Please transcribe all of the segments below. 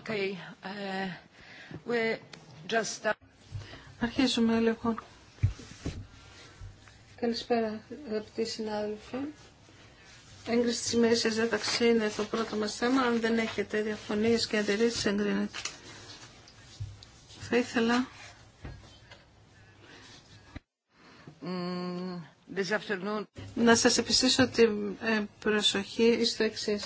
Okay. Uh, just... Αρχίζουμε λοιπόν. Καλησπέρα αγαπητοί συνάδελφοι. Έγκριση τη ημερήσιας διάταξη είναι το πρώτο μα θέμα. Αν δεν έχετε διαφωνίε και αντιρρήσει, εγκρίνεται. Θα ήθελα... Mm, Να σας επιστήσω την ε, προσοχή στο εξή.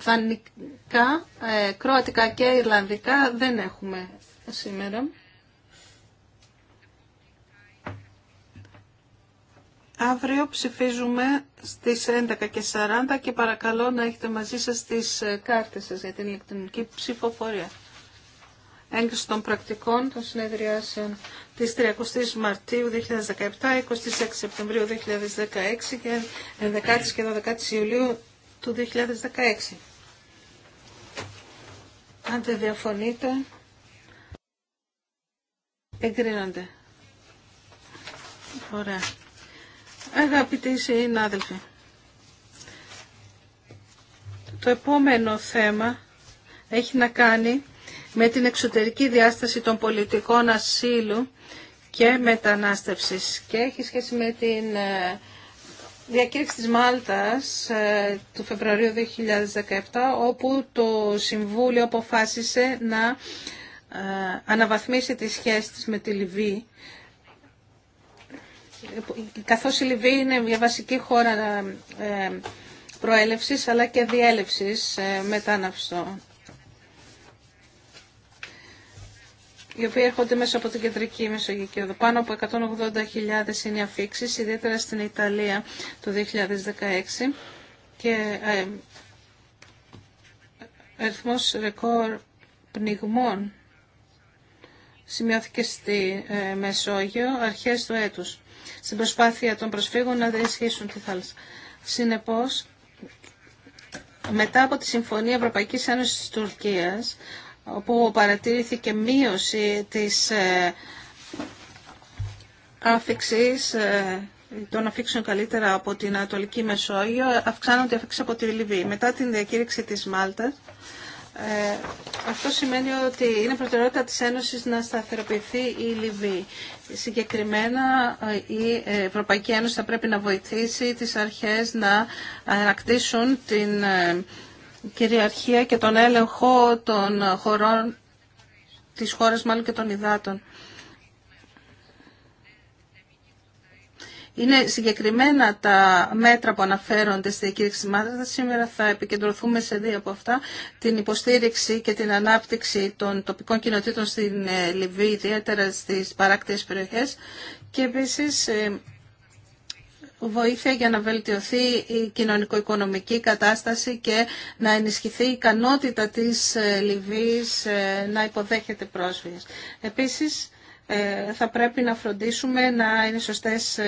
Δανικά, ε, κροατικά και ιρλανδικά δεν έχουμε σήμερα. Αύριο ψηφίζουμε στις 11.40 και παρακαλώ να έχετε μαζί σας τις ε, κάρτες σας για την ηλεκτρονική ψηφοφορία. Έγκριση των πρακτικών των συνεδριάσεων της 30 Μαρτίου 2017, 26 Σεπτεμβρίου 2016 και 11 και 12 Ιουλίου του 2016. Αν δεν διαφωνείτε, εγκρίνονται. Ωραία. Αγαπητοί συνάδελφοι, το επόμενο θέμα έχει να κάνει με την εξωτερική διάσταση των πολιτικών ασύλου και μετανάστευσης και έχει σχέση με την ε, διακήρυξη της Μάλτας ε, του Φεβρουαρίου 2017, όπου το Συμβούλιο αποφάσισε να ε, αναβαθμίσει τις σχέσεις της με τη Λιβύη. Καθώς η Λιβύη είναι μια βασική χώρα ε, προέλευσης αλλά και διέλευσης μεταναυστών. οι οποίοι έρχονται μέσα από την κεντρική Μεσογειακή Πάνω από 180.000 είναι οι ιδιαίτερα στην Ιταλία το 2016 και ε, αριθμός ρεκόρ πνιγμών σημειώθηκε στη ε, Μεσόγειο αρχές του έτους στην προσπάθεια των προσφύγων να διασχίσουν τη θάλασσα. Συνεπώς, μετά από τη Συμφωνία Ευρωπαϊκής Ένωσης της Τουρκίας, όπου παρατηρήθηκε μείωση της ε, άφηξης ε, των αφήξεων καλύτερα από την Ανατολική Μεσόγειο, αυξάνονται αφήξεις από τη Λιβύη. Μετά την διακήρυξη της Μάλτας, ε, αυτό σημαίνει ότι είναι προτεραιότητα της Ένωσης να σταθεροποιηθεί η Λιβύη. Συγκεκριμένα η Ευρωπαϊκή Ένωση θα πρέπει να βοηθήσει τις αρχές να ανακτήσουν την κυριαρχία και τον έλεγχο των χωρών, της χώρας μάλλον και των υδάτων. Είναι συγκεκριμένα τα μέτρα που αναφέρονται στη διακήρυξη μάθηση. Σήμερα θα επικεντρωθούμε σε δύο από αυτά. Την υποστήριξη και την ανάπτυξη των τοπικών κοινοτήτων στην ε, Λιβύη, ιδιαίτερα στις παράκτες περιοχές. Και επίσης ε, βοήθεια για να βελτιωθεί η κοινωνικο-οικονομική κατάσταση και να ενισχυθεί η ικανότητα της ε, Λιβύης ε, να υποδέχεται πρόσφυγες. Επίσης, ε, θα πρέπει να φροντίσουμε να είναι σωστές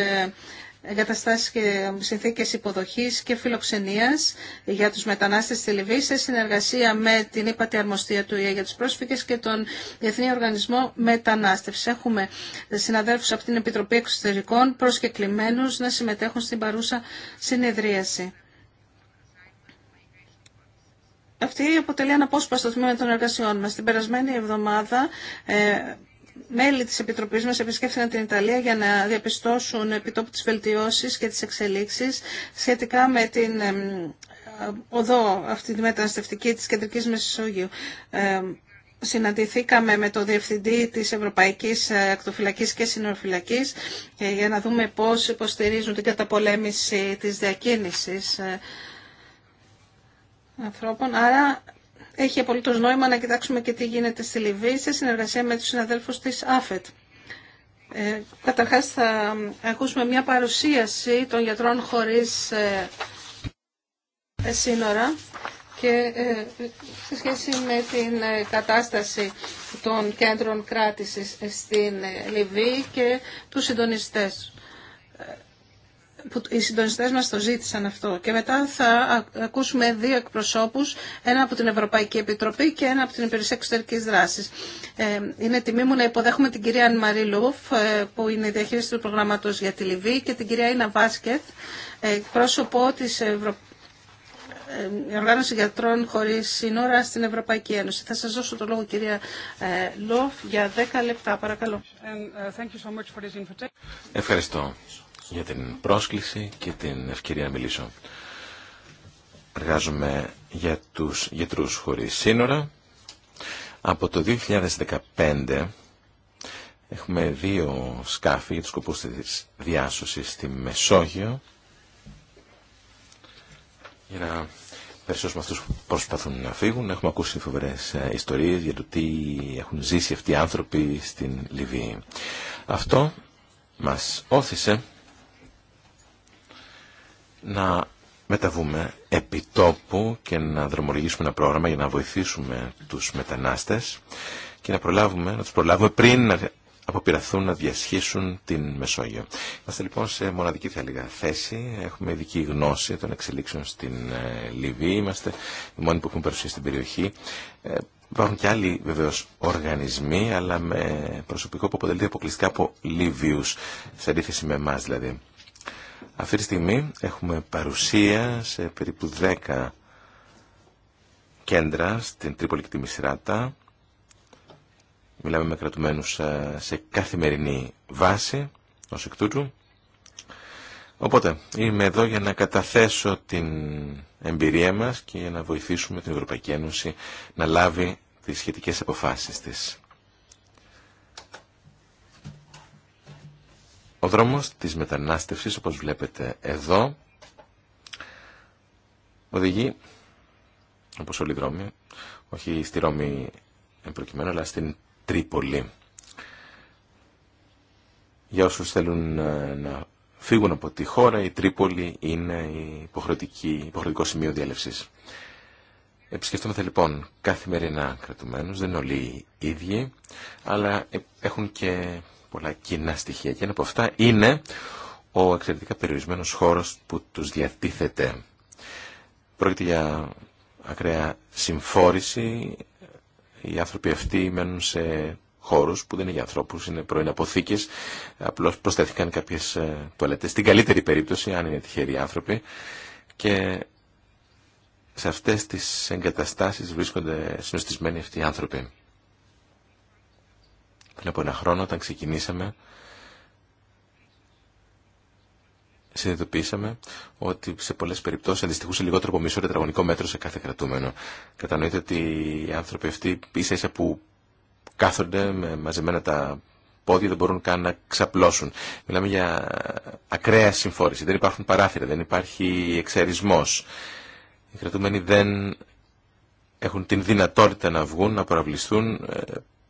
εγκαταστάσεις και συνθήκες υποδοχής και φιλοξενίας για τους μετανάστες στη Λιβύη σε συνεργασία με την ΥΠΑΤΗ Αρμοστία του ΙΕ για τους πρόσφυγες και τον Διεθνή Οργανισμό Μετανάστευση. Έχουμε συναδέλφου από την Επιτροπή Εξωτερικών προσκεκλημένους να συμμετέχουν στην παρούσα συνεδρίαση. Αυτή αποτελεί αναπόσπαστο τμήμα των εργασιών μας. Την περασμένη εβδομάδα ε, μέλη της Επιτροπής μας επισκέφθηκαν την Ιταλία για να διαπιστώσουν επιτόπου τις βελτιώσεις και τις εξελίξεις σχετικά με την οδό αυτή τη μεταναστευτική της Κεντρικής Μεσογείου. Συναντηθήκαμε με το Διευθυντή της Ευρωπαϊκής Ακτοφυλακής και Συνοφυλακή ε, για να δούμε πώς υποστηρίζουν την καταπολέμηση της διακίνησης ε, ανθρώπων. Άρα έχει απολύτως νόημα να κοιτάξουμε και τι γίνεται στη Λιβύη σε συνεργασία με τους συναδέλφους της ΑΦΕΤ. Ε, καταρχάς θα ακούσουμε μια παρουσίαση των γιατρών χωρίς ε, ε σύνορα και ε, σε σχέση με την ε, κατάσταση των κέντρων κράτησης στην Λιβύη και τους συντονιστές που οι συντονιστέ μα το ζήτησαν αυτό. Και μετά θα ακούσουμε δύο εκπροσώπους, ένα από την Ευρωπαϊκή Επιτροπή και ένα από την Υπηρεσία Εξωτερική Ε, είναι τιμή μου να υποδέχουμε την κυρία Αν Μαρή Λούφ, ε, που είναι η διαχείριση του προγράμματος για τη Λιβύη, και την κυρία Ινα Βάσκετ, ε, πρόσωπο της ε, Οργάνωση Γιατρών χωρί Σύνορα στην Ευρωπαϊκή Ένωση. Θα σα δώσω το λόγο κυρία ε, Λούφ, για 10 λεπτά. Παρακαλώ. Ευχαριστώ για την πρόσκληση και την ευκαιρία να μιλήσω. Εργάζομαι για τους γιατρούς χωρίς σύνορα. Από το 2015 έχουμε δύο σκάφη για τους σκοπούς της διάσωσης στη Μεσόγειο για να περισσότερους αυτού αυτούς που προσπαθούν να φύγουν. Έχουμε ακούσει φοβερές ε, ιστορίες για το τι έχουν ζήσει αυτοί οι άνθρωποι στην Λιβύη. Αυτό μας όθησε να μεταβούμε επί τόπου και να δρομολογήσουμε ένα πρόγραμμα για να βοηθήσουμε τους μετανάστες και να, προλάβουμε, να τους προλάβουμε πριν να αποπειραθούν να διασχίσουν την Μεσόγειο. Είμαστε λοιπόν σε μοναδική θα θέση, έχουμε ειδική γνώση των εξελίξεων στην ε, Λιβύη, είμαστε οι μόνοι που έχουν παρουσία στην περιοχή. Ε, υπάρχουν και άλλοι βεβαίως οργανισμοί, αλλά με προσωπικό που αποτελείται αποκλειστικά από Λίβιους, σε αντίθεση με εμά δηλαδή. Αυτή τη στιγμή έχουμε παρουσία σε περίπου 10 κέντρα στην Τρίπολη και τη Μισράτα. Μιλάμε με κρατουμένους ε, σε καθημερινή βάση ως εκ τούτου. Οπότε είμαι εδώ για να καταθέσω την εμπειρία μας και για να βοηθήσουμε την Ευρωπαϊκή Ένωση να λάβει τις σχετικές αποφάσεις της. Ο δρόμος της μετανάστευσης, όπως βλέπετε εδώ, οδηγεί, όπως όλοι οι δρόμοι, όχι στη Ρώμη προκειμένου, αλλά στην Τρίπολη. Για όσους θέλουν ε, να φύγουν από τη χώρα, η Τρίπολη είναι η υποχρεωτικό σημείο διέλευσης. Επισκεφτόμαστε λοιπόν καθημερινά κρατουμένους, δεν είναι όλοι οι ίδιοι, αλλά ε, έχουν και πολλά κοινά στοιχεία και ένα από αυτά είναι ο εξαιρετικά περιορισμένος χώρος που τους διατίθεται. Πρόκειται για ακραία συμφόρηση. Οι άνθρωποι αυτοί μένουν σε χώρους που δεν είναι για ανθρώπους, είναι πρώην αποθήκες. Απλώς προσθέθηκαν κάποιες ε, τουαλέτες. Στην καλύτερη περίπτωση, αν είναι τυχεροί άνθρωποι. Και σε αυτές τις εγκαταστάσεις βρίσκονται συνωστισμένοι αυτοί οι άνθρωποι πριν από ένα χρόνο όταν ξεκινήσαμε συνειδητοποίησαμε ότι σε πολλέ περιπτώσει αντιστοιχούσε λιγότερο από μισό τετραγωνικό μέτρο σε κάθε κρατούμενο. Κατανοείται ότι οι άνθρωποι αυτοί ίσα ίσα που κάθονται με μαζεμένα τα πόδια δεν μπορούν καν να ξαπλώσουν. Μιλάμε για ακραία συμφόρηση. Δεν υπάρχουν παράθυρα, δεν υπάρχει εξαιρισμό. Οι κρατούμενοι δεν έχουν την δυνατότητα να βγουν, να προαυλιστούν ε,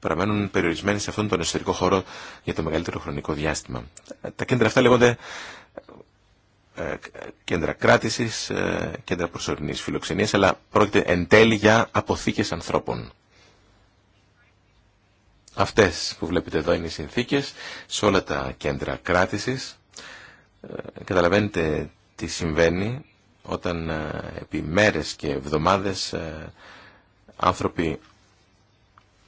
παραμένουν περιορισμένοι σε αυτόν τον εσωτερικό χώρο για το μεγαλύτερο χρονικό διάστημα. Τα κέντρα αυτά λέγονται ε, κέντρα κράτησης, ε, κέντρα προσωρινής φιλοξενίας, αλλά πρόκειται εν τέλει για αποθήκες ανθρώπων. Αυτές που βλέπετε εδώ είναι οι συνθήκες σε όλα τα κέντρα κράτησης. Ε, καταλαβαίνετε τι συμβαίνει όταν επί μέρες και εβδομάδες άνθρωποι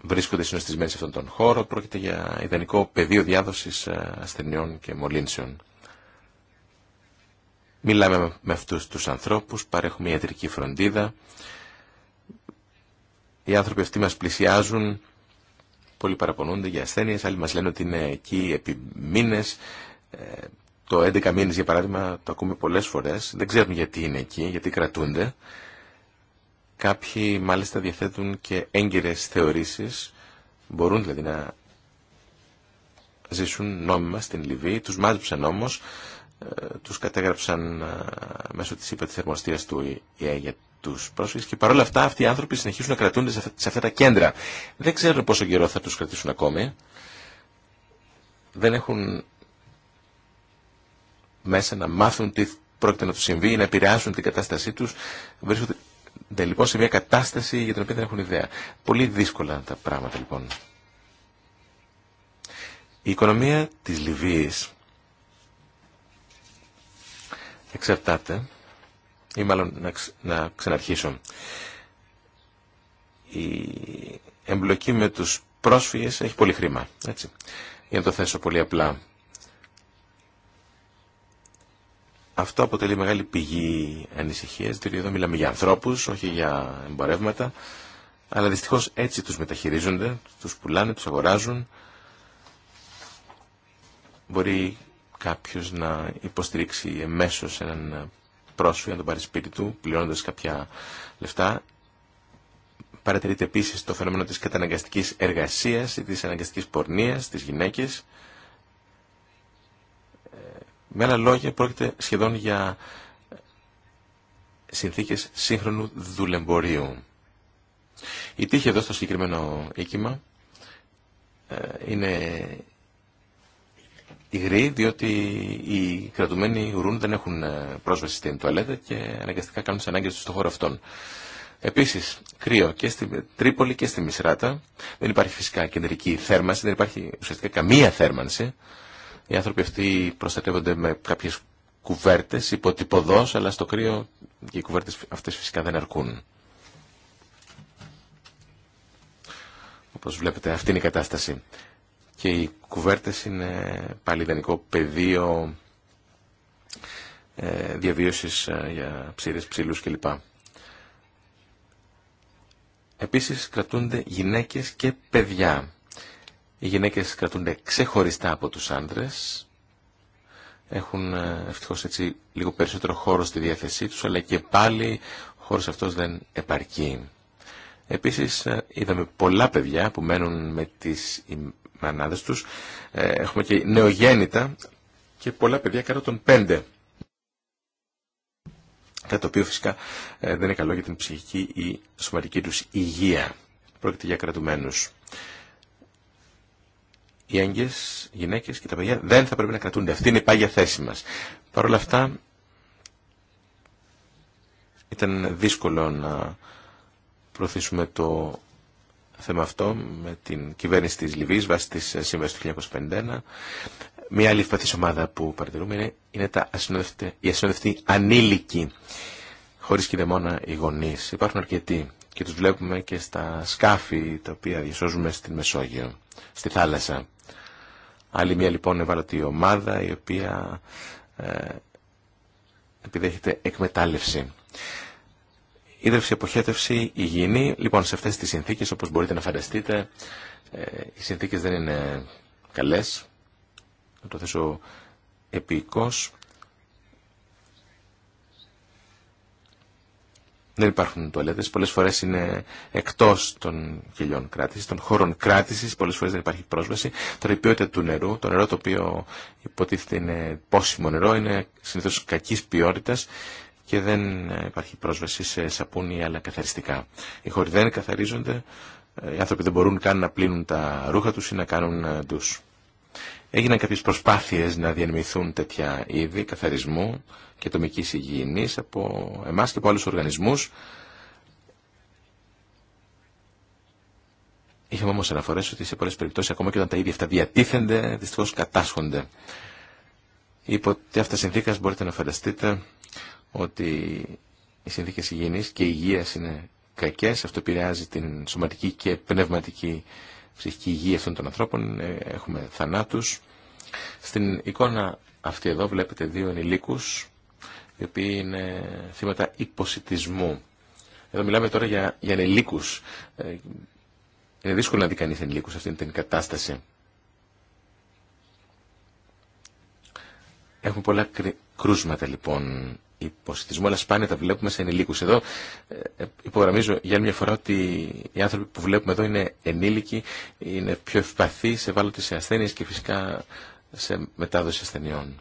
βρίσκονται συνοστισμένοι σε αυτόν τον χώρο. Πρόκειται για ιδανικό πεδίο διάδοση ε, ασθενειών και μολύνσεων. Μιλάμε με αυτού του ανθρώπου, παρέχουμε ιατρική φροντίδα. Οι άνθρωποι αυτοί μα πλησιάζουν, πολλοί παραπονούνται για ασθένειε άλλοι μα λένε ότι είναι εκεί επί μήνε. Ε, το 11 μήνε, για παράδειγμα το ακούμε πολλέ φορέ. δεν ξέρουν γιατί είναι εκεί, γιατί κρατούνται. Κάποιοι μάλιστα διαθέτουν και έγκυρες θεωρήσεις, μπορούν δηλαδή να ζήσουν νόμιμα στην Λιβύη. Τους μάζεψαν όμως, ε, τους κατέγραψαν ε, μέσω της ΥΠΑ του ΙΕ για τους πρόσφυγες και παρόλα αυτά αυτοί οι άνθρωποι συνεχίζουν να κρατούνται σε αυτά τα κέντρα. Δεν ξέρω πόσο καιρό θα τους κρατήσουν ακόμη. Δεν έχουν μέσα να μάθουν τι πρόκειται να τους συμβεί, να επηρεάσουν την κατάστασή τους. Βρίσκονται λοιπόν σε μια κατάσταση για την οποία δεν έχουν ιδέα. Πολύ δύσκολα τα πράγματα λοιπόν. Η οικονομία της Λιβύης εξαρτάται, ή μάλλον να, ξ, να ξαναρχίσω, η εμπλοκή με τους πρόσφυγες έχει πολύ χρήμα, έτσι, για να το θέσω πολύ απλά. Αυτό αποτελεί μεγάλη πηγή ανησυχίας, διότι εδώ μιλάμε για ανθρώπους, όχι για εμπορεύματα, αλλά δυστυχώς έτσι τους μεταχειρίζονται, τους πουλάνε, τους αγοράζουν. Μπορεί κάποιος να υποστηρίξει εμέσως έναν πρόσφυγα, να τον πάρει σπίτι του, πληρώνοντας κάποια λεφτά. Παρατηρείται επίσης το φαινόμενο της καταναγκαστικής εργασίας ή της αναγκαστικής πορνείας στις γυναίκες. Με άλλα λόγια, πρόκειται σχεδόν για συνθήκες σύγχρονου δουλεμπορίου. Η τύχη εδώ στο συγκεκριμένο οίκημα ε, είναι υγρή, διότι οι κρατουμένοι ουρούν δεν έχουν ε, πρόσβαση στην τουαλέτα και αναγκαστικά κάνουν τι ανάγκε του στον χώρο αυτών. Επίση, κρύο και στην Τρίπολη και στη Μισράτα. Δεν υπάρχει φυσικά κεντρική θέρμανση, δεν υπάρχει ουσιαστικά καμία θέρμανση. Οι άνθρωποι αυτοί προστατεύονται με κάποιες κουβέρτες τυποδό, αλλά στο κρύο και οι κουβέρτες αυτές φυσικά δεν αρκούν. Όπως βλέπετε αυτή είναι η κατάσταση. Και οι κουβέρτες είναι πάλι ιδανικό πεδίο ε, διαβίωσης ε, για ψήρε, ψηλού κλπ. Επίσης κρατούνται γυναίκες και παιδιά. Οι γυναίκες κρατούνται ξεχωριστά από τους άντρες, έχουν ε, ευτυχώς έτσι λίγο περισσότερο χώρο στη διάθεσή τους, αλλά και πάλι ο χώρος αυτός δεν επαρκεί. Επίσης ε, είδαμε πολλά παιδιά που μένουν με τις μανάδες τους, ε, έχουμε και νεογέννητα και πολλά παιδιά κάτω των πέντε. Κάτι το οποίο φυσικά δεν είναι καλό για την ψυχική ή σωματική τους υγεία. Πρόκειται για κρατουμένους οι έγκυε, οι γυναίκες και τα παιδιά δεν θα πρέπει να κρατούνται. Αυτή είναι η πάγια θέση μας. Παρ' όλα αυτά ήταν δύσκολο να προωθήσουμε το θέμα αυτό με την κυβέρνηση της Λιβύης βάσει της σύμβασης του 1951. Μια άλλη ευπαθής ομάδα που παρατηρούμε είναι, είναι τα ασυνόδευτε, οι ασυνόδευτοι ανήλικοι, χωρίς και μόνα οι γονείς. Υπάρχουν αρκετοί και τους βλέπουμε και στα σκάφη τα οποία διασώζουμε στην Μεσόγειο, στη θάλασσα. Άλλη μια λοιπόν ευάλωτη ομάδα η οποία ε, επιδέχεται εκμετάλλευση. Ήδρευση, αποχέτευση, υγιεινή. Λοιπόν, σε αυτές τις συνθήκες, όπως μπορείτε να φανταστείτε, ε, οι συνθήκες δεν είναι καλές. Να το θέσω επίκως. δεν υπάρχουν τουαλέτες, πολλές φορές είναι εκτός των κοιλιών κράτησης, των χώρων κράτησης, πολλές φορές δεν υπάρχει πρόσβαση. Τώρα η ποιότητα του νερού, το νερό το οποίο υποτίθεται είναι πόσιμο νερό, είναι συνήθως κακής ποιότητας και δεν υπάρχει πρόσβαση σε σαπούνι ή άλλα καθαριστικά. Οι χώροι δεν καθαρίζονται, οι άνθρωποι δεν μπορούν καν να πλύνουν τα ρούχα τους ή να κάνουν ε, ντους. Έγιναν κάποιες προσπάθειες να διανεμηθούν τέτοια είδη καθαρισμού και τομικής υγιεινής από εμάς και από άλλους οργανισμούς. Είχαμε όμως αναφορές ότι σε πολλές περιπτώσεις ακόμα και όταν τα ίδια αυτά διατίθενται, δυστυχώς κατάσχονται. Υπό αυτά συνθήκας μπορείτε να φανταστείτε ότι οι συνθήκες υγιεινής και υγεία είναι κακές. Αυτό επηρεάζει την σωματική και πνευματική ψυχική υγεία αυτών των ανθρώπων, ε, έχουμε θανάτους. Στην εικόνα αυτή εδώ βλέπετε δύο ενηλίκους, οι οποίοι είναι θύματα υποσυτισμού. Εδώ μιλάμε τώρα για, για ενηλίκους. Ε, είναι δύσκολο να δει κανείς ενηλίκους αυτήν την κατάσταση. Έχουμε πολλά κρούσματα λοιπόν υποσχετισμό, αλλά σπάνια τα βλέπουμε σε ενηλίκους. Εδώ ε, υπογραμμίζω για μια φορά ότι οι άνθρωποι που βλέπουμε εδώ είναι ενήλικοι, είναι πιο σε σε σε ασθένειες και φυσικά σε μετάδοση ασθενειών.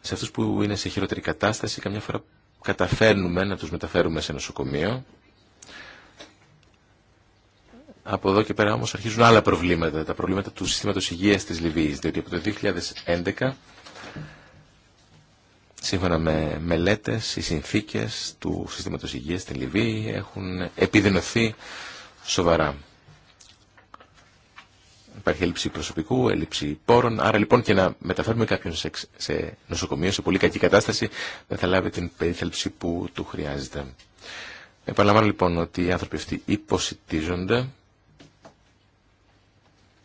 Σε αυτούς που είναι σε χειρότερη κατάσταση, καμιά φορά καταφέρνουμε να τους μεταφέρουμε σε νοσοκομείο. Από εδώ και πέρα όμως αρχίζουν άλλα προβλήματα, τα προβλήματα του συστήματος υγείας της Λιβύης, διότι από το 2011 Σύμφωνα με μελέτες, οι συνθήκες του συστήματος υγείας στην Λιβύη έχουν επιδεινωθεί σοβαρά. Υπάρχει έλλειψη προσωπικού, έλλειψη πόρων, άρα λοιπόν και να μεταφέρουμε κάποιον σε νοσοκομείο, σε πολύ κακή κατάσταση, δεν θα λάβει την περίθαλψη που του χρειάζεται. Επαναλαμβάνω λοιπόν ότι οι άνθρωποι αυτοί υποσυτίζονται,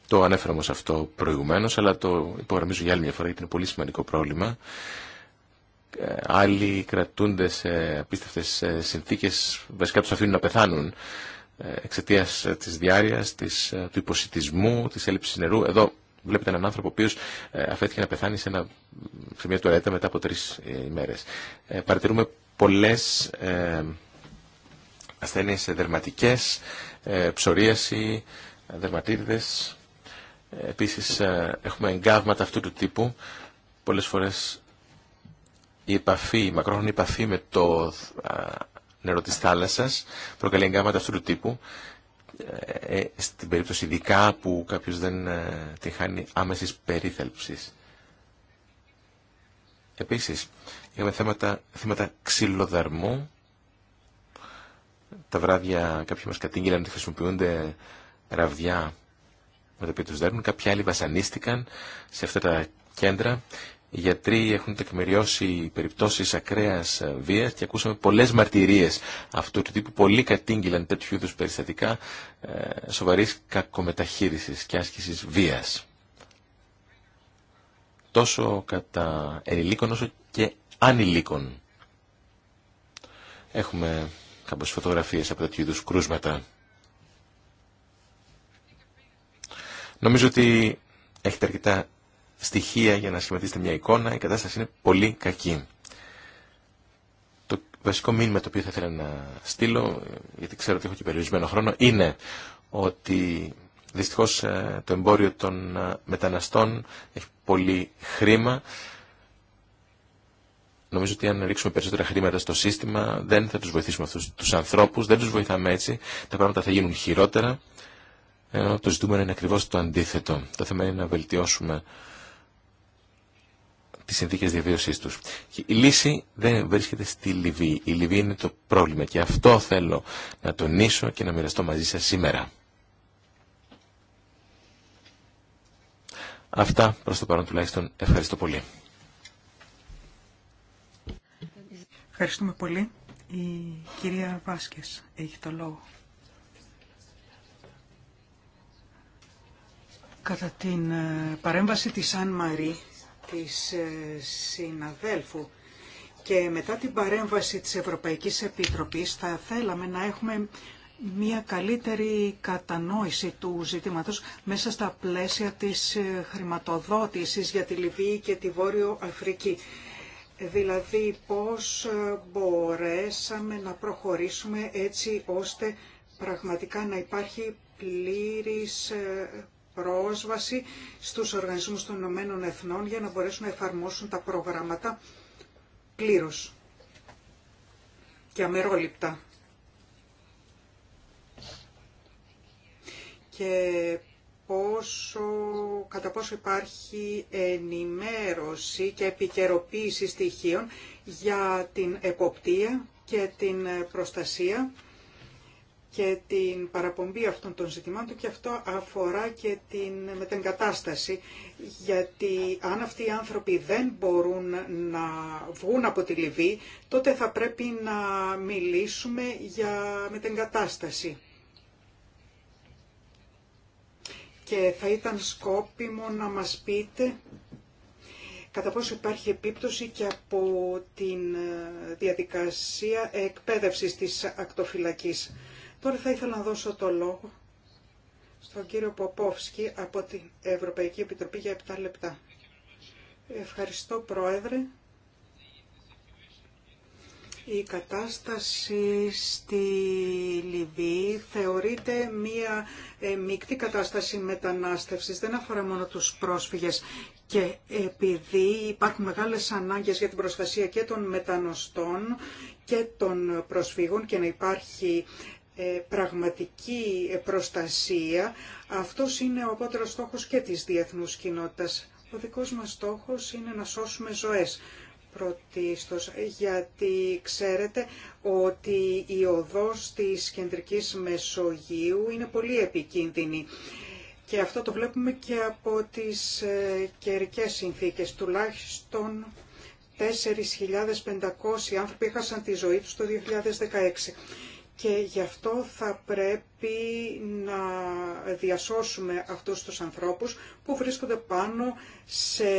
το ανέφερα όμως αυτό προηγουμένως, αλλά το υπογραμμίζω για άλλη μια φορά γιατί είναι πολύ σημαντικό πρόβλημα. Ε, άλλοι κρατούνται σε απίστευτες ε, συνθήκες, βασικά αφήνουν να πεθάνουν ε, εξαιτία της διάρειας, της, του υποσυτισμού, της έλλειψης νερού. Εδώ βλέπετε έναν άνθρωπο ο οποίος αφέθηκε να πεθάνει σε, ένα, σε μια τουαλέτα μετά από τρεις ημέρες. Παρατηρούμε πολλές ασθένειες δερματικές, ψωρίαση, δερματίδες. Επίσης έχουμε εγκάβματα αυτού του τύπου. Πολλές φορές η επαφή, μακρόχρονη επαφή με το νερό της θάλασσας προκαλεί εγκάματα αυτού του τύπου ε, ε, στην περίπτωση ειδικά που κάποιος δεν ε, τη χάνει άμεσης περίθαλψης. Επίσης, είχαμε θέματα, θέματα ξυλοδαρμού. Τα βράδια κάποιοι μας κατήγγειλαν ότι χρησιμοποιούνται ραβδιά με τα οποία τους δέρνουν. Κάποιοι άλλοι βασανίστηκαν σε αυτά τα κέντρα. Οι γιατροί έχουν τεκμηριώσει περιπτώσεις ακραίας βίας και ακούσαμε πολλές μαρτυρίες αυτού του τύπου. Πολλοί κατήγγυλαν τέτοιου είδους περιστατικά ε, σοβαρής κακομεταχείρισης και άσκησης βίας. Τόσο κατά ενηλίκων όσο και ανηλίκων. Έχουμε κάποιες φωτογραφίες από τέτοιου είδους κρούσματα. Νομίζω ότι έχετε αρκετά στοιχεία για να σχηματίσετε μια εικόνα, η κατάσταση είναι πολύ κακή. Το βασικό μήνυμα το οποίο θα ήθελα να στείλω, γιατί ξέρω ότι έχω και περιορισμένο χρόνο, είναι ότι δυστυχώς ε, το εμπόριο των ε, μεταναστών έχει πολύ χρήμα. Νομίζω ότι αν ρίξουμε περισσότερα χρήματα στο σύστημα δεν θα τους βοηθήσουμε αυτούς τους ανθρώπους, δεν τους βοηθάμε έτσι, τα πράγματα θα γίνουν χειρότερα. Ενώ το ζητούμενο είναι ακριβώς το αντίθετο. Το θέμα είναι να βελτιώσουμε τις συνθήκες διαβίωσή του. Η λύση δεν βρίσκεται στη Λιβύη. Η Λιβύη είναι το πρόβλημα και αυτό θέλω να τονίσω και να μοιραστώ μαζί σας σήμερα. Αυτά προς το παρόν τουλάχιστον. Ευχαριστώ πολύ. Ευχαριστούμε πολύ. Η κυρία Βάσκε. έχει το λόγο. Κατά την ε, παρέμβαση της Αν Μαρή της ε, συναδέλφου και μετά την παρέμβαση της Ευρωπαϊκής Επιτροπής θα θέλαμε να έχουμε μια καλύτερη κατανόηση του ζητήματος μέσα στα πλαίσια της ε, χρηματοδότησης για τη Λιβύη και τη Βόρειο Αφρική. Δηλαδή πώς ε, μπορέσαμε να προχωρήσουμε έτσι ώστε πραγματικά να υπάρχει πλήρης πρόσβαση στους οργανισμούς των Ηνωμένων Εθνών για να μπορέσουν να εφαρμόσουν τα προγράμματα πλήρως και αμερόληπτα. Και πόσο, κατά πόσο υπάρχει ενημέρωση και επικαιροποίηση στοιχείων για την εποπτεία και την προστασία και την παραπομπή αυτών των ζητημάτων και αυτό αφορά και την μετεγκατάσταση. Γιατί αν αυτοί οι άνθρωποι δεν μπορούν να βγουν από τη Λιβύη, τότε θα πρέπει να μιλήσουμε για μετεγκατάσταση. Και θα ήταν σκόπιμο να μας πείτε κατά πόσο υπάρχει επίπτωση και από την διαδικασία εκπαίδευσης της ακτοφυλακής. Τώρα θα ήθελα να δώσω το λόγο στον κύριο Ποπόφσκι από την Ευρωπαϊκή Επιτροπή για 7 λεπτά. Ευχαριστώ Πρόεδρε. Η κατάσταση στη Λιβύη θεωρείται μία ε, μεικτή κατάσταση μετανάστευσης. Δεν αφορά μόνο τους πρόσφυγες και επειδή υπάρχουν μεγάλες ανάγκες για την προστασία και των μετανοστών και των προσφύγων και να υπάρχει ε, πραγματική προστασία. Αυτός είναι ο απότερος στόχος και της διεθνούς κοινότητας. Ο δικός μας στόχος είναι να σώσουμε ζωές πρωτίστως, γιατί ξέρετε ότι η οδός της κεντρικής Μεσογείου είναι πολύ επικίνδυνη. Και αυτό το βλέπουμε και από τις ε, καιρικές συνθήκες. Τουλάχιστον 4.500 άνθρωποι έχασαν τη ζωή τους το 2016 και γι' αυτό θα πρέπει να διασώσουμε αυτούς τους ανθρώπους που βρίσκονται πάνω σε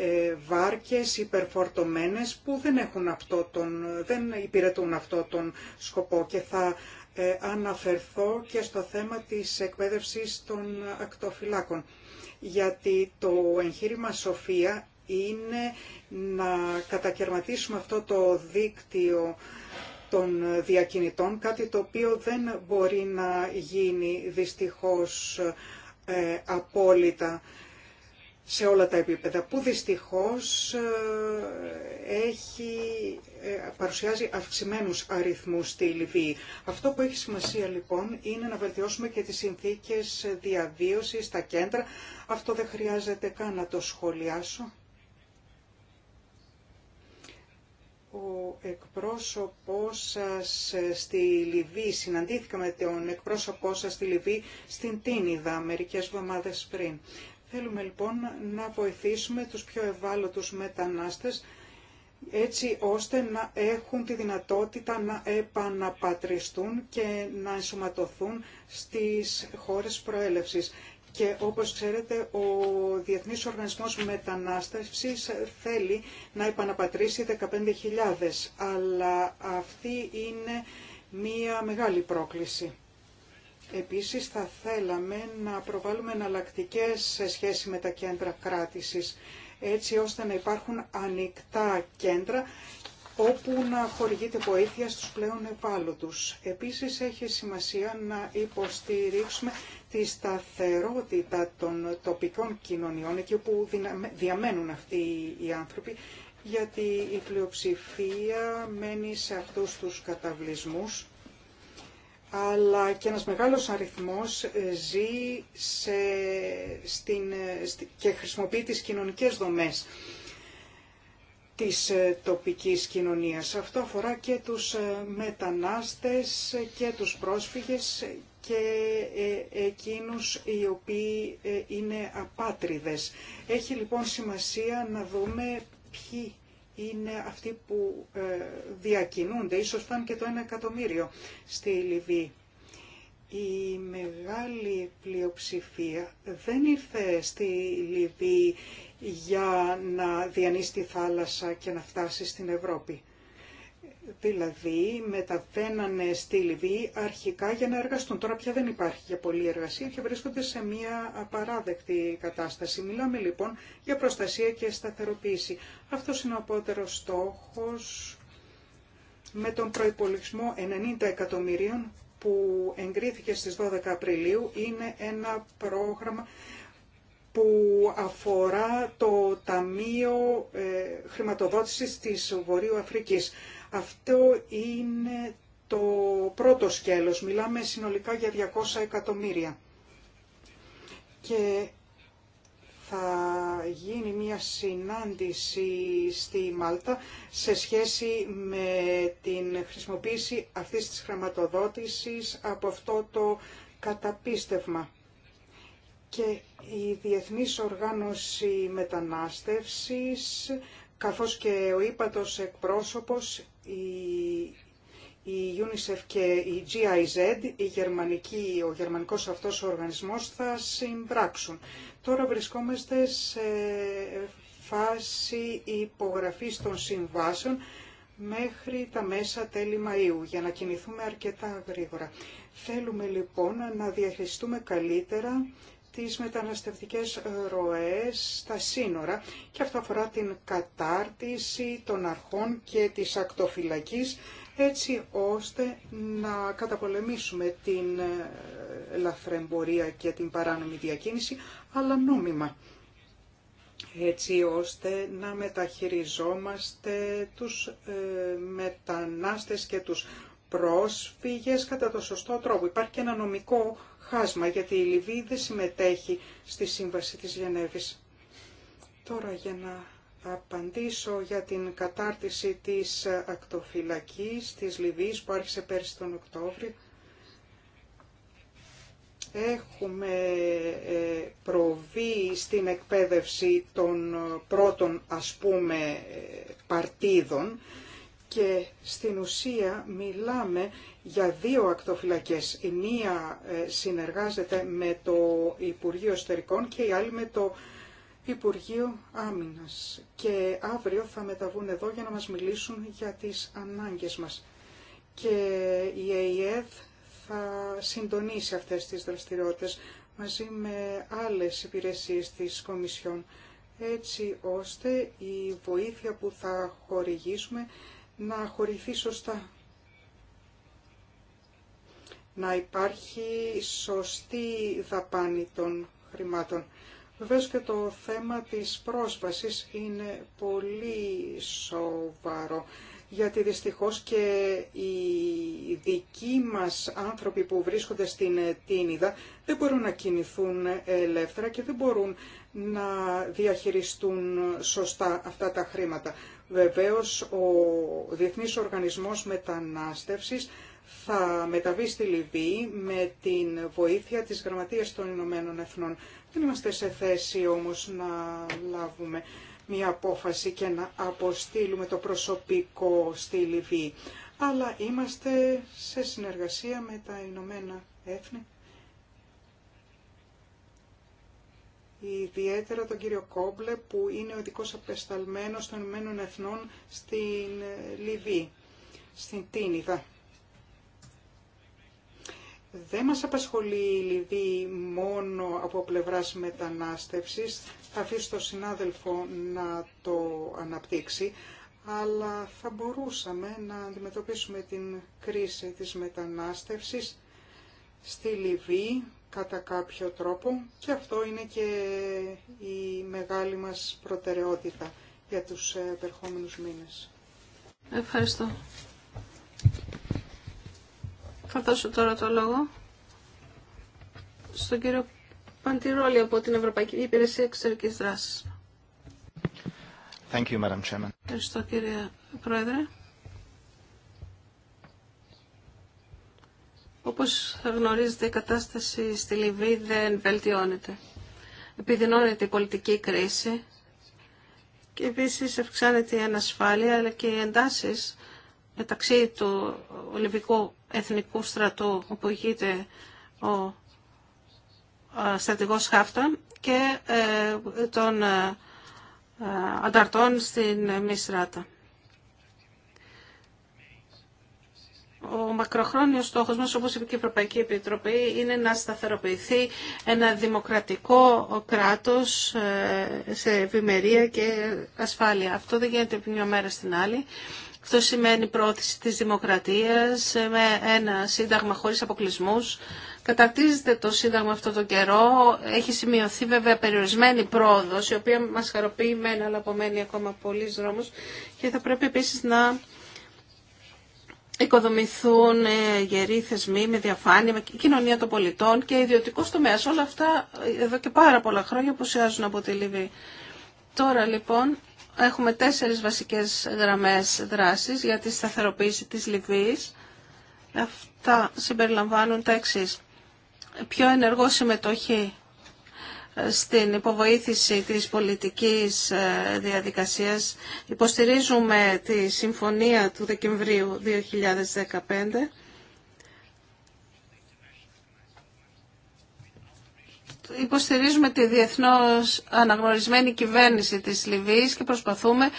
ε, βάρκες υπερφορτωμένες που δεν, έχουν αυτό τον, δεν υπηρετούν αυτό τον σκοπό και θα ε, αναφερθώ και στο θέμα της εκπαίδευσης των ακτοφυλάκων. Γιατί το εγχείρημα Σοφία είναι να κατακαιρματίσουμε αυτό το δίκτυο των διακινητών, κάτι το οποίο δεν μπορεί να γίνει δυστυχώς ε, απόλυτα σε όλα τα επίπεδα, που δυστυχώς ε, έχει, ε, παρουσιάζει αυξημένους αριθμούς στη Λιβύη. Αυτό που έχει σημασία λοιπόν είναι να βελτιώσουμε και τις συνθήκες διαβίωσης στα κέντρα. Αυτό δεν χρειάζεται καν να το σχολιάσω. ο εκπρόσωπός σας στη Λιβύη, συναντήθηκα με τον εκπρόσωπό σας στη Λιβύη στην Τίνιδα μερικές εβδομάδες πριν. Θέλουμε λοιπόν να βοηθήσουμε τους πιο ευάλωτους μετανάστες έτσι ώστε να έχουν τη δυνατότητα να επαναπατριστούν και να ενσωματωθούν στις χώρες προέλευσης. Και όπως ξέρετε, ο Διεθνής Οργανισμός Μετανάστευσης θέλει να επαναπατρίσει 15.000, αλλά αυτή είναι μία μεγάλη πρόκληση. Επίσης, θα θέλαμε να προβάλλουμε εναλλακτικέ σε σχέση με τα κέντρα κράτησης, έτσι ώστε να υπάρχουν ανοιχτά κέντρα όπου να χορηγείται βοήθεια στους πλέον ευάλωτους. Επίσης έχει σημασία να υποστηρίξουμε τη σταθερότητα των τοπικών κοινωνιών, εκεί όπου διαμένουν αυτοί οι άνθρωποι, γιατί η πλειοψηφία μένει σε αυτούς τους καταβλισμούς, αλλά και ένας μεγάλος αριθμός ζει στην, και χρησιμοποιεί τις κοινωνικές δομές της ε, τοπικής κοινωνίας. Αυτό αφορά και τους ε, μετανάστες και τους πρόσφυγες και ε, εκείνους οι οποίοι ε, είναι απάτριδες. Έχει λοιπόν σημασία να δούμε ποιοι είναι αυτοί που ε, διακινούνται, ίσως φτάνει και το ένα εκατομμύριο στη Λιβύη. Η μεγάλη πλειοψηφία δεν ήρθε στη Λιβύη για να διανύσει τη θάλασσα και να φτάσει στην Ευρώπη. Δηλαδή μεταβαίνανε στη Λιβύη αρχικά για να εργαστούν. Τώρα πια δεν υπάρχει για πολλή εργασία και βρίσκονται σε μια απαράδεκτη κατάσταση. Μιλάμε λοιπόν για προστασία και σταθεροποίηση. Αυτό είναι ο απότερος στόχος με τον προϋπολογισμό 90 εκατομμυρίων που εγκρίθηκε στις 12 Απριλίου. Είναι ένα πρόγραμμα που αφορά το Ταμείο ε, Χρηματοδότησης της Βορείου Αφρικής. Αυτό είναι το πρώτο σκέλος. Μιλάμε συνολικά για 200 εκατομμύρια. Και θα γίνει μια συνάντηση στη Μάλτα σε σχέση με την χρησιμοποίηση αυτής της χρηματοδότησης από αυτό το καταπίστευμα. Και η Διεθνής Οργάνωση Μετανάστευσης καθώς και ο ύπατος εκπρόσωπος η UNICEF και η GIZ, η γερμανική, ο γερμανικός αυτός ο οργανισμός, θα συμπράξουν. Τώρα βρισκόμαστε σε φάση υπογραφής των συμβάσεων μέχρι τα μέσα τέλη Μαΐου, για να κινηθούμε αρκετά γρήγορα. Θέλουμε λοιπόν να διαχειριστούμε καλύτερα τις μεταναστευτικές ροές στα σύνορα και αυτό αφορά την κατάρτιση των αρχών και της ακτοφυλακής έτσι ώστε να καταπολεμήσουμε την ε, λαθρεμπορία και την παράνομη διακίνηση, αλλά νόμιμα έτσι ώστε να μεταχειριζόμαστε τους ε, μετανάστες και τους πρόσφυγες κατά το σωστό τρόπο. Υπάρχει και ένα νομικό χάσμα, γιατί η Λιβύη δεν συμμετέχει στη Σύμβαση της Γενέβης. Τώρα για να απαντήσω για την κατάρτιση της ακτοφυλακής της Λιβύης που άρχισε πέρσι τον Οκτώβριο. Έχουμε ε, προβεί στην εκπαίδευση των πρώτων ας πούμε ε, παρτίδων και στην ουσία μιλάμε για δύο ακτοφυλακές. Η μία ε, συνεργάζεται με το Υπουργείο Εστερικών και η άλλη με το Υπουργείο Άμυνας. Και αύριο θα μεταβούν εδώ για να μας μιλήσουν για τις ανάγκες μας. Και η ΑΕΔ θα συντονίσει αυτές τις δραστηριότητες μαζί με άλλες υπηρεσίες της Κομισιόν, έτσι ώστε η βοήθεια που θα χορηγήσουμε να χορηθεί σωστά να υπάρχει σωστή δαπάνη των χρημάτων. Βεβαίω και το θέμα της πρόσβασης είναι πολύ σοβαρό, γιατί δυστυχώς και οι δικοί μας άνθρωποι που βρίσκονται στην Τίνιδα δεν μπορούν να κινηθούν ελεύθερα και δεν μπορούν να διαχειριστούν σωστά αυτά τα χρήματα. Βεβαίως ο Διεθνής Οργανισμός Μετανάστευσης θα μεταβεί στη Λιβύη με την βοήθεια της Γραμματείας των Ηνωμένων Εθνών. Δεν είμαστε σε θέση όμως να λάβουμε μια απόφαση και να αποστείλουμε το προσωπικό στη Λιβύη. Αλλά είμαστε σε συνεργασία με τα Ηνωμένα Έθνη. Ιδιαίτερα τον κύριο Κόμπλε που είναι ο ειδικός απεσταλμένος των Ηνωμένων Εθνών στην ε, Λιβύη, στην Τίνιδα. Δεν μας απασχολεί η Λιβύη μόνο από πλευράς μετανάστευσης, θα αφήσω τον συνάδελφο να το αναπτύξει, αλλά θα μπορούσαμε να αντιμετωπίσουμε την κρίση της μετανάστευσης στη Λιβύη κατά κάποιο τρόπο και αυτό είναι και η μεγάλη μας προτεραιότητα για τους επερχόμενους μήνες. Ευχαριστώ. Θα δώσω τώρα το λόγο στον κύριο Παντηρόλη από την Ευρωπαϊκή Υπηρεσία Εξωτερικής Δράσης. Thank you, Madam Chairman. Ευχαριστώ κύριε Πρόεδρε. Όπως γνωρίζετε η κατάσταση στη Λιβύη δεν βελτιώνεται. Επιδεινώνεται η πολιτική κρίση και επίσης αυξάνεται η ανασφάλεια αλλά και οι εντάσεις μεταξύ του Λιβυκού εθνικού στρατού όπου ηγείται ο ε, στρατηγός Χάφτα και ε, των ε, ανταρτών στην Μισράτα. Ο μακροχρόνιος στόχος μας, όπως είπε και η Ευρωπαϊκή Επιτροπή, είναι να σταθεροποιηθεί ένα δημοκρατικό κράτος σε ευημερία και ασφάλεια. Αυτό δεν γίνεται από μια μέρα στην άλλη. Αυτό σημαίνει πρόθεση της δημοκρατίας με ένα σύνταγμα χωρίς αποκλεισμούς. Κατακτίζεται το σύνταγμα αυτό το καιρό. Έχει σημειωθεί βέβαια περιορισμένη πρόοδος, η οποία μας χαροποιεί μεν, αλλά απομένει ακόμα πολλοί δρόμο, Και θα πρέπει επίσης να οικοδομηθούν ε, γεροί θεσμοί με διαφάνεια, με κοινωνία των πολιτών και ιδιωτικό τομέα. Όλα αυτά εδώ και πάρα πολλά χρόνια που από τη Λιβύη. Τώρα λοιπόν έχουμε τέσσερις βασικές γραμμές δράσης για τη σταθεροποίηση της Λιβύης. Αυτά συμπεριλαμβάνουν τα εξής. Πιο ενεργό συμμετοχή ε, στην υποβοήθηση της πολιτικής ε, διαδικασίας. Υποστηρίζουμε τη συμφωνία του Δεκεμβρίου 2015 υποστηρίζουμε τη διεθνώς αναγνωρισμένη κυβέρνηση της Λιβύης και προσπαθούμε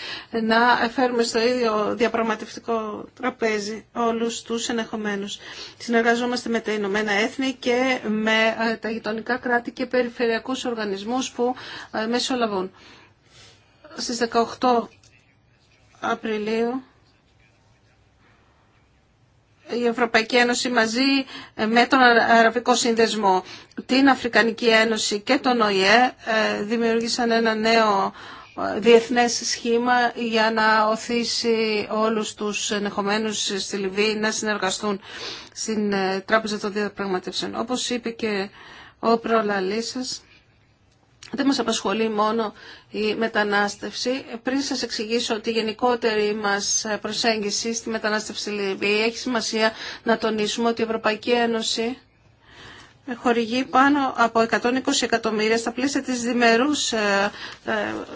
να φέρουμε στο ίδιο διαπραγματευτικό τραπέζι όλους τους ενεχομένους. Συνεργαζόμαστε με τα Ηνωμένα Έθνη και με ε, τα γειτονικά κράτη και περιφερειακούς οργανισμούς που ε, μεσολαβούν. Στις 18 Απριλίου η Ευρωπαϊκή Ένωση μαζί με τον Αραβικό Σύνδεσμο, την Αφρικανική Ένωση και τον ΟΗΕ ε, δημιούργησαν ένα νέο ε, διεθνές σχήμα για να οθήσει όλους τους ενεχομένους στη Λιβύη να συνεργαστούν στην ε, Τράπεζα των Διαπραγματεύσεων. Όπως είπε και ο προλαλής σας, δεν μας απασχολεί μόνο η μετανάστευση. Πριν σας εξηγήσω ότι γενικότερη μας προσέγγιση στη μετανάστευση Λιβύη έχει σημασία να τονίσουμε ότι η Ευρωπαϊκή Ένωση χορηγεί πάνω από 120 εκατομμύρια στα πλαίσια της διμερούς ε, ε,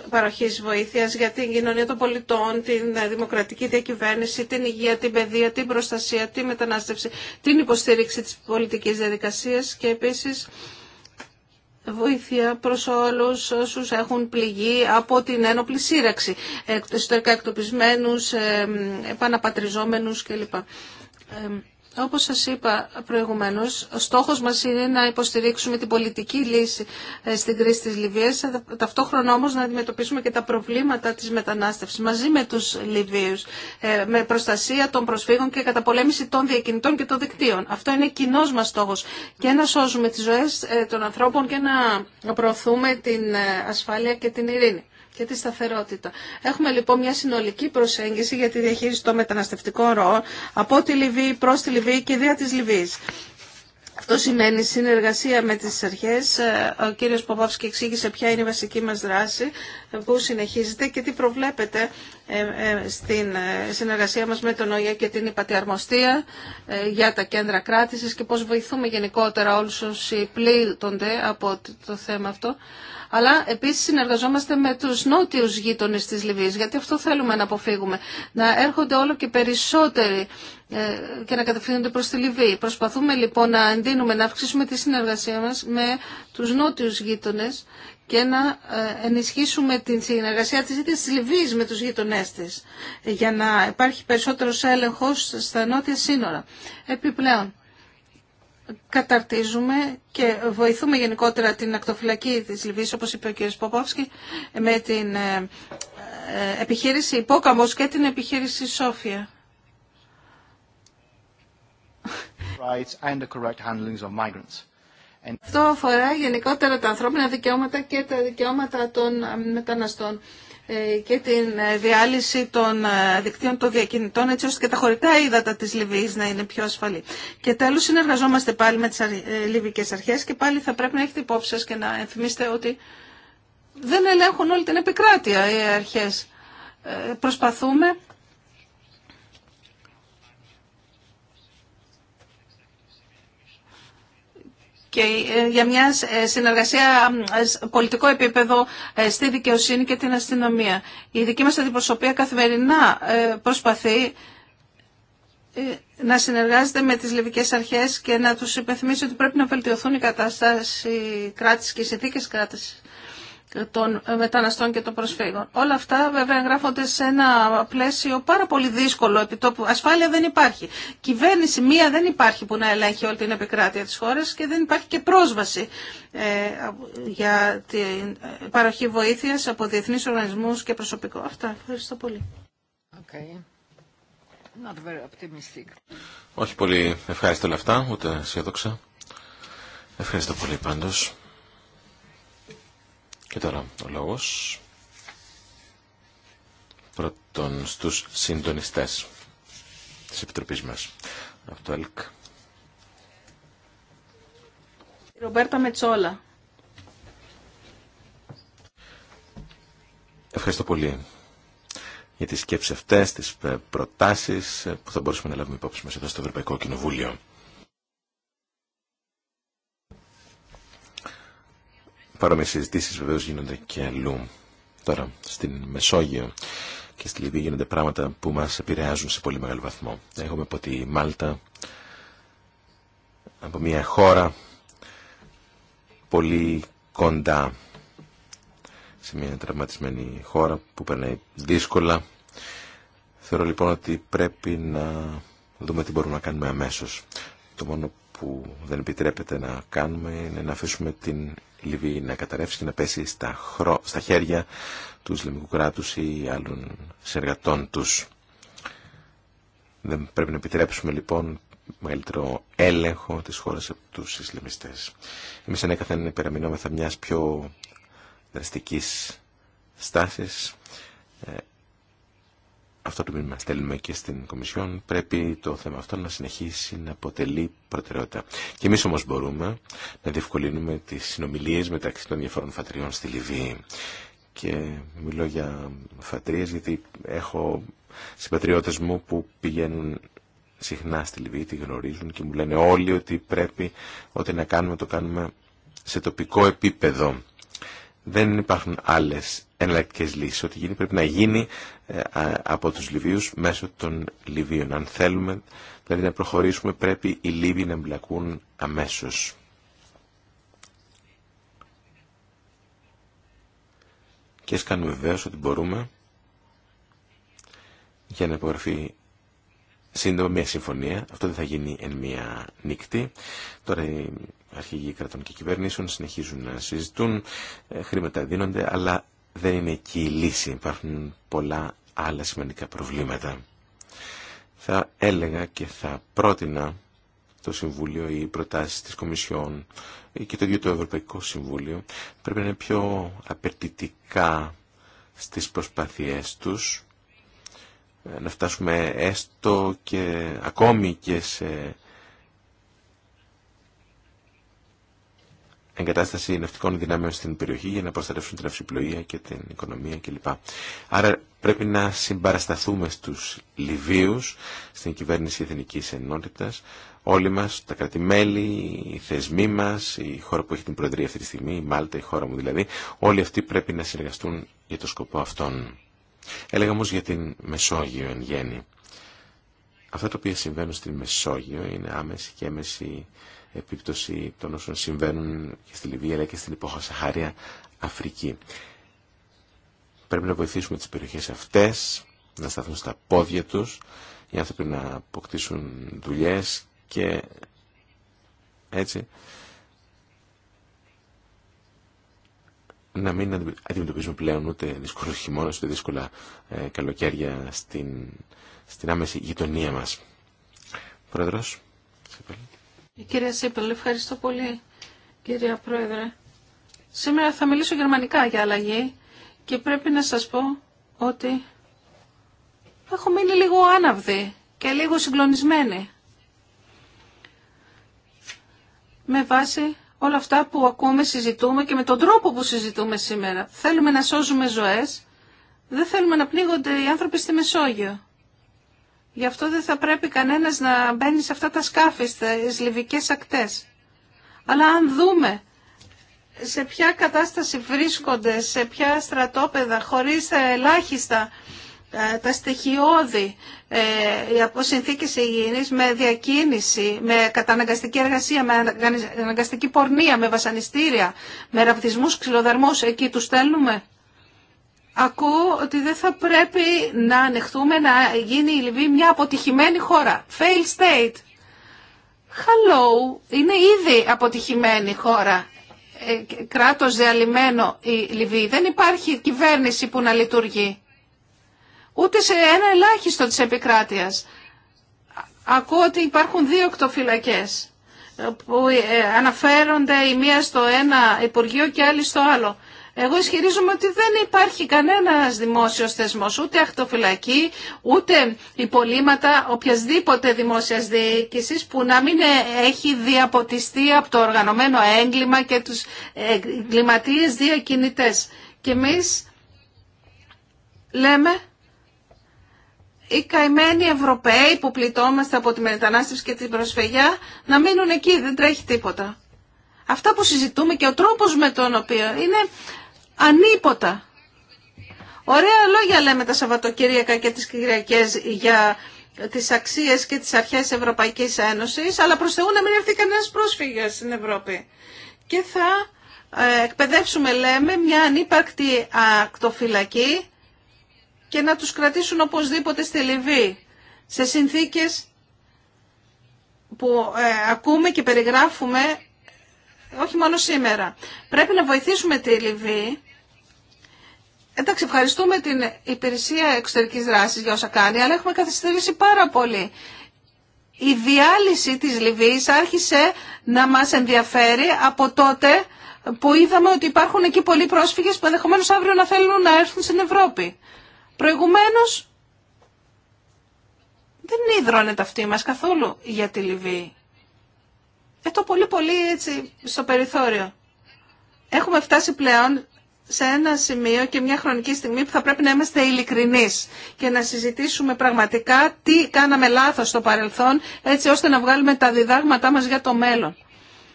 παροχής βοήθειας για την κοινωνία των πολιτών, την ε, δημοκρατική διακυβέρνηση, την υγεία, την παιδεία, την προστασία, την μετανάστευση, την υποστήριξη της πολιτικής διαδικασίας και επίσης βοήθεια προς όλους όσους έχουν πληγεί από την ένοπλη σύραξη, εξωτερικά εκτοπισμένους, ε, επαναπατριζόμενους κλπ. Ε, όπως σας είπα προηγουμένως, ο στόχος μας είναι να υποστηρίξουμε την πολιτική λύση ε, στην κρίση της Λιβύης, ταυτόχρονα όμως να αντιμετωπίσουμε και τα προβλήματα της μετανάστευσης μαζί με τους Λιβύους, ε, με προστασία των προσφύγων και καταπολέμηση των διακινητών και των δικτύων. Αυτό είναι κοινό μας στόχος και να σώζουμε τις ζωές ε, των ανθρώπων και να προωθούμε την ασφάλεια και την ειρήνη και τη σταθερότητα. Έχουμε λοιπόν μια συνολική προσέγγιση για τη διαχείριση των μεταναστευτικών ροών από τη Λιβύη προς τη Λιβύη και δια της Λιβύης. Αυτό σημαίνει συνεργασία με τις αρχές. Ε, ο κύριος Παπαύσκη εξήγησε ποια είναι η βασική μας δράση ε, που συνεχίζεται και τι προβλέπεται ε, στην συνεργασία μας με τον ΟΙΑ και την υπατιαρμοστία για τα κέντρα κράτησης και πώς βοηθούμε γενικότερα όλους όσοι πλήττονται από το θέμα αυτό αλλά επίσης συνεργαζόμαστε με τους νότιους γείτονες της Λιβύης, γιατί αυτό θέλουμε να αποφύγουμε, να έρχονται όλο και περισσότεροι ε, και να κατευθύνονται προς τη Λιβύη. Προσπαθούμε λοιπόν να εντείνουμε, να αυξήσουμε τη συνεργασία μας με τους νότιους γείτονες και να ε, ενισχύσουμε την συνεργασία της ίδιας της Λιβύης με τους γείτονές της για να υπάρχει περισσότερος έλεγχος στα νότια σύνορα. Επιπλέον, καταρτίζουμε και βοηθούμε γενικότερα την ακτοφυλακή της Λιβύης, όπως είπε ο κ. Ποπόφσκι, με την ε, ε, επιχείρηση Υπόκαμος και την επιχείρηση Σόφια. Αυτό αφορά γενικότερα τα ανθρώπινα δικαιώματα και τα δικαιώματα των ε, μεταναστών. Ε, και την ε, διάλυση των ε, δικτύων των διακινητών έτσι ώστε και τα χωρικά ύδατα της Λιβύης να είναι πιο ασφαλή. Και τέλος συνεργαζόμαστε πάλι με τις Λιβυκές αρχές και πάλι θα πρέπει να έχετε υπόψη σας και να ενθυμίσετε ότι δεν ελέγχουν όλη την επικράτεια οι αρχές. Προσπαθούμε και ε, για μια ε, συνεργασία ε, πολιτικό επίπεδο στη δικαιοσύνη και την αστυνομία. Η δική μας αντιπροσωπεία καθημερινά προσπαθεί να συνεργάζεται με τις λιβικές αρχές και να τους υπενθυμίσει ότι πρέπει να βελτιωθούν η κατάσταση κράτης και οι συνθήκες κράτησης των μεταναστών και των προσφύγων. Όλα αυτά βέβαια γράφονται σε ένα πλαίσιο πάρα πολύ δύσκολο επιτόπου. Ασφάλεια δεν υπάρχει. Κυβέρνηση μία δεν υπάρχει που να ελέγχει όλη την επικράτεια της χώρας και δεν υπάρχει και πρόσβαση ε, για την παροχή βοήθειας από διεθνείς οργανισμούς και προσωπικό. Αυτά. Ευχαριστώ πολύ. Okay. Not very Όχι πολύ ευχάριστα όλα αυτά, ούτε αισιόδοξα. Ευχαριστώ πολύ πάντως. Και τώρα ο λόγος πρώτον στους συντονιστές της Επιτροπής μας από το ΕΛΚ. Ρομπέρτα Μετσόλα. Ευχαριστώ πολύ για τις σκέψεις αυτές, τις προτάσεις που θα μπορούσαμε να λάβουμε υπόψη μας εδώ στο Ευρωπαϊκό Κοινοβούλιο. Παρόμοιες συζητήσει βεβαίω γίνονται και αλλού. Τώρα, στην Μεσόγειο και στη Λιβύη γίνονται πράγματα που μα επηρεάζουν σε πολύ μεγάλο βαθμό. Έχουμε από τη Μάλτα, από μια χώρα πολύ κοντά σε μια τραυματισμένη χώρα που περνάει δύσκολα. Θεωρώ λοιπόν ότι πρέπει να δούμε τι μπορούμε να κάνουμε αμέσως. Το μόνο που δεν επιτρέπεται να κάνουμε είναι να αφήσουμε την Λιβύη να καταρρεύσει και να πέσει στα, στα χέρια του Ισλαμικού κράτου ή άλλων συνεργατών τους. Δεν πρέπει να επιτρέψουμε λοιπόν μεγαλύτερο έλεγχο τη χώρα από τους Ισλαμιστέ. Εμεί ανέκαθεν υπεραμεινόμεθα μια πιο δραστική στάση. Ε, αυτό το μήνυμα στέλνουμε και στην Κομισιόν, πρέπει το θέμα αυτό να συνεχίσει να αποτελεί προτεραιότητα. Και εμεί όμω μπορούμε να διευκολύνουμε τι συνομιλίε μεταξύ των διαφορών φατριών στη Λιβύη. Και μιλώ για φατρίε γιατί έχω συμπατριώτε μου που πηγαίνουν συχνά στη Λιβύη, τη γνωρίζουν και μου λένε όλοι ότι πρέπει ό,τι να κάνουμε το κάνουμε σε τοπικό επίπεδο δεν υπάρχουν άλλε εναλλακτικέ λύσει Ό,τι γίνει πρέπει να γίνει ε, από τους Λιβύους μέσω των Λιβύων. Αν θέλουμε δηλαδή να προχωρήσουμε πρέπει οι Λίβοι να εμπλακούν αμέσω. Και ας κάνουμε βεβαίω ότι μπορούμε για να υπογραφεί σύντομα μια συμφωνία. Αυτό δεν θα γίνει εν μια νύχτη. Τώρα αρχηγοί κρατών και κυβερνήσεων συνεχίζουν να συζητούν, ε, χρήματα δίνονται, αλλά δεν είναι εκεί η λύση. Υπάρχουν πολλά άλλα σημαντικά προβλήματα. Θα έλεγα και θα πρότεινα το Συμβούλιο, οι προτάσεις της Κομισιόν και το ίδιο το Ευρωπαϊκό Συμβούλιο πρέπει να είναι πιο απαιτητικά στις προσπαθίες τους ε, να φτάσουμε έστω και ακόμη και σε εγκατάσταση ναυτικών δυνάμεων στην περιοχή για να προστατεύσουν την αυσιπλοεία και την οικονομία κλπ. Άρα πρέπει να συμπαρασταθούμε στους Λιβύους, στην κυβέρνηση Εθνικής Ενότητας, όλοι μας, τα κρατημέλη, οι θεσμοί μας, η χώρα που έχει την Προεδρία αυτή τη στιγμή, η Μάλτα, η χώρα μου δηλαδή, όλοι αυτοί πρέπει να συνεργαστούν για το σκοπό αυτόν. Έλεγα όμω για την Μεσόγειο εν γέννη. Αυτά τα οποία συμβαίνουν στη Μεσόγειο είναι άμεση και έμεση επίπτωση των όσων συμβαίνουν και στη Λιβύη αλλά και στην υπόχασα Αφρική. Πρέπει να βοηθήσουμε τις περιοχές αυτές να σταθούν στα πόδια τους οι άνθρωποι να αποκτήσουν δουλειές και έτσι να μην αντιμετωπίζουμε πλέον ούτε δύσκολους χειμώνες ούτε δύσκολα ε, καλοκαίρια στην, στην άμεση γειτονία μας. Πρόεδρος, σε η κυρία Σίπελ, ευχαριστώ πολύ κυρία Πρόεδρε. Σήμερα θα μιλήσω γερμανικά για αλλαγή και πρέπει να σας πω ότι έχω μείνει λίγο άναυδη και λίγο συγκλονισμένη. Με βάση όλα αυτά που ακούμε, συζητούμε και με τον τρόπο που συζητούμε σήμερα. Θέλουμε να σώζουμε ζωές, δεν θέλουμε να πνίγονται οι άνθρωποι στη Μεσόγειο. Γι' αυτό δεν θα πρέπει κανένας να μπαίνει σε αυτά τα σκάφη, στις λιβικές ακτές. Αλλά αν δούμε σε ποια κατάσταση βρίσκονται, σε ποια στρατόπεδα, χωρίς τα ελάχιστα, ε, τα στοιχειώδη ε, από συνθήκες υγιεινής με διακίνηση, με καταναγκαστική εργασία, με αναγκαστική πορνεία, με βασανιστήρια, με ραπτισμούς, ξυλοδαρμούς, εκεί τους στέλνουμε ακούω ότι δεν θα πρέπει να ανεχθούμε να γίνει η Λιβύη μια αποτυχημένη χώρα. Fail state. Hello, είναι ήδη αποτυχημένη χώρα. Ε, κράτος διαλυμένο η Λιβύη. Δεν υπάρχει κυβέρνηση που να λειτουργεί. Ούτε σε ένα ελάχιστο της επικράτειας. Ακούω ότι υπάρχουν δύο εκτοφυλακές ε, που ε, αναφέρονται η μία στο ένα Υπουργείο και άλλη στο άλλο. Εγώ ισχυρίζομαι ότι δεν υπάρχει κανένας δημόσιος θεσμός, ούτε ακτοφυλακή, ούτε υπολείμματα οποιασδήποτε δημόσιας διοίκησης που να μην έχει διαποτιστεί από το οργανωμένο έγκλημα και τους εγκληματίες διακινητές. Και εμείς λέμε οι καημένοι Ευρωπαίοι που πληττόμαστε από τη μετανάστευση και την προσφυγιά να μείνουν εκεί, δεν τρέχει τίποτα. Αυτά που συζητούμε και ο τρόπος με τον οποίο είναι ανίποτα. Ωραία λόγια λέμε τα Σαββατοκύριακα και τις Κυριακές για τις αξίες και τις αρχές Ευρωπαϊκής Ένωσης, αλλά προς Θεού να μην έρθει κανένας πρόσφυγας στην Ευρώπη. Και θα ε, εκπαιδεύσουμε, λέμε, μια ανύπαρκτη ακτοφυλακή και να τους κρατήσουν οπωσδήποτε στη Λιβύη, σε συνθήκες που ε, ακούμε και περιγράφουμε ε, όχι μόνο σήμερα. Πρέπει να βοηθήσουμε τη Λιβύη Εντάξει, ευχαριστούμε την Υπηρεσία εξωτερική δράση για όσα κάνει, αλλά έχουμε καθυστερήσει πάρα πολύ. Η διάλυση της Λιβύης άρχισε να μας ενδιαφέρει από τότε που είδαμε ότι υπάρχουν εκεί πολλοί πρόσφυγες που ενδεχομένω αύριο να θέλουν να έρθουν στην Ευρώπη. Προηγουμένως δεν ίδρωνε τα αυτή μας καθόλου για τη Λιβύη. Εδώ πολύ πολύ έτσι στο περιθώριο. Έχουμε φτάσει πλέον σε ένα σημείο και μια χρονική στιγμή που θα πρέπει να είμαστε ειλικρινεί και να συζητήσουμε πραγματικά τι κάναμε λάθος στο παρελθόν έτσι ώστε να βγάλουμε τα διδάγματά μας για το μέλλον.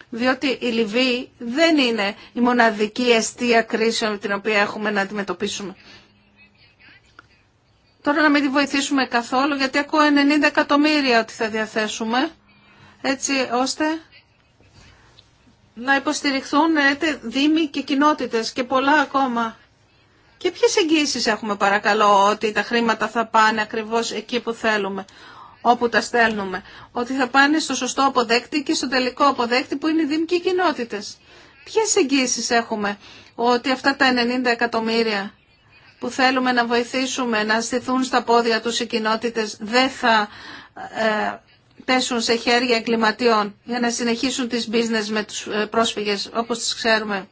Διότι η Λιβύη δεν είναι η μοναδική αιστεία κρίσεων την οποία έχουμε να αντιμετωπίσουμε. Τώρα να μην τη βοηθήσουμε καθόλου γιατί ακούω 90 εκατομμύρια ότι θα διαθέσουμε έτσι ώστε να υποστηριχθούν ε, δήμοι και κοινότητες και πολλά ακόμα. Και ποιες εγγύησεις έχουμε παρακαλώ ότι τα χρήματα θα πάνε ακριβώς εκεί που θέλουμε, όπου τα στέλνουμε. Ότι θα πάνε στο σωστό αποδέκτη και στο τελικό αποδέκτη που είναι οι δήμοι και οι κοινότητες. Ποιες εγγύησεις έχουμε ότι αυτά τα 90 εκατομμύρια που θέλουμε να βοηθήσουμε να στηθούν στα πόδια τους οι κοινότητες δεν θα ε, πέσουν σε χέρια εγκληματιών για να συνεχίσουν τις business με τους ε, πρόσφυγες όπως τις ξέρουμε.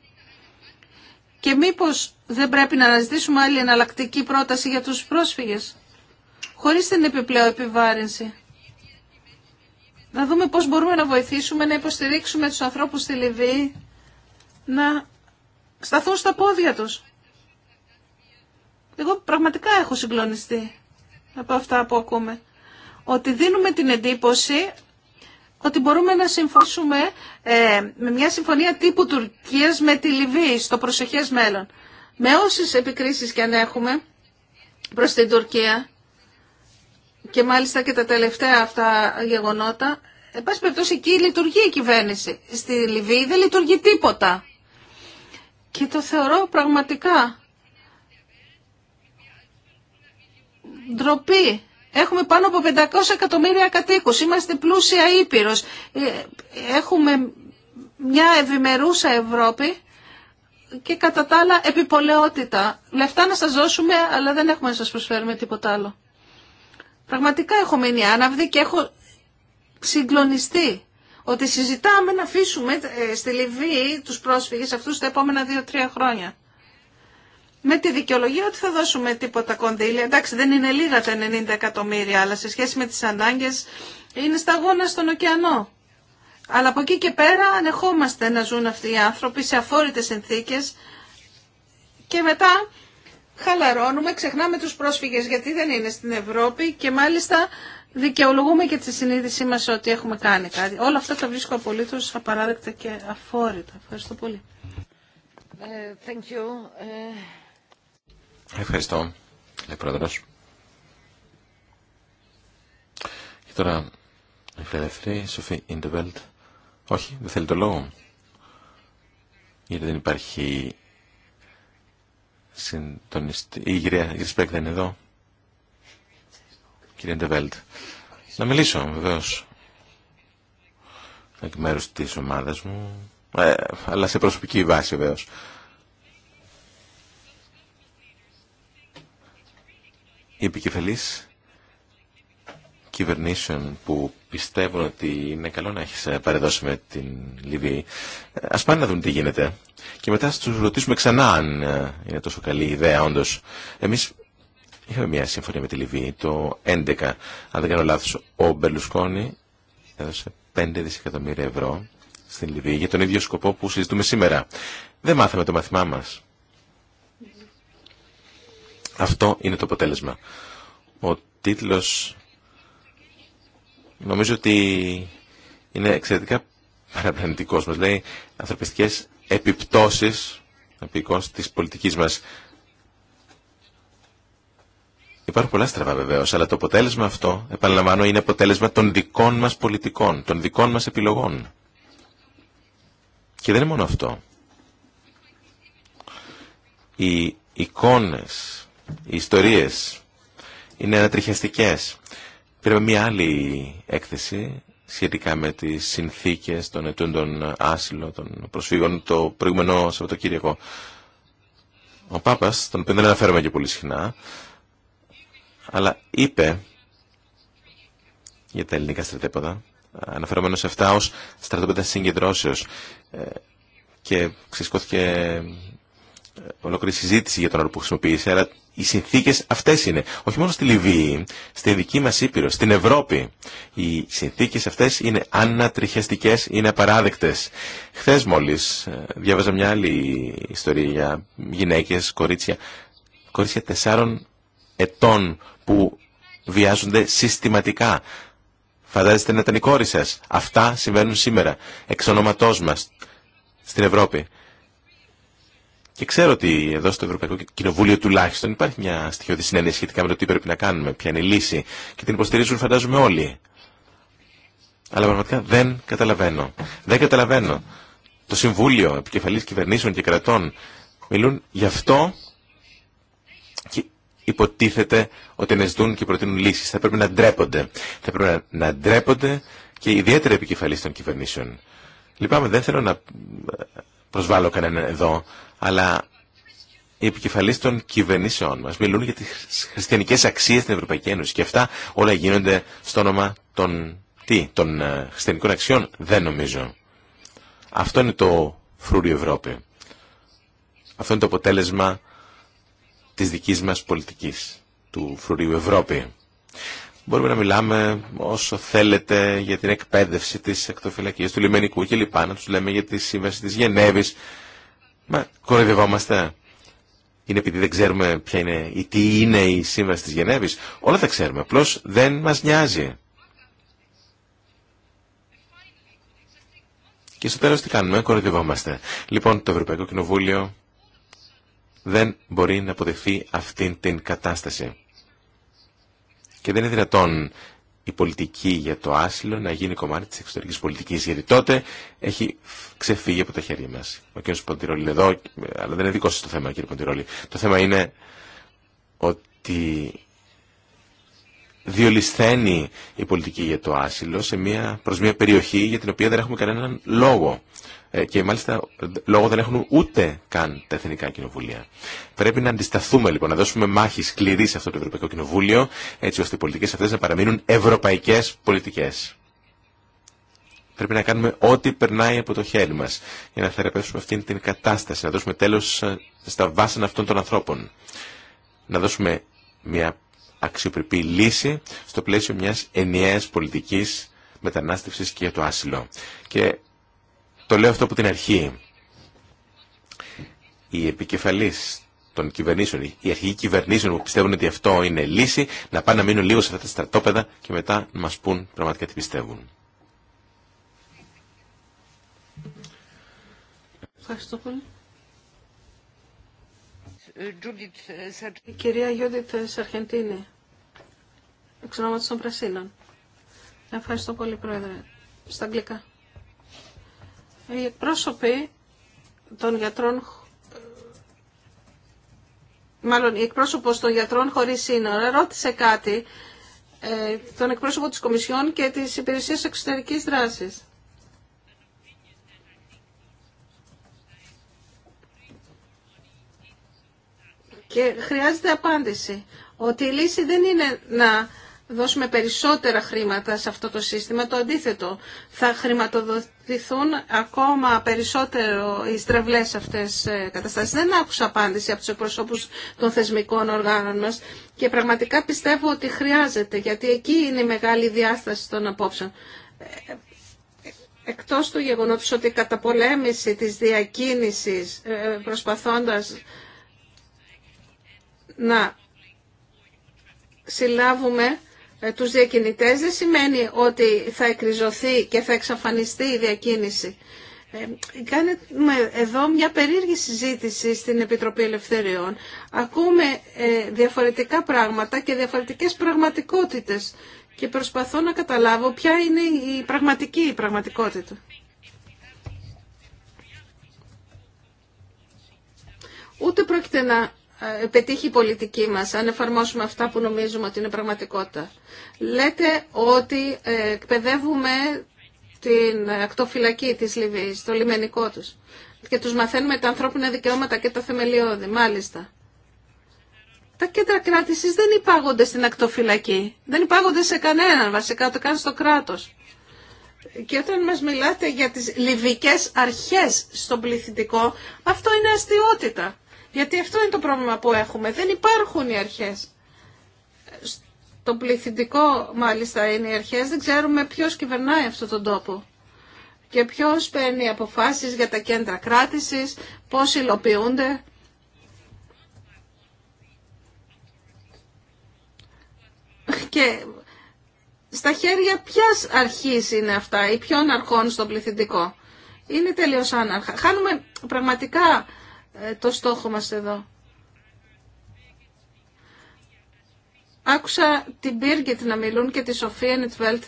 Και μήπως δεν πρέπει να αναζητήσουμε άλλη εναλλακτική πρόταση για τους πρόσφυγες χωρίς την επιπλέον επιβάρυνση. Να δούμε πώς μπορούμε να βοηθήσουμε, να υποστηρίξουμε τους ανθρώπους στη Λιβύη να σταθούν στα πόδια τους. Εγώ πραγματικά έχω συγκλονιστεί από αυτά που ακούμε ότι δίνουμε την εντύπωση ότι μπορούμε να συμφωνήσουμε ε, με μια συμφωνία τύπου Τουρκίας με τη Λιβύη στο προσεχές μέλλον. Με όσες επικρίσεις και αν έχουμε προς την Τουρκία και μάλιστα και τα τελευταία αυτά γεγονότα, εν πάση περιπτώσει εκεί λειτουργεί η κυβέρνηση. Στη Λιβύη δεν λειτουργεί τίποτα. Και το θεωρώ πραγματικά ντροπή Έχουμε πάνω από 500 εκατομμύρια κατοίκους. Είμαστε πλούσια ήπειρος. Ε, έχουμε μια ευημερούσα Ευρώπη και κατά τα άλλα επιπολαιότητα. Λεφτά να σας δώσουμε, αλλά δεν έχουμε να σας προσφέρουμε τίποτα άλλο. Πραγματικά έχω μείνει άναυδη και έχω συγκλονιστεί ότι συζητάμε να αφήσουμε ε, στη Λιβύη τους πρόσφυγες αυτούς τα επόμενα δύο-τρία χρόνια με τη δικαιολογία ότι θα δώσουμε τίποτα κονδύλια. Εντάξει, δεν είναι λίγα τα 90 εκατομμύρια, αλλά σε σχέση με τις ανάγκες είναι σταγόνα στον ωκεανό. Αλλά από εκεί και πέρα ανεχόμαστε να ζουν αυτοί οι άνθρωποι σε αφόρητες συνθήκες και μετά χαλαρώνουμε, ξεχνάμε τους πρόσφυγες γιατί δεν είναι στην Ευρώπη και μάλιστα δικαιολογούμε και τη συνείδησή μας ότι έχουμε κάνει κάτι. Όλα αυτά τα βρίσκω απολύτως απαράδεκτα και αφόρητα. Ευχαριστώ πολύ. Ε, thank you. Ε, Ευχαριστώ, λέει πρόεδρο. Και τώρα η φιλελεύθερη Σοφή Ιντεβέλτ. Όχι, δεν θέλει το λόγο. Γιατί δεν υπάρχει συντονιστή. Η κυρία Γκρισπέκ δεν είναι εδώ. Κυρία Ιντεβέλτ. Να μιλήσω, βεβαίω. Εκ μέρου τη ομάδα μου. Ε, αλλά σε προσωπική βάση, βεβαίω. Οι επικεφαλείς κυβερνήσεων που πιστεύουν ότι είναι καλό να έχεις ε, παρεδώσει με την Λιβύη, ε, ας πάνε να δουν τι γίνεται και μετά θα τους ρωτήσουμε ξανά αν ε, είναι τόσο καλή ιδέα όντως. Εμείς είχαμε μια συμφωνία με τη Λιβύη το 11, αν δεν κάνω λάθος, ο Μπερλουσκόνη έδωσε 5 δισεκατομμύρια ευρώ στην Λιβύη για τον ίδιο σκοπό που συζητούμε σήμερα. Δεν μάθαμε το μαθημά μας. Αυτό είναι το αποτέλεσμα. Ο τίτλος νομίζω ότι είναι εξαιρετικά παραπλανητικός. Μας λέει ανθρωπιστικές επιπτώσεις επίκως, της πολιτικής μας. Υπάρχουν πολλά στραβά βεβαίως, αλλά το αποτέλεσμα αυτό, επαναλαμβάνω, είναι αποτέλεσμα των δικών μας πολιτικών, των δικών μας επιλογών. Και δεν είναι μόνο αυτό. Οι εικόνες οι ιστορίες είναι ανατριχιαστικές. Πήραμε μια άλλη έκθεση σχετικά με τις συνθήκες των ετούντων άσυλων, των προσφύγων, το προηγούμενο Σαββατοκύριακο. Ο Πάπας, τον οποίο δεν αναφέρομαι και πολύ συχνά, αλλά είπε για τα ελληνικά στρατέποδα, αναφερόμενος σε αυτά ως στρατόπεδα συγκεντρώσεως ε, και ξεσκώθηκε ολόκληρη συζήτηση για τον όρο που χρησιμοποίησε, αλλά οι συνθήκε αυτέ είναι. Όχι μόνο στη Λιβύη, στη δική μα Ήπειρο, στην Ευρώπη. Οι συνθήκε αυτέ είναι ανατριχιαστικέ, είναι απαράδεκτε. Χθε μόλι ε, διάβαζα μια άλλη ιστορία για γυναίκε, κορίτσια, κορίτσια τεσσάρων ετών που βιάζονται συστηματικά. Φαντάζεστε να ήταν η κόρη σα. Αυτά συμβαίνουν σήμερα, εξ ονόματό μα, στην Ευρώπη. Και ξέρω ότι εδώ στο Ευρωπαϊκό Κοινοβούλιο τουλάχιστον υπάρχει μια στοιχειώδη συνέντευξη σχετικά με το τι πρέπει να κάνουμε, ποια είναι η λύση και την υποστηρίζουν φαντάζομαι όλοι. Αλλά πραγματικά δεν καταλαβαίνω. Δεν καταλαβαίνω. Το Συμβούλιο Επικεφαλής Κυβερνήσεων και Κρατών μιλούν γι' αυτό και υποτίθεται ότι ενεσδούν και προτείνουν λύσεις. Θα πρέπει να ντρέπονται. Θα πρέπει να ντρέπονται και ιδιαίτερα επικεφαλής των κυβερνήσεων. Λυπάμαι, δεν θέλω να προσβάλλω κανέναν εδώ, αλλά οι επικεφαλείς των κυβερνήσεων μας μιλούν για τις χριστιανικές αξίες στην Ευρωπαϊκή Ένωση και αυτά όλα γίνονται στο όνομα των, τι, των ε, χριστιανικών αξιών, δεν νομίζω. Αυτό είναι το φρούριο Ευρώπη. Αυτό είναι το αποτέλεσμα της δικής μας πολιτικής, του φρουρίου Ευρώπη. Μπορούμε να μιλάμε όσο θέλετε για την εκπαίδευση της εκτοφυλακής του λιμενικού κλπ. Να τους λέμε για τη σύμβαση της Γενέβης Μα κοροϊδευόμαστε. Είναι επειδή δεν ξέρουμε ποια είναι ή τι είναι η σύμβαση της Γενέβης. Όλα τα ξέρουμε, απλώς δεν μας νοιάζει. Και στο τέλος τι κάνουμε, κοροϊδευόμαστε. Λοιπόν, το Ευρωπαϊκό Κοινοβούλιο δεν μπορεί να αποδεχθεί αυτήν την κατάσταση. Και δεν είναι δυνατόν η πολιτική για το άσυλο να γίνει κομμάτι της εξωτερικής πολιτικής, γιατί τότε έχει ξεφύγει από τα χέρια μας. Ο κ. Ποντιρόλη είναι εδώ, αλλά δεν είναι δικό σας το θέμα, κ. Ποντιρόλη. Το θέμα είναι ότι διολυσθένει η πολιτική για το άσυλο σε μια, προς μια περιοχή για την οποία δεν έχουμε κανέναν λόγο. Ε, και μάλιστα λόγω δεν έχουν ούτε καν τα εθνικά κοινοβούλια. Πρέπει να αντισταθούμε λοιπόν, να δώσουμε μάχη σκληρή σε αυτό το Ευρωπαϊκό Κοινοβούλιο, έτσι ώστε οι πολιτικές αυτές να παραμείνουν ευρωπαϊκέ πολιτικέ. Πρέπει να κάνουμε ό,τι περνάει από το χέρι μα για να θεραπεύσουμε αυτήν την κατάσταση, να δώσουμε τέλο ε, στα βάσανα αυτών των ανθρώπων. Να δώσουμε μια αξιοπρεπή λύση στο πλαίσιο μια ενιαίας πολιτική μετανάστευση και για το άσυλο. Και το λέω αυτό από την αρχή. Οι επικεφαλής των κυβερνήσεων, οι αρχηγοί κυβερνήσεων που πιστεύουν ότι αυτό είναι λύση, να πάνε να μείνουν λίγο σε αυτά τα στρατόπεδα και μετά να μας πούν πραγματικά τι πιστεύουν. Ευχαριστώ πολύ. Ε, Η κυρία Γιούντιτ ε, Σαρχεντίνη, εξ ονόματος των Πρασίνων. Ευχαριστώ πολύ, Πρόεδρε. Στα αγγλικά. Οι εκπρόσωποι των γιατρών μάλλον η εκπρόσωπος των γιατρών χωρίς σύνορα ρώτησε κάτι ε, τον εκπρόσωπο της Κομισιόν και της Υπηρεσίας Εξωτερικής Δράσης. Και χρειάζεται απάντηση ότι η λύση δεν είναι να δώσουμε περισσότερα χρήματα σε αυτό το σύστημα. Το αντίθετο, θα χρηματοδοτηθούν ακόμα περισσότερο οι στρεβλές αυτές ε, καταστάσεις. Δεν άκουσα απάντηση από τους εκπροσώπους των θεσμικών οργάνων μας και πραγματικά πιστεύω ότι χρειάζεται, γιατί εκεί είναι η μεγάλη διάσταση των απόψεων. Ε, εκτός του γεγονότος ότι η καταπολέμηση της διακίνησης ε, προσπαθώντας να συλλάβουμε ε, τους διακινητές δεν σημαίνει ότι θα εκριζωθεί και θα εξαφανιστεί η διακίνηση. Ε, κάνουμε εδώ μια περίεργη συζήτηση στην Επιτροπή Ελευθεριών. Ακούμε ε, διαφορετικά πράγματα και διαφορετικές πραγματικότητες και προσπαθώ να καταλάβω ποια είναι η πραγματική πραγματικότητα. Ούτε πρόκειται να ε, πετύχει η πολιτική μας αν εφαρμόσουμε αυτά που νομίζουμε ότι είναι πραγματικότητα. Λέτε ότι ε, εκπαιδεύουμε την ακτοφυλακή της Λιβύης, το λιμενικό τους και τους μαθαίνουμε τα ανθρώπινα δικαιώματα και τα θεμελιώδη, μάλιστα. Τα κέντρα κράτησης δεν υπάγονται στην ακτοφυλακή, δεν υπάγονται σε κανέναν βασικά, το καν στο κράτος. Και όταν μας μιλάτε για τις λιβικές αρχές στον πληθυντικό, αυτό είναι αστείωτητα. Γιατί αυτό είναι το πρόβλημα που έχουμε. Δεν υπάρχουν οι αρχές. Το πληθυντικό μάλιστα είναι οι αρχές. Δεν ξέρουμε ποιος κυβερνάει αυτόν τον τόπο. Και ποιος παίρνει αποφάσεις για τα κέντρα κράτησης, πώς υλοποιούνται. Και στα χέρια ποιας αρχής είναι αυτά ή ποιον αρχών στο πληθυντικό. Είναι τελείως άναρχα. Χάνουμε πραγματικά ε, το στόχο μας εδώ. Άκουσα την Birgit να μιλούν και τη Σοφία Νιτβέλτ.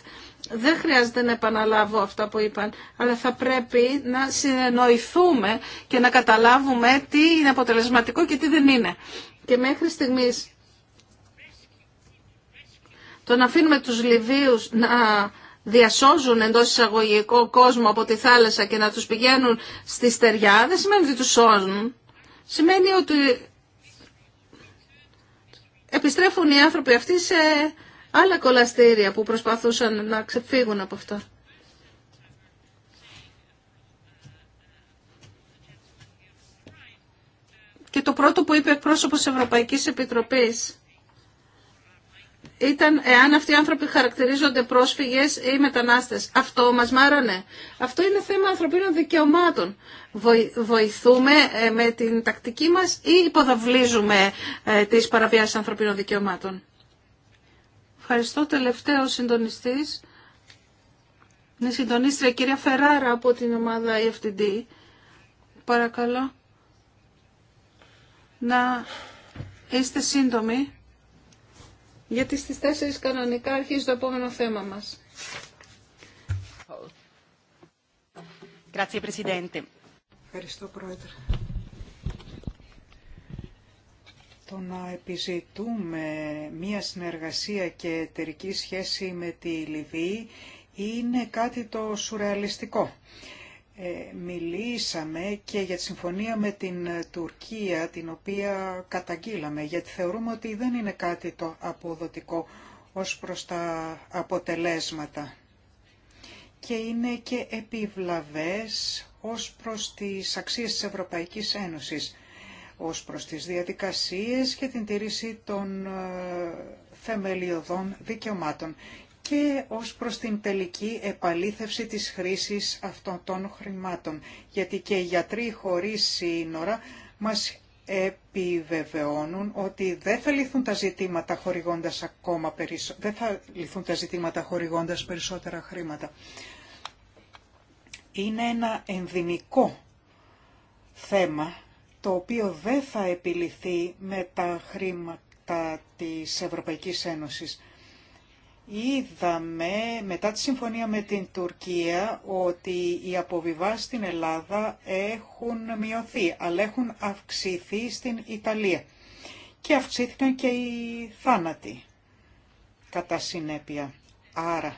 Δεν χρειάζεται να επαναλάβω αυτά που είπαν, αλλά θα πρέπει να συνεννοηθούμε και να καταλάβουμε τι είναι αποτελεσματικό και τι δεν είναι. Και μέχρι στιγμής το να αφήνουμε τους Λιβύους να διασώζουν εντό εισαγωγικό κόσμο από τη θάλασσα και να τους πηγαίνουν στη στεριά, δεν σημαίνει ότι τους σώζουν. Σημαίνει ότι επιστρέφουν οι άνθρωποι αυτοί σε άλλα κολαστήρια που προσπαθούσαν να ξεφύγουν από αυτά. Και το πρώτο που είπε εκπρόσωπος Ευρωπαϊκής Επιτροπής ήταν εάν αυτοί οι άνθρωποι χαρακτηρίζονται πρόσφυγε ή μετανάστες. Αυτό μας μάρανε. Αυτό είναι θέμα ανθρωπίνων δικαιωμάτων. Βοηθούμε ε, με την τακτική μας ή υποδαβλίζουμε ε, τις παραβιάσεις ανθρωπίνων δικαιωμάτων. Ευχαριστώ τελευταίο συντονιστή. Είναι συντονίστρια κυρία Φεράρα από την ομάδα EFTD. Παρακαλώ να είστε σύντομοι γιατί στις 4 κανονικά αρχίζει το επόμενο θέμα μας. Ευχαριστώ, Πρόεδρε. Το να επιζητούμε μία συνεργασία και εταιρική σχέση με τη Λιβύη είναι κάτι το σουρεαλιστικό. Ε, μιλήσαμε και για τη συμφωνία με την ε, Τουρκία, την οποία καταγγείλαμε, γιατί θεωρούμε ότι δεν είναι κάτι το αποδοτικό ως προς τα αποτελέσματα. Και είναι και επιβλαβές ως προς τις αξίες της Ευρωπαϊκής Ένωσης, ως προς τις διαδικασίες και την τήρηση των ε, θεμελιωδών δικαιωμάτων και ως προς την τελική επαλήθευση της χρήσης αυτών των χρημάτων. Γιατί και οι γιατροί χωρίς σύνορα μας επιβεβαιώνουν ότι δεν θα λυθούν τα ζητήματα χορηγώντας ακόμα δεν τα ζητήματα χορηγώντας περισσότερα χρήματα. Είναι ένα ενδυμικό θέμα το οποίο δεν θα επιληθεί με τα χρήματα της Ευρωπαϊκής Ένωσης. Είδαμε μετά τη συμφωνία με την Τουρκία ότι οι αποβιβάσεις στην Ελλάδα έχουν μειωθεί, αλλά έχουν αυξηθεί στην Ιταλία. Και αυξήθηκαν και οι θάνατοι κατά συνέπεια. Άρα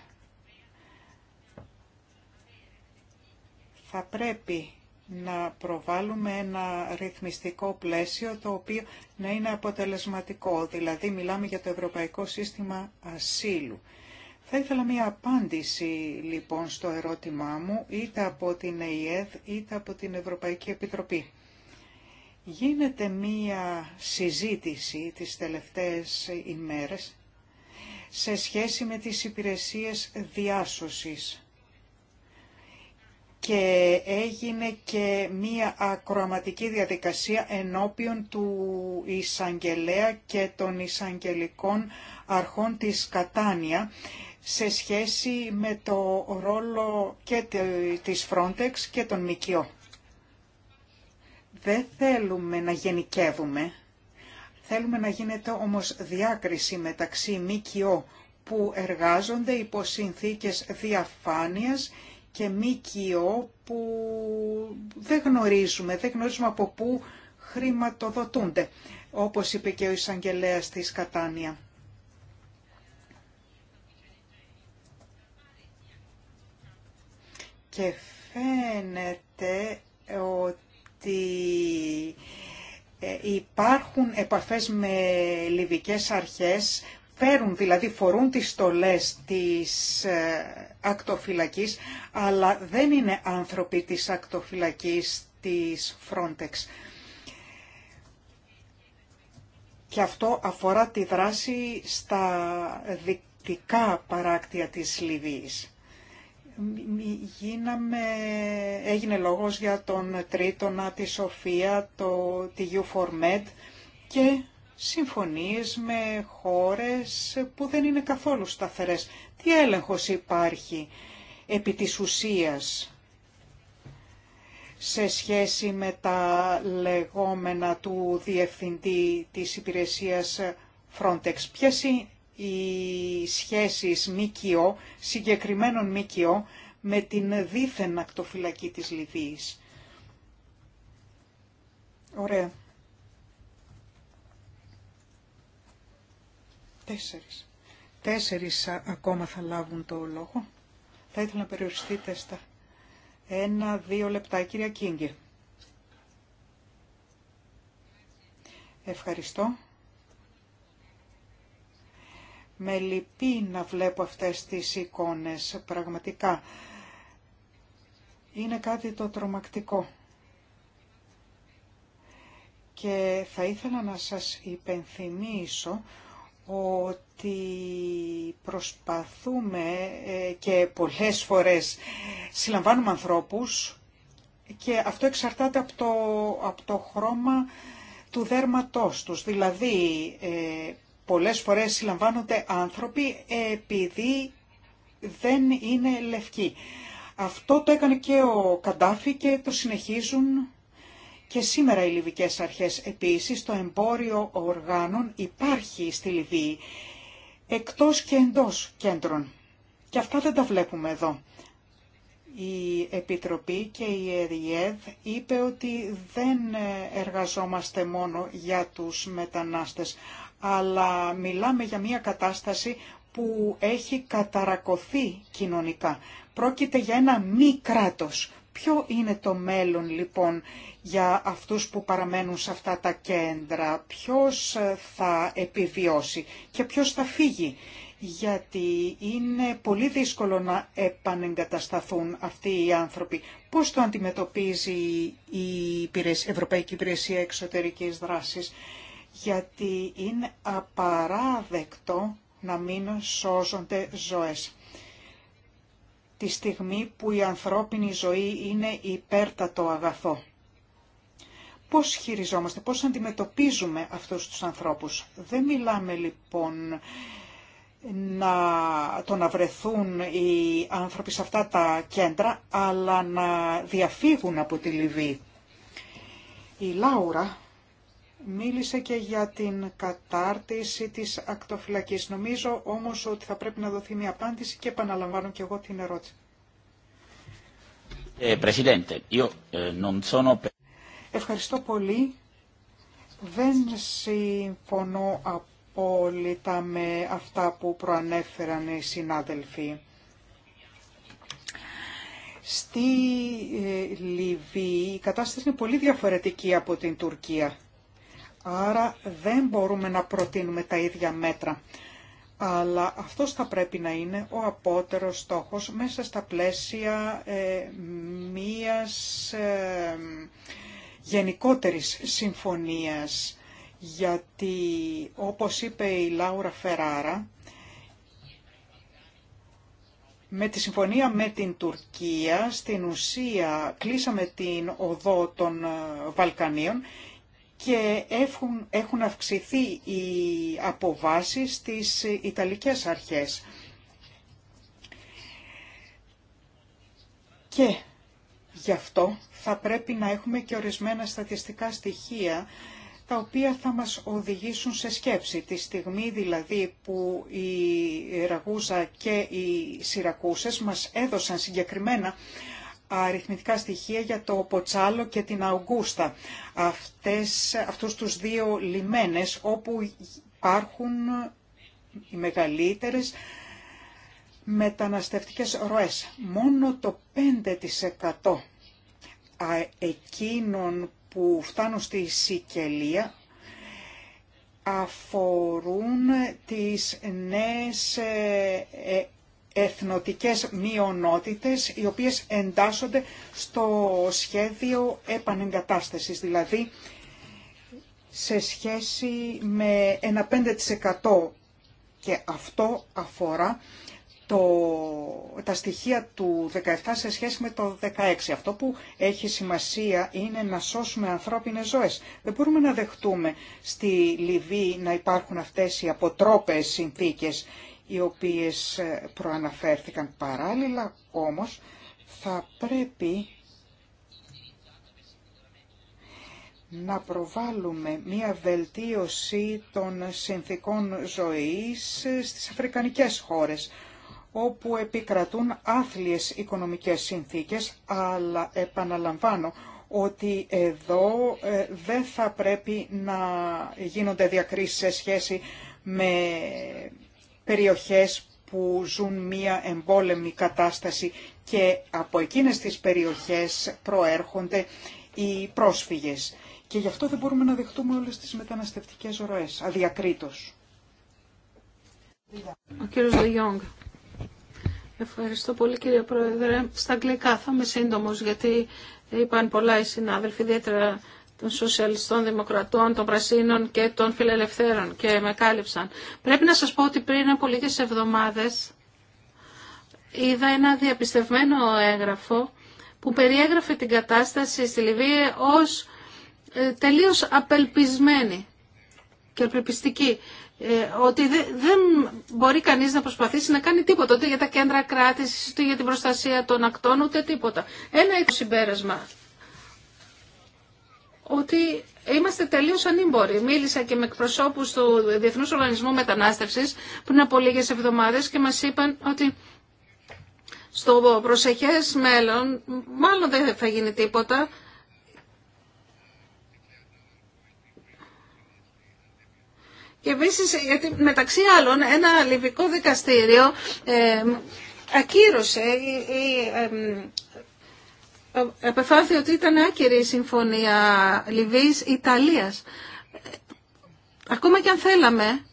θα πρέπει να προβάλλουμε ένα ρυθμιστικό πλαίσιο το οποίο να είναι αποτελεσματικό, δηλαδή μιλάμε για το Ευρωπαϊκό Σύστημα Ασύλου. Θα ήθελα μία απάντηση λοιπόν στο ερώτημά μου είτε από την ΕΕΔ είτε από την Ευρωπαϊκή Επιτροπή. Γίνεται μία συζήτηση τις τελευταίες ημέρες σε σχέση με τις υπηρεσίες διάσωσης και έγινε και μία ακροαματική διαδικασία ενώπιον του εισαγγελέα και των εισαγγελικών αρχών της Κατάνια σε σχέση με το ρόλο και της Frontex και των ΜΚΟ. Δεν θέλουμε να γενικεύουμε, θέλουμε να γίνεται όμως διάκριση μεταξύ ΜΚΟ που εργάζονται υπό συνθήκες διαφάνειας και μήκυο που δεν γνωρίζουμε, δεν γνωρίζουμε από πού χρηματοδοτούνται, όπως είπε και ο εισαγγελέας της Κατάνια. Και φαίνεται ότι ε, υπάρχουν επαφές με λιβικές αρχές φέρουν, δηλαδή φορούν τις στολές της ε, ακτοφυλακής, αλλά δεν είναι άνθρωποι της ακτοφυλακής της Frontex. Και αυτό αφορά τη δράση στα δυτικά παράκτια της Λιβύης. Γίναμε, έγινε λόγος για τον Τρίτονα, τη Σοφία, το, τη U4Med και συμφωνίες με χώρες που δεν είναι καθόλου σταθερές. Τι έλεγχος υπάρχει επί της ουσίας σε σχέση με τα λεγόμενα του Διευθυντή της Υπηρεσίας Frontex. Ποιες είναι οι σχέσεις ΜΚΟ, συγκεκριμένων ΜΚΟ, με την δίθεν ακτοφυλακή της Λιβύης. Ωραία. Τέσσερις. Τέσσερις ακόμα θα λάβουν το λόγο. Θα ήθελα να περιοριστείτε στα ένα-δύο λεπτά. Κυρία Κίνγκε. Ευχαριστώ. Με λυπεί να βλέπω αυτές τις εικόνες, πραγματικά. Είναι κάτι το τρομακτικό. Και θα ήθελα να σας υπενθυμίσω ότι προσπαθούμε ε, και πολλές φορές συλλαμβάνουμε ανθρώπους και αυτό εξαρτάται από το, από το χρώμα του δέρματός τους. Δηλαδή, ε, πολλές φορές συλλαμβάνονται άνθρωποι επειδή δεν είναι λευκοί. Αυτό το έκανε και ο Καντάφη και το συνεχίζουν και σήμερα οι Λιβικές αρχές επίσης το εμπόριο οργάνων υπάρχει στη Λιβύη, εκτός και εντός κέντρων. Και αυτά δεν τα βλέπουμε εδώ. Η Επιτροπή και η ΕΡΙΕΔ είπε ότι δεν εργαζόμαστε μόνο για τους μετανάστες, αλλά μιλάμε για μια κατάσταση που έχει καταρακωθεί κοινωνικά. Πρόκειται για ένα μη κράτος Ποιο είναι το μέλλον λοιπόν για αυτούς που παραμένουν σε αυτά τα κέντρα, ποιος ε, θα επιβιώσει και ποιος θα φύγει, γιατί είναι πολύ δύσκολο να επανεγκατασταθούν αυτοί οι άνθρωποι. Πώς το αντιμετωπίζει η Ευρωπαϊκή Υπηρεσία Εξωτερικής Δράσης, γιατί είναι απαράδεκτο να μην σώζονται ζωές τη στιγμή που η ανθρώπινη ζωή είναι υπέρτατο αγαθό. Πώς χειριζόμαστε, πώς αντιμετωπίζουμε αυτούς τους ανθρώπους. Δεν μιλάμε λοιπόν να, το να βρεθούν οι άνθρωποι σε αυτά τα κέντρα, αλλά να διαφύγουν από τη Λιβύη. Η Λάουρα Μίλησε και για την κατάρτιση της ακτοφυλακής. Νομίζω όμως ότι θα πρέπει να δοθεί μια απάντηση και επαναλαμβάνω και εγώ την ερώτηση. Ε, ε, Ευχαριστώ πολύ. Δεν συμφωνώ απόλυτα με αυτά που προανέφεραν οι συνάδελφοι. Στη ε, Λιβύη η κατάσταση είναι πολύ διαφορετική από την Τουρκία. Άρα δεν μπορούμε να προτείνουμε τα ίδια μέτρα. Αλλά αυτός θα πρέπει να είναι ο απότερος στόχος μέσα στα πλαίσια ε, μίας ε, γενικότερης συμφωνίας. Γιατί όπως είπε η Λάουρα Φεράρα, με τη συμφωνία με την Τουρκία στην ουσία κλείσαμε την οδό των ε, Βαλκανίων και έχουν, έχουν αυξηθεί οι αποβάσεις στις Ιταλικές αρχές. Και γι' αυτό θα πρέπει να έχουμε και ορισμένα στατιστικά στοιχεία τα οποία θα μας οδηγήσουν σε σκέψη. Τη στιγμή δηλαδή που η Ραγούζα και οι Σιρακούσες μας έδωσαν συγκεκριμένα αριθμητικά στοιχεία για το Ποτσάλο και την Αουγκούστα, αυτές, αυτούς τους δύο λιμένες όπου υπάρχουν οι μεγαλύτερες μεταναστευτικές ροές. Μόνο το 5% εκείνων που φτάνουν στη Σικελία αφορούν τις νέες ε, ε, εθνοτικές μειονότητες οι οποίες εντάσσονται στο σχέδιο επανεγκατάστασης, δηλαδή σε σχέση με ένα 5% και αυτό αφορά το, τα στοιχεία του 17 σε σχέση με το 16. Αυτό που έχει σημασία είναι να σώσουμε ανθρώπινες ζωές. Δεν μπορούμε να δεχτούμε στη Λιβύη να υπάρχουν αυτές οι αποτρόπες συνθήκες οι οποίες ε, προαναφέρθηκαν παράλληλα, όμως θα πρέπει να προβάλλουμε μία βελτίωση των συνθήκων ζωής ε, στις αφρικανικές χώρες, όπου επικρατούν άθλιες οικονομικές συνθήκες, αλλά επαναλαμβάνω ότι εδώ ε, δεν θα πρέπει να γίνονται διακρίσεις σε σχέση με περιοχές που ζουν μία εμπόλεμη κατάσταση και από εκείνες τις περιοχές προέρχονται οι πρόσφυγες. Και γι' αυτό δεν μπορούμε να δεχτούμε όλες τις μεταναστευτικές ροές, αδιακρίτως. Ο κύριος Δεγιόγκ. Ευχαριστώ πολύ κύριε Πρόεδρε. Στα αγγλικά θα είμαι σύντομος γιατί είπαν πολλά οι συνάδελφοι, ιδιαίτερα των σοσιαλιστών δημοκρατών, των πρασίνων και των φιλελευθέρων και με κάλυψαν. Πρέπει να σας πω ότι πριν από λίγες εβδομάδες είδα ένα διαπιστευμένο έγγραφο που περιέγραφε την κατάσταση στη Λιβύη ως ε, τελείως απελπισμένη και απελπιστική. Ε, ότι δεν μπορεί κανείς να προσπαθήσει να κάνει τίποτα, ούτε για τα κέντρα κράτησης, ούτε για την προστασία των ακτών, ούτε τίποτα. Ένα το συμπέρασμα ότι είμαστε τελείω ανήμποροι. Μίλησα και με εκπροσώπου του Διεθνού Οργανισμού Μετανάστευση πριν από λίγε εβδομάδε και μα είπαν ότι στο προσεχέ μέλλον μάλλον δεν θα γίνει τίποτα. Και επίση, γιατί μεταξύ άλλων, ένα λιβικό δικαστήριο ε, ακύρωσε ή επεφάθη ότι ήταν άκυρη η συμφωνία Λιβύης-Ιταλίας. Ακόμα και αν θέλαμε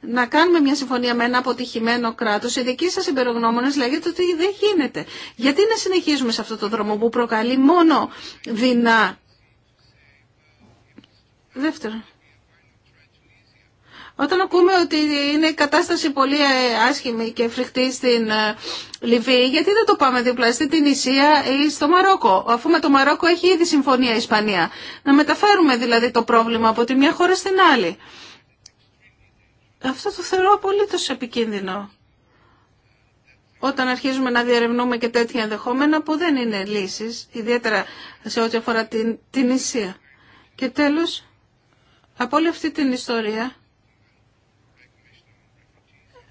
να κάνουμε μια συμφωνία με ένα αποτυχημένο κράτος, οι δικοί σας εμπειρογνώμονες λέγεται ότι δεν γίνεται. Γιατί να συνεχίζουμε σε αυτό το δρόμο που προκαλεί μόνο δεινά. δεύτερο. Όταν ακούμε ότι είναι η κατάσταση πολύ ε, άσχημη και φρικτή στην ε, Λιβύη, γιατί δεν το πάμε δίπλα στην Ισία ή στο Μαρόκο, αφού με το Μαρόκο έχει ήδη συμφωνία η Ισπανία. Να μεταφέρουμε δηλαδή το πρόβλημα από τη μια χώρα στην άλλη. Αυτό το θεωρώ απολύτως επικίνδυνο. Όταν αρχίζουμε να διαρευνούμε και τέτοια ενδεχόμενα που δεν είναι λύσεις, ιδιαίτερα σε ό,τι αφορά την, την Ισία. Και τέλος, από όλη αυτή την ιστορία,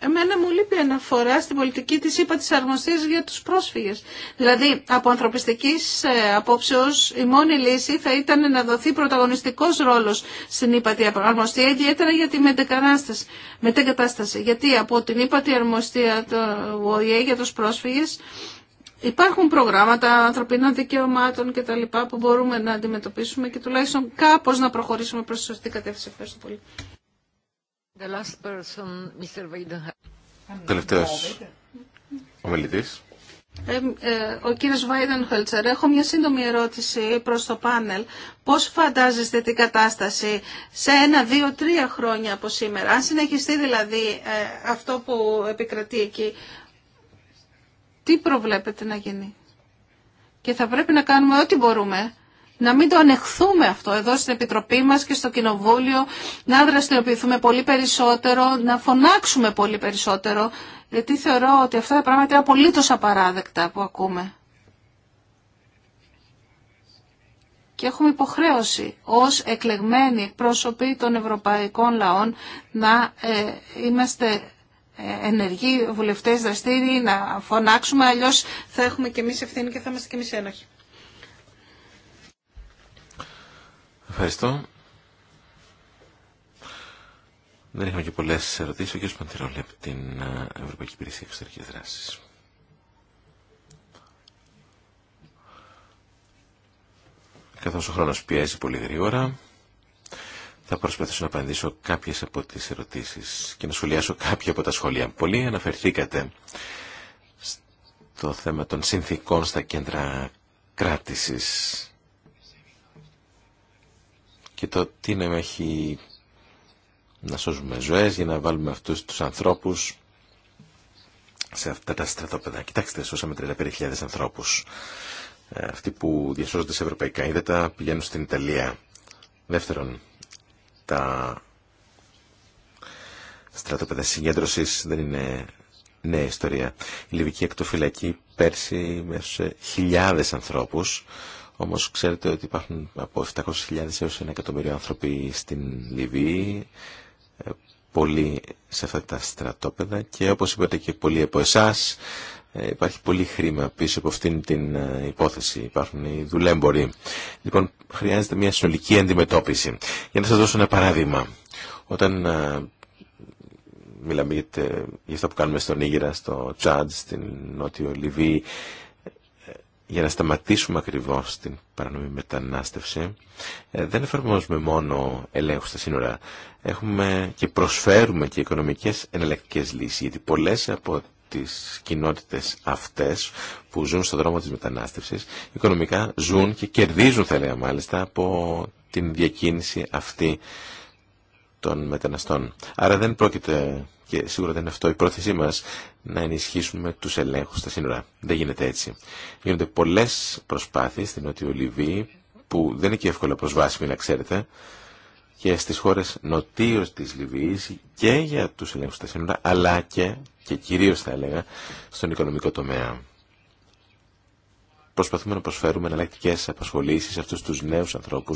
Εμένα μου λείπει αναφορά στην πολιτική της είπα της αρμοστίας για τους πρόσφυγες. Δηλαδή, από ανθρωπιστικής ε, απόψεως, η μόνη λύση θα ήταν να δοθεί πρωταγωνιστικός ρόλος στην ύπατη αρμοστία, ιδιαίτερα για τη μετεγκατάσταση. Γιατί από την ύπατη αρμοστία του ΟΗΕ για τους πρόσφυγες, Υπάρχουν προγράμματα ανθρωπίνων δικαιωμάτων και τα λοιπά που μπορούμε να αντιμετωπίσουμε και τουλάχιστον κάπως να προχωρήσουμε προς τη σωστή κατεύθυνση. Ευχαριστώ πολύ. Τελευταίο ε, ε, ο κύριος Βάιντεν Χολτσερ, έχω μια σύντομη ερώτηση προς το πάνελ. Πώς φαντάζεστε την κατάσταση σε ένα, δύο, τρία χρόνια από σήμερα, αν συνεχιστεί δηλαδή ε, αυτό που επικρατεί εκεί, τι προβλέπετε να γίνει. Και θα πρέπει να κάνουμε ό,τι μπορούμε να μην το ανεχθούμε αυτό εδώ στην Επιτροπή μας και στο Κοινοβούλιο, να δραστηριοποιηθούμε πολύ περισσότερο, να φωνάξουμε πολύ περισσότερο, γιατί θεωρώ ότι αυτά τα πράγματα είναι απολύτως απαράδεκτα που ακούμε. Και έχουμε υποχρέωση ως εκλεγμένοι προσωποί των ευρωπαϊκών λαών να ε, είμαστε ε, ενεργοί βουλευτές δραστήριοι, να φωνάξουμε, αλλιώς θα έχουμε και εμείς ευθύνη και θα είμαστε και εμείς ένοχοι. Ευχαριστώ. Δεν έχουμε και πολλέ ερωτήσει. Ο κ. Παντηρόλη από την ε, Ευρωπαϊκή Υπηρεσία Εξωτερική Δράση. Καθώ ο χρόνο πιέζει πολύ γρήγορα, θα προσπαθήσω να απαντήσω κάποιε από τι ερωτήσει και να σχολιάσω κάποια από τα σχόλια. Πολλοί αναφερθήκατε στο θέμα των συνθήκων στα κέντρα κράτησης και το τι να έχει να σώζουμε ζωές για να βάλουμε αυτούς τους ανθρώπους σε αυτά τα στρατόπεδα. Κοιτάξτε, σώσαμε 35.000 ανθρώπους. Ε, αυτοί που διασώζονται σε ευρωπαϊκά ύδατα πηγαίνουν στην Ιταλία. Δεύτερον, τα στρατόπεδα συγκέντρωσης δεν είναι νέα ιστορία. Η Λιβική εκτοφυλακή πέρσι μέσωσε χιλιάδες ανθρώπους όμως ξέρετε ότι υπάρχουν από 700.000 έως 1 εκατομμύριο άνθρωποι στην Λιβύη, ε, πολλοί σε αυτά τα στρατόπεδα και όπως είπατε και πολλοί από εσά. Ε, υπάρχει πολύ χρήμα πίσω από αυτήν την ε, υπόθεση. Υπάρχουν οι δουλέμποροι. Λοιπόν, χρειάζεται μια συνολική αντιμετώπιση. Για να σας δώσω ένα παράδειγμα. Όταν μιλάμε για αυτό που κάνουμε στον Ήγηρα, στο Τσάντ, στην Νότιο Λιβύη, για να σταματήσουμε ακριβώς την παρανομή μετανάστευση, ε, δεν εφαρμόζουμε μόνο ελέγχους στα σύνορα. Έχουμε και προσφέρουμε και οικονομικές εναλλακτικές λύσεις, γιατί πολλές από τις κοινότητες αυτές που ζουν στον δρόμο της μετανάστευσης, οικονομικά ζουν και κερδίζουν, θα μάλιστα, από την διακίνηση αυτή των μεταναστών. Άρα δεν πρόκειται, και σίγουρα δεν είναι αυτό η πρόθεσή μα να ενισχύσουμε του ελέγχου στα σύνορα. Δεν γίνεται έτσι. Γίνονται πολλέ προσπάθειε στην Νότιο Λιβύη, που δεν είναι και εύκολα προσβάσιμη να ξέρετε, και στι χώρε νοτίω τη Λιβύης και για του ελέγχου στα σύνορα, αλλά και, και κυρίω θα έλεγα, στον οικονομικό τομέα προσπαθούμε να προσφέρουμε εναλλακτικέ απασχολήσει σε αυτού του νέου ανθρώπου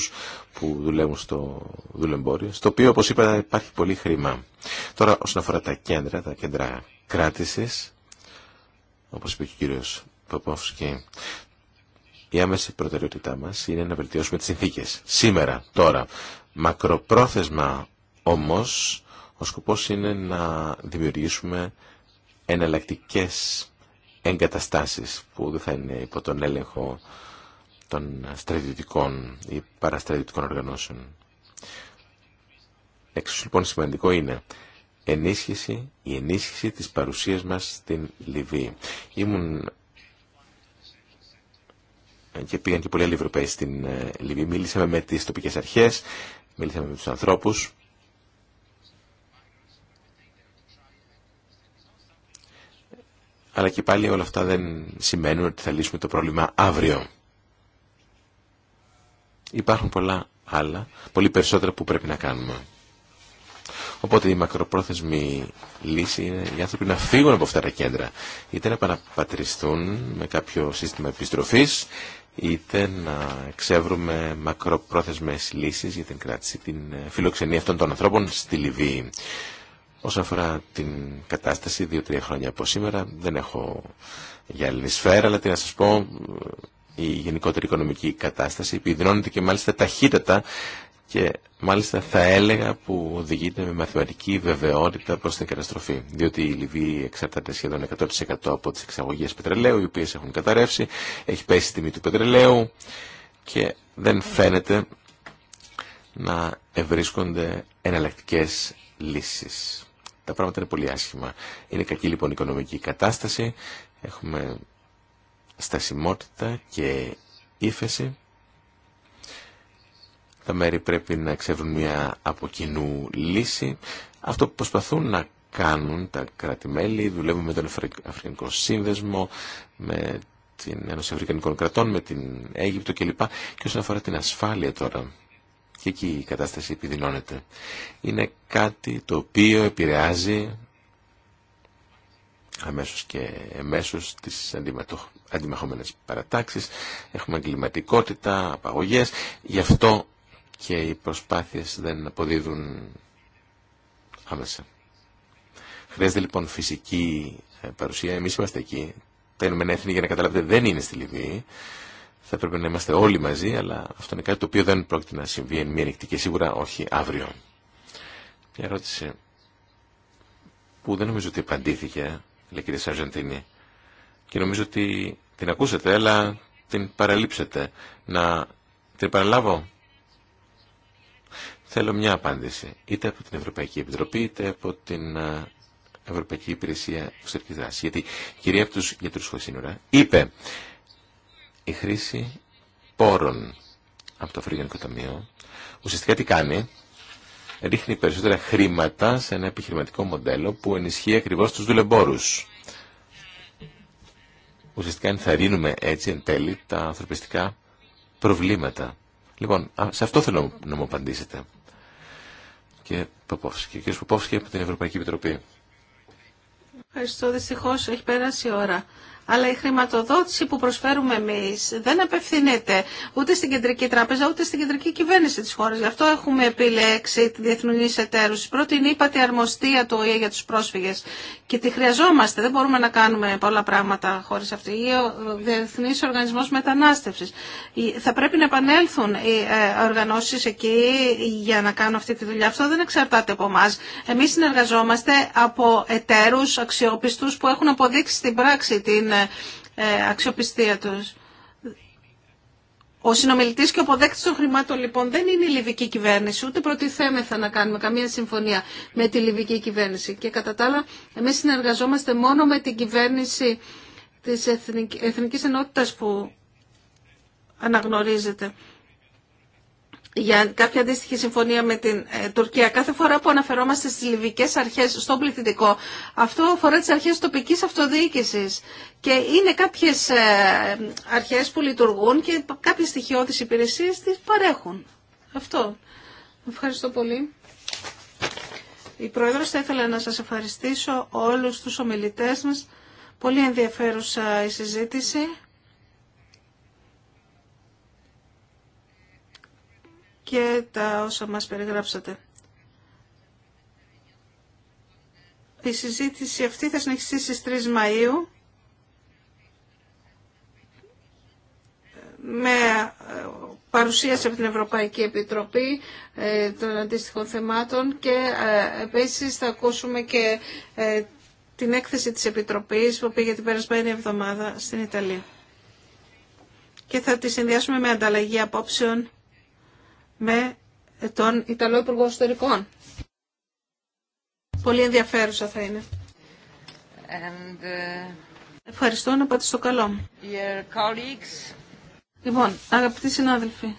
που δουλεύουν στο δουλεμπόριο, στο οποίο, όπω είπα, υπάρχει πολύ χρήμα. Τώρα, όσον αφορά τα κέντρα, τα κέντρα κράτηση, όπω είπε και ο κύριο Παπόφσκι, η άμεση προτεραιότητά μα είναι να βελτιώσουμε τι συνθήκε. Σήμερα, τώρα. Μακροπρόθεσμα όμω, ο σκοπό είναι να δημιουργήσουμε εναλλακτικές εγκαταστάσεις που δεν θα είναι υπό τον έλεγχο των στρατιωτικών ή παραστρατιωτικών οργανώσεων. Έξω λοιπόν σημαντικό είναι ενίσχυση, η ενίσχυση της παρουσίας μας στην Λιβύη. Ήμουν και πήγαν και πολλοί άλλοι Ευρωπαίοι στην ε, Λιβύη. Μίλησαμε με τις τοπικές αρχές, μίλησαμε με τους ανθρώπους. Αλλά και πάλι όλα αυτά δεν σημαίνουν ότι θα λύσουμε το πρόβλημα αύριο. Υπάρχουν πολλά άλλα, πολύ περισσότερα που πρέπει να κάνουμε. Οπότε η μακροπρόθεσμη λύση είναι οι άνθρωποι να φύγουν από αυτά τα κέντρα. Είτε να παραπατριστούν με κάποιο σύστημα επιστροφής, είτε να εξεύρουμε μακροπρόθεσμες λύσεις για την κράτηση, την φιλοξενία αυτών των ανθρώπων στη Λιβύη. Όσον αφορά την κατάσταση, δύο-τρία χρόνια από σήμερα, δεν έχω γυάλινη σφαίρα, αλλά τι να σας πω, η γενικότερη οικονομική κατάσταση επιδεινώνεται και μάλιστα ταχύτατα και μάλιστα θα έλεγα που οδηγείται με μαθηματική βεβαιότητα προς την καταστροφή. Διότι η Λιβύη εξαρτάται σχεδόν 100% από τις εξαγωγές πετρελαίου, οι οποίες έχουν καταρρεύσει, έχει πέσει η τιμή του πετρελαίου και δεν φαίνεται να ευρίσκονται εναλλακτικές λύσεις τα πράγματα είναι πολύ άσχημα. Είναι κακή λοιπόν η οικονομική κατάσταση, έχουμε στασιμότητα και ύφεση. Τα μέρη πρέπει να ξέρουν μια από κοινού λύση. Αυτό που προσπαθούν να κάνουν τα κράτη-μέλη, δουλεύουμε με τον Αφρικανικό Σύνδεσμο, με την Ένωση Αφρικανικών Κρατών, με την Αίγυπτο κλπ. Και όσον αφορά την ασφάλεια τώρα, και εκεί η κατάσταση επιδεινώνεται. Είναι κάτι το οποίο επηρεάζει αμέσως και εμέσως τις αντιμεχόμενες παρατάξεις. Έχουμε εγκληματικότητα, απαγωγές. Γι' αυτό και οι προσπάθειες δεν αποδίδουν άμεσα. Χρειάζεται λοιπόν φυσική ε, παρουσία. Εμείς είμαστε εκεί. Τα Ηνωμένα Έθνη για να καταλάβετε δεν είναι στη Λιβύη θα έπρεπε να είμαστε όλοι μαζί, αλλά αυτό είναι κάτι το οποίο δεν πρόκειται να συμβεί εν μία νυχτή και σίγουρα όχι αύριο. Μια ερώτηση που δεν νομίζω ότι απαντήθηκε, λέει κύριε Σαρζεντίνη, και νομίζω ότι την ακούσατε, αλλά την παραλείψατε. Να την παραλάβω. Θέλω μια απάντηση, είτε από την Ευρωπαϊκή Επιτροπή, είτε από την ε, Ευρωπαϊκή Υπηρεσία Εξωτερική Δράσης. Γιατί η κυρία από του είπε η χρήση πόρων από το φρύγιο Ταμείο ουσιαστικά τι κάνει, ρίχνει περισσότερα χρήματα σε ένα επιχειρηματικό μοντέλο που ενισχύει ακριβώς τους δουλεμπόρους. Ουσιαστικά ενθαρρύνουμε έτσι εν τέλει τα ανθρωπιστικά προβλήματα. Λοιπόν, σε αυτό θέλω να μου απαντήσετε. Και Ποπόφσκι. Ο κ. Ποπόφσκι από την Ευρωπαϊκή Επιτροπή. Ευχαριστώ. Δυστυχώ έχει πέρασει η ώρα αλλά η χρηματοδότηση που προσφέρουμε εμεί δεν απευθύνεται ούτε στην κεντρική τράπεζα ούτε στην κεντρική κυβέρνηση τη χώρα. Γι' αυτό έχουμε επιλέξει τη διεθνή εταίρους. Πρώτη είναι είπα αρμοστία του ΟΗΕ για του πρόσφυγες και τη χρειαζόμαστε. Δεν μπορούμε να κάνουμε πολλά πράγματα χωρίς αυτή. Ή ο διεθνή οργανισμό μετανάστευση. Θα πρέπει να επανέλθουν οι ε, οργανώσει εκεί για να κάνουν αυτή τη δουλειά. Αυτό δεν εξαρτάται από εμά. Εμεί συνεργαζόμαστε από εταίρου αξιόπιστου, που έχουν αποδείξει στην πράξη την ε, αξιοπιστία τους. Ο συνομιλητή και ο αποδέκτη των χρημάτων λοιπόν δεν είναι η Λιβική κυβέρνηση, ούτε προτιθέμεθα να κάνουμε καμία συμφωνία με τη Λιβική κυβέρνηση. Και κατά τα άλλα, εμεί συνεργαζόμαστε μόνο με την κυβέρνηση τη Εθνική Ενότητα που αναγνωρίζεται για κάποια αντίστοιχη συμφωνία με την ε, Τουρκία. Κάθε φορά που αναφερόμαστε στις λιβικές αρχές στον πληθυντικό, αυτό αφορά τις αρχές τοπικής αυτοδιοίκησης. Και είναι κάποιες ε, αρχές που λειτουργούν και κάποιες στοιχειώδεις υπηρεσίες τις παρέχουν. Αυτό. Ευχαριστώ πολύ. Η Πρόεδρος θα ήθελα να σας ευχαριστήσω όλους τους ομιλητές μας. Πολύ ενδιαφέρουσα η συζήτηση. και τα όσα μας περιγράψατε. Η συζήτηση αυτή θα συνεχιστεί στις 3 Μαΐου με ε, παρουσίαση από την Ευρωπαϊκή Επιτροπή ε, των αντίστοιχων θεμάτων και ε, επίσης θα ακούσουμε και την έκθεση της Επιτροπής που πήγε την περασμένη εβδομάδα στην Ιταλία. Και θα τη συνδυάσουμε με ανταλλαγή απόψεων με τον Ιταλό Υπουργό Ιστορικών. Πολύ ενδιαφέρουσα θα είναι. And, uh... Ευχαριστώ να πάτε στο καλό μου. Λοιπόν, αγαπητοί συνάδελφοι.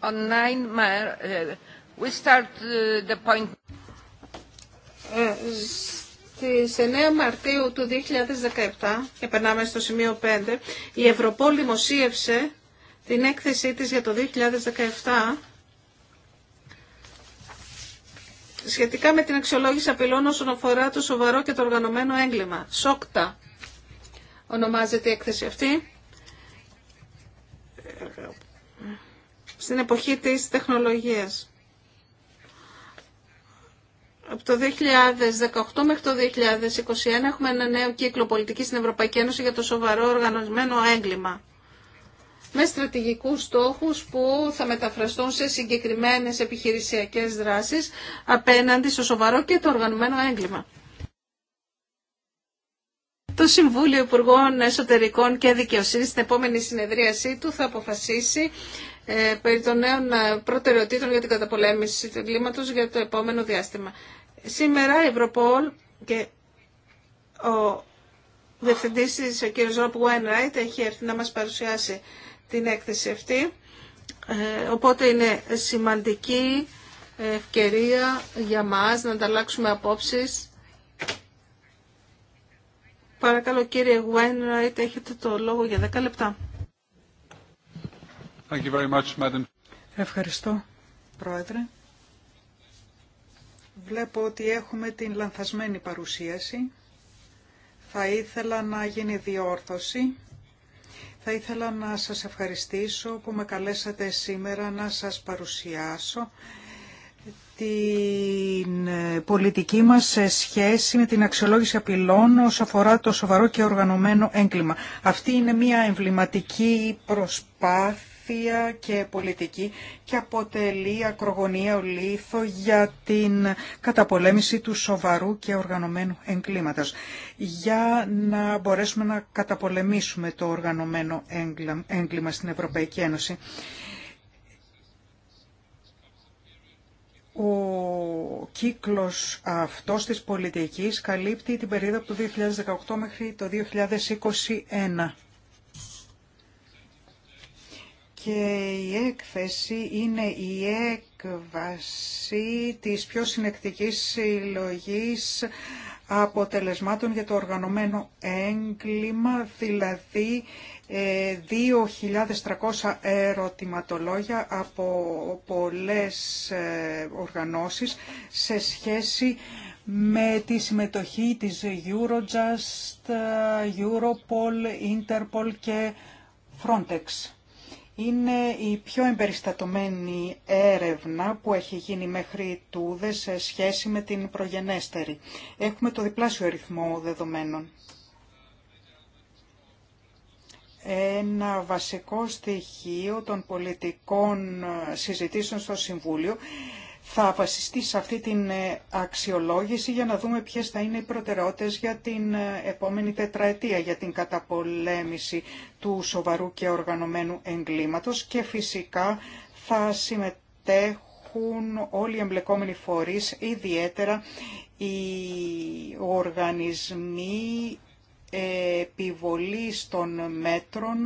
Online, ε, we start ε, the point. Στις 9 Μαρτίου του 2017, και στο σημείο 5, η Ευρωπόλ δημοσίευσε την έκθεσή της για το 2017 σχετικά με την αξιολόγηση απειλών όσον αφορά το σοβαρό και το οργανωμένο έγκλημα. ΣΟΚΤΑ ονομάζεται η έκθεση αυτή. Στην εποχή της τεχνολογίας από το 2018 μέχρι το 2021 έχουμε ένα νέο κύκλο πολιτικής στην Ευρωπαϊκή Ένωση για το σοβαρό οργανωμένο έγκλημα. Με στρατηγικούς στόχους που θα μεταφραστούν σε συγκεκριμένες επιχειρησιακές δράσεις απέναντι στο σοβαρό και το οργανωμένο έγκλημα. Το Συμβούλιο Υπουργών Εσωτερικών και Δικαιοσύνης στην επόμενη συνεδρίασή του θα αποφασίσει ε, περί των νέων ε, προτεραιοτήτων για την καταπολέμηση του έγκληματος για το επόμενο διάστημα. Σήμερα η Ευρωπόλ και ο διευθυντής της, ο κ. Ροπ Γουένραιτ, έχει έρθει να μας παρουσιάσει την έκθεση αυτή. Ε, οπότε είναι σημαντική ευκαιρία για μας να ανταλλάξουμε απόψεις. Παρακαλώ κύριε Γουένραιτ, έχετε το λόγο για 10 λεπτά. Ευχαριστώ, Πρόεδρε. Βλέπω ότι έχουμε την λανθασμένη παρουσίαση. Θα ήθελα να γίνει διόρθωση. Θα ήθελα να σας ευχαριστήσω που με καλέσατε σήμερα να σας παρουσιάσω την πολιτική μας σε σχέση με την αξιολόγηση απειλών όσον αφορά το σοβαρό και οργανωμένο έγκλημα. Αυτή είναι μια εμβληματική προσπάθεια και πολιτική και αποτελεί ακρογωνία λίθο για την καταπολέμηση του σοβαρού και οργανωμένου εγκλήματος. Για να μπορέσουμε να καταπολεμήσουμε το οργανωμένο έγκλημα στην Ευρωπαϊκή Ένωση. ο κύκλος αυτός της πολιτικής καλύπτει την περίοδο από το 2018 μέχρι το 2021 και η έκθεση είναι η έκβαση της πιο συνεκτικής συλλογής αποτελεσμάτων για το οργανωμένο έγκλημα, δηλαδή 2.300 ε, ερωτηματολόγια από πολλές ε, οργανώσεις σε σχέση με τη συμμετοχή της Eurojust, ε, Europol, Interpol και Frontex είναι η πιο εμπεριστατωμένη έρευνα που έχει γίνει μέχρι τούδε σε σχέση με την προγενέστερη. Έχουμε το διπλάσιο αριθμό δεδομένων. Ένα βασικό στοιχείο των πολιτικών συζητήσεων στο Συμβούλιο θα βασιστεί σε αυτή την ε, αξιολόγηση για να δούμε ποιες θα είναι οι προτεραιότητες για την ε, επόμενη τετραετία για την καταπολέμηση του σοβαρού και οργανωμένου εγκλήματος και φυσικά θα συμμετέχουν όλοι οι εμπλεκόμενοι φορείς, ιδιαίτερα οι οργανισμοί επιβολή των μέτρων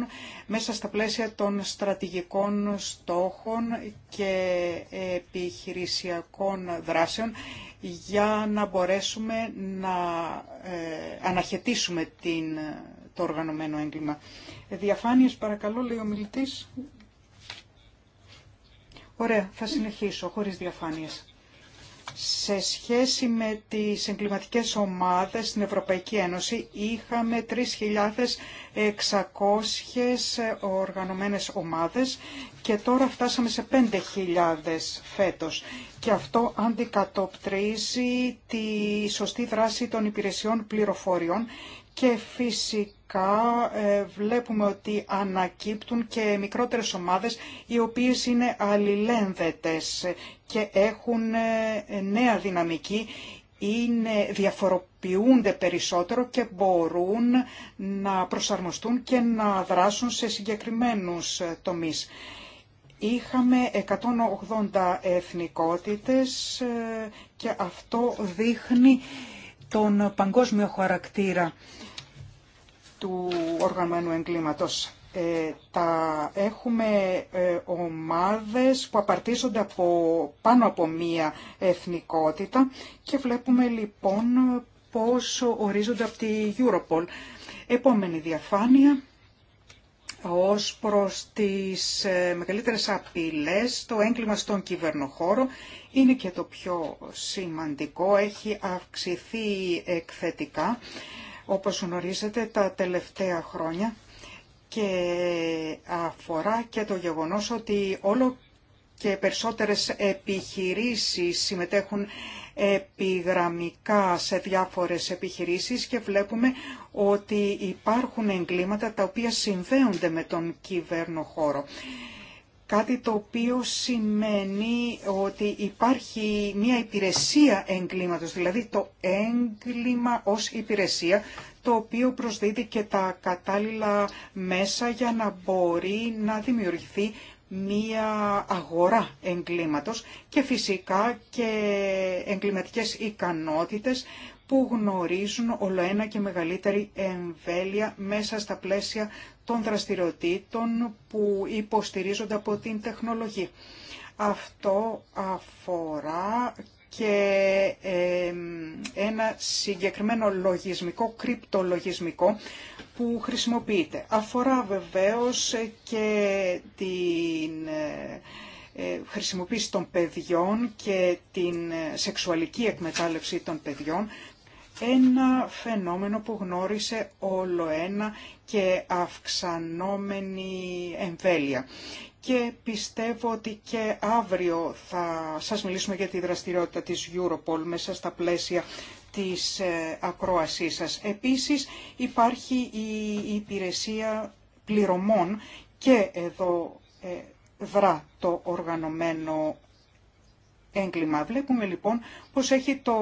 μέσα στα πλαίσια των στρατηγικών στόχων και επιχειρησιακών δράσεων για να μπορέσουμε να ε, αναχαιτήσουμε την, το οργανωμένο έγκλημα. Διαφάνειες παρακαλώ, λέει ο μιλητής. Ωραία, θα συνεχίσω χωρίς διαφάνειες. Σε σχέση με τις εγκληματικές ομάδες στην Ευρωπαϊκή Ένωση είχαμε 3.600 οργανωμένες ομάδες και τώρα φτάσαμε σε 5.000 φέτος. Και αυτό αντικατοπτρίζει τη σωστή δράση των υπηρεσιών πληροφοριών και φυσικά ε, βλέπουμε ότι ανακύπτουν και μικρότερες ομάδες οι οποίες είναι αλληλένδετες και έχουν ε, νέα δυναμική, είναι, διαφοροποιούνται περισσότερο και μπορούν να προσαρμοστούν και να δράσουν σε συγκεκριμένους ε, τομείς. Είχαμε 180 εθνικότητες και αυτό δείχνει τον παγκόσμιο χαρακτήρα του οργανωμένου εγκλήματος. Ε, τα έχουμε ε, ομάδες που απαρτίζονται από πάνω από μία εθνικότητα και βλέπουμε λοιπόν πώς ορίζονται από τη Europol. Επόμενη διαφάνεια ως προς τις ε, μεγαλύτερες απειλές, το έγκλημα στον κυβερνοχώρο είναι και το πιο σημαντικό, έχει αυξηθεί εκθετικά όπως γνωρίζετε τα τελευταία χρόνια και αφορά και το γεγονός ότι όλο και περισσότερες επιχειρήσεις συμμετέχουν επιγραμμικά σε διάφορες επιχειρήσεις και βλέπουμε ότι υπάρχουν εγκλήματα τα οποία συνδέονται με τον κυβέρνο χώρο. Κάτι το οποίο σημαίνει ότι υπάρχει μια υπηρεσία εγκλήματος, δηλαδή το έγκλημα ως υπηρεσία, το οποίο προσδίδει και τα κατάλληλα μέσα για να μπορεί να δημιουργηθεί μία αγορά εγκλήματος και φυσικά και εγκληματικές ικανότητες που γνωρίζουν όλο ένα και μεγαλύτερη εμβέλεια μέσα στα πλαίσια των δραστηριοτήτων που υποστηρίζονται από την τεχνολογία. Αυτό αφορά και ένα συγκεκριμένο λογισμικό, κρυπτολογισμικό που χρησιμοποιείται. Αφορά βεβαίως και την ε, χρησιμοποίηση των παιδιών και την σεξουαλική εκμετάλλευση των παιδιών ένα φαινόμενο που γνώρισε όλο ένα και αυξανόμενη εμβέλεια. Και πιστεύω ότι και αύριο θα σας μιλήσουμε για τη δραστηριότητα της Europol μέσα στα πλαίσια της ε, ακρόασής σας. Επίσης υπάρχει η υπηρεσία πληρωμών και εδώ ε, δρά το οργανωμένο έγκλημα. Βλέπουμε λοιπόν πώς, έχει το,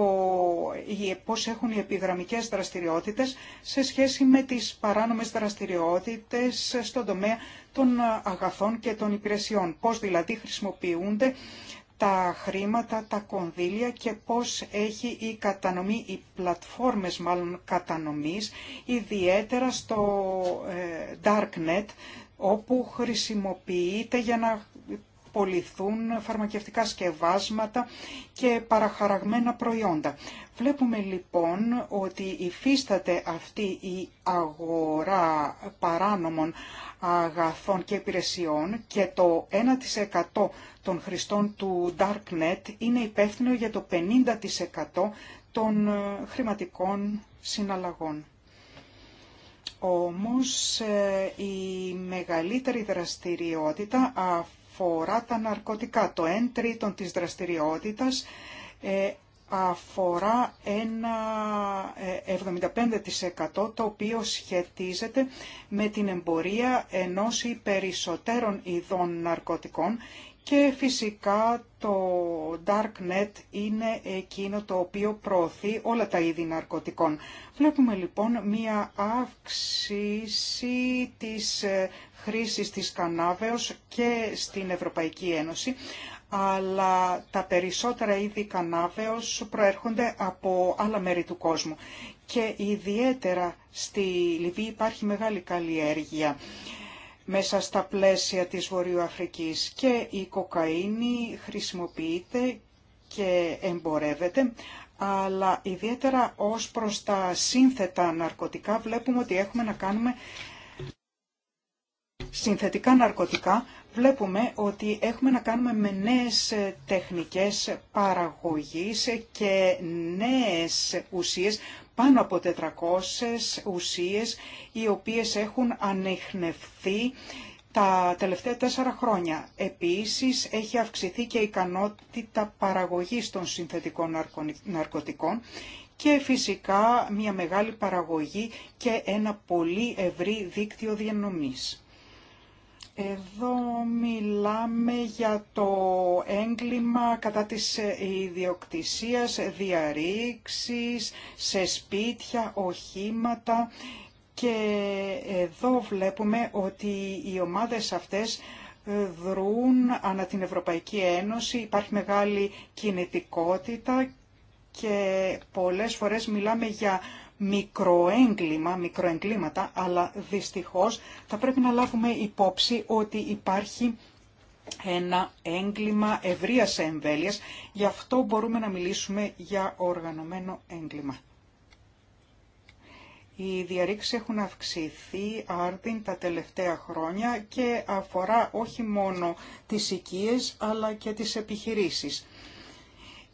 πώς έχουν οι επιδραμικές δραστηριότητες σε σχέση με τις παράνομες δραστηριότητες στον τομέα των αγαθών και των υπηρεσιών. Πώς δηλαδή χρησιμοποιούνται τα χρήματα, τα κονδύλια και πώς έχει η κατανομή, οι πλατφόρμες μάλλον κατανομής, ιδιαίτερα στο ε, Darknet, όπου χρησιμοποιείται για να πολιθούν φαρμακευτικά σκευάσματα και παραχαραγμένα προϊόντα. Βλέπουμε λοιπόν ότι υφίσταται αυτή η αγορά παράνομων αγαθών και υπηρεσιών και το 1% των χρηστών του Darknet είναι υπεύθυνο για το 50% των ε, χρηματικών συναλλαγών. Όμως ε, η μεγαλύτερη δραστηριότητα αφορά τα ναρκωτικά. Το 1 τρίτο της δραστηριότητας ε, αφορά ένα 75% ε, το οποίο σχετίζεται με την εμπορία ενός ή περισσότερων ειδών ναρκωτικών και φυσικά το Darknet είναι εκείνο το οποίο προωθεί όλα τα είδη ναρκωτικών. Βλέπουμε λοιπόν μία αύξηση της ε, χρήσης της κανάβεως και στην Ευρωπαϊκή Ένωση, αλλά τα περισσότερα είδη κανάβεως προέρχονται από άλλα μέρη του κόσμου. Και ιδιαίτερα στη Λιβύη υπάρχει μεγάλη καλλιέργεια μέσα στα πλαίσια της αφρικής και η κοκαίνη χρησιμοποιείται και εμπορεύεται, αλλά ιδιαίτερα ως προς τα σύνθετα ναρκωτικά βλέπουμε ότι έχουμε να κάνουμε συνθετικά ναρκωτικά βλέπουμε ότι έχουμε να κάνουμε με νέες τεχνικές παραγωγής και νέες ουσίες πάνω από 400 ουσίες οι οποίες έχουν ανεχνευθεί τα τελευταία τέσσερα χρόνια. Επίσης, έχει αυξηθεί και η ικανότητα παραγωγής των συνθετικών ναρκωτικών και φυσικά μια μεγάλη παραγωγή και ένα πολύ ευρύ δίκτυο διανομής. Εδώ μιλάμε για το έγκλημα κατά της ιδιοκτησίας, διαρρήξης σε σπίτια, οχήματα και εδώ βλέπουμε ότι οι ομάδες αυτές δρούν ανά την Ευρωπαϊκή Ένωση, υπάρχει μεγάλη κινητικότητα και πολλές φορές μιλάμε για μικροέγκλημα, μικροεγκλήματα, αλλά δυστυχώς θα πρέπει να λάβουμε υπόψη ότι υπάρχει ένα έγκλημα ευρείας εμβέλειας, γι' αυτό μπορούμε να μιλήσουμε για οργανωμένο έγκλημα. Οι διαρρήξεις έχουν αυξηθεί άρδιν τα τελευταία χρόνια και αφορά όχι μόνο τις οικίες αλλά και τις επιχειρήσεις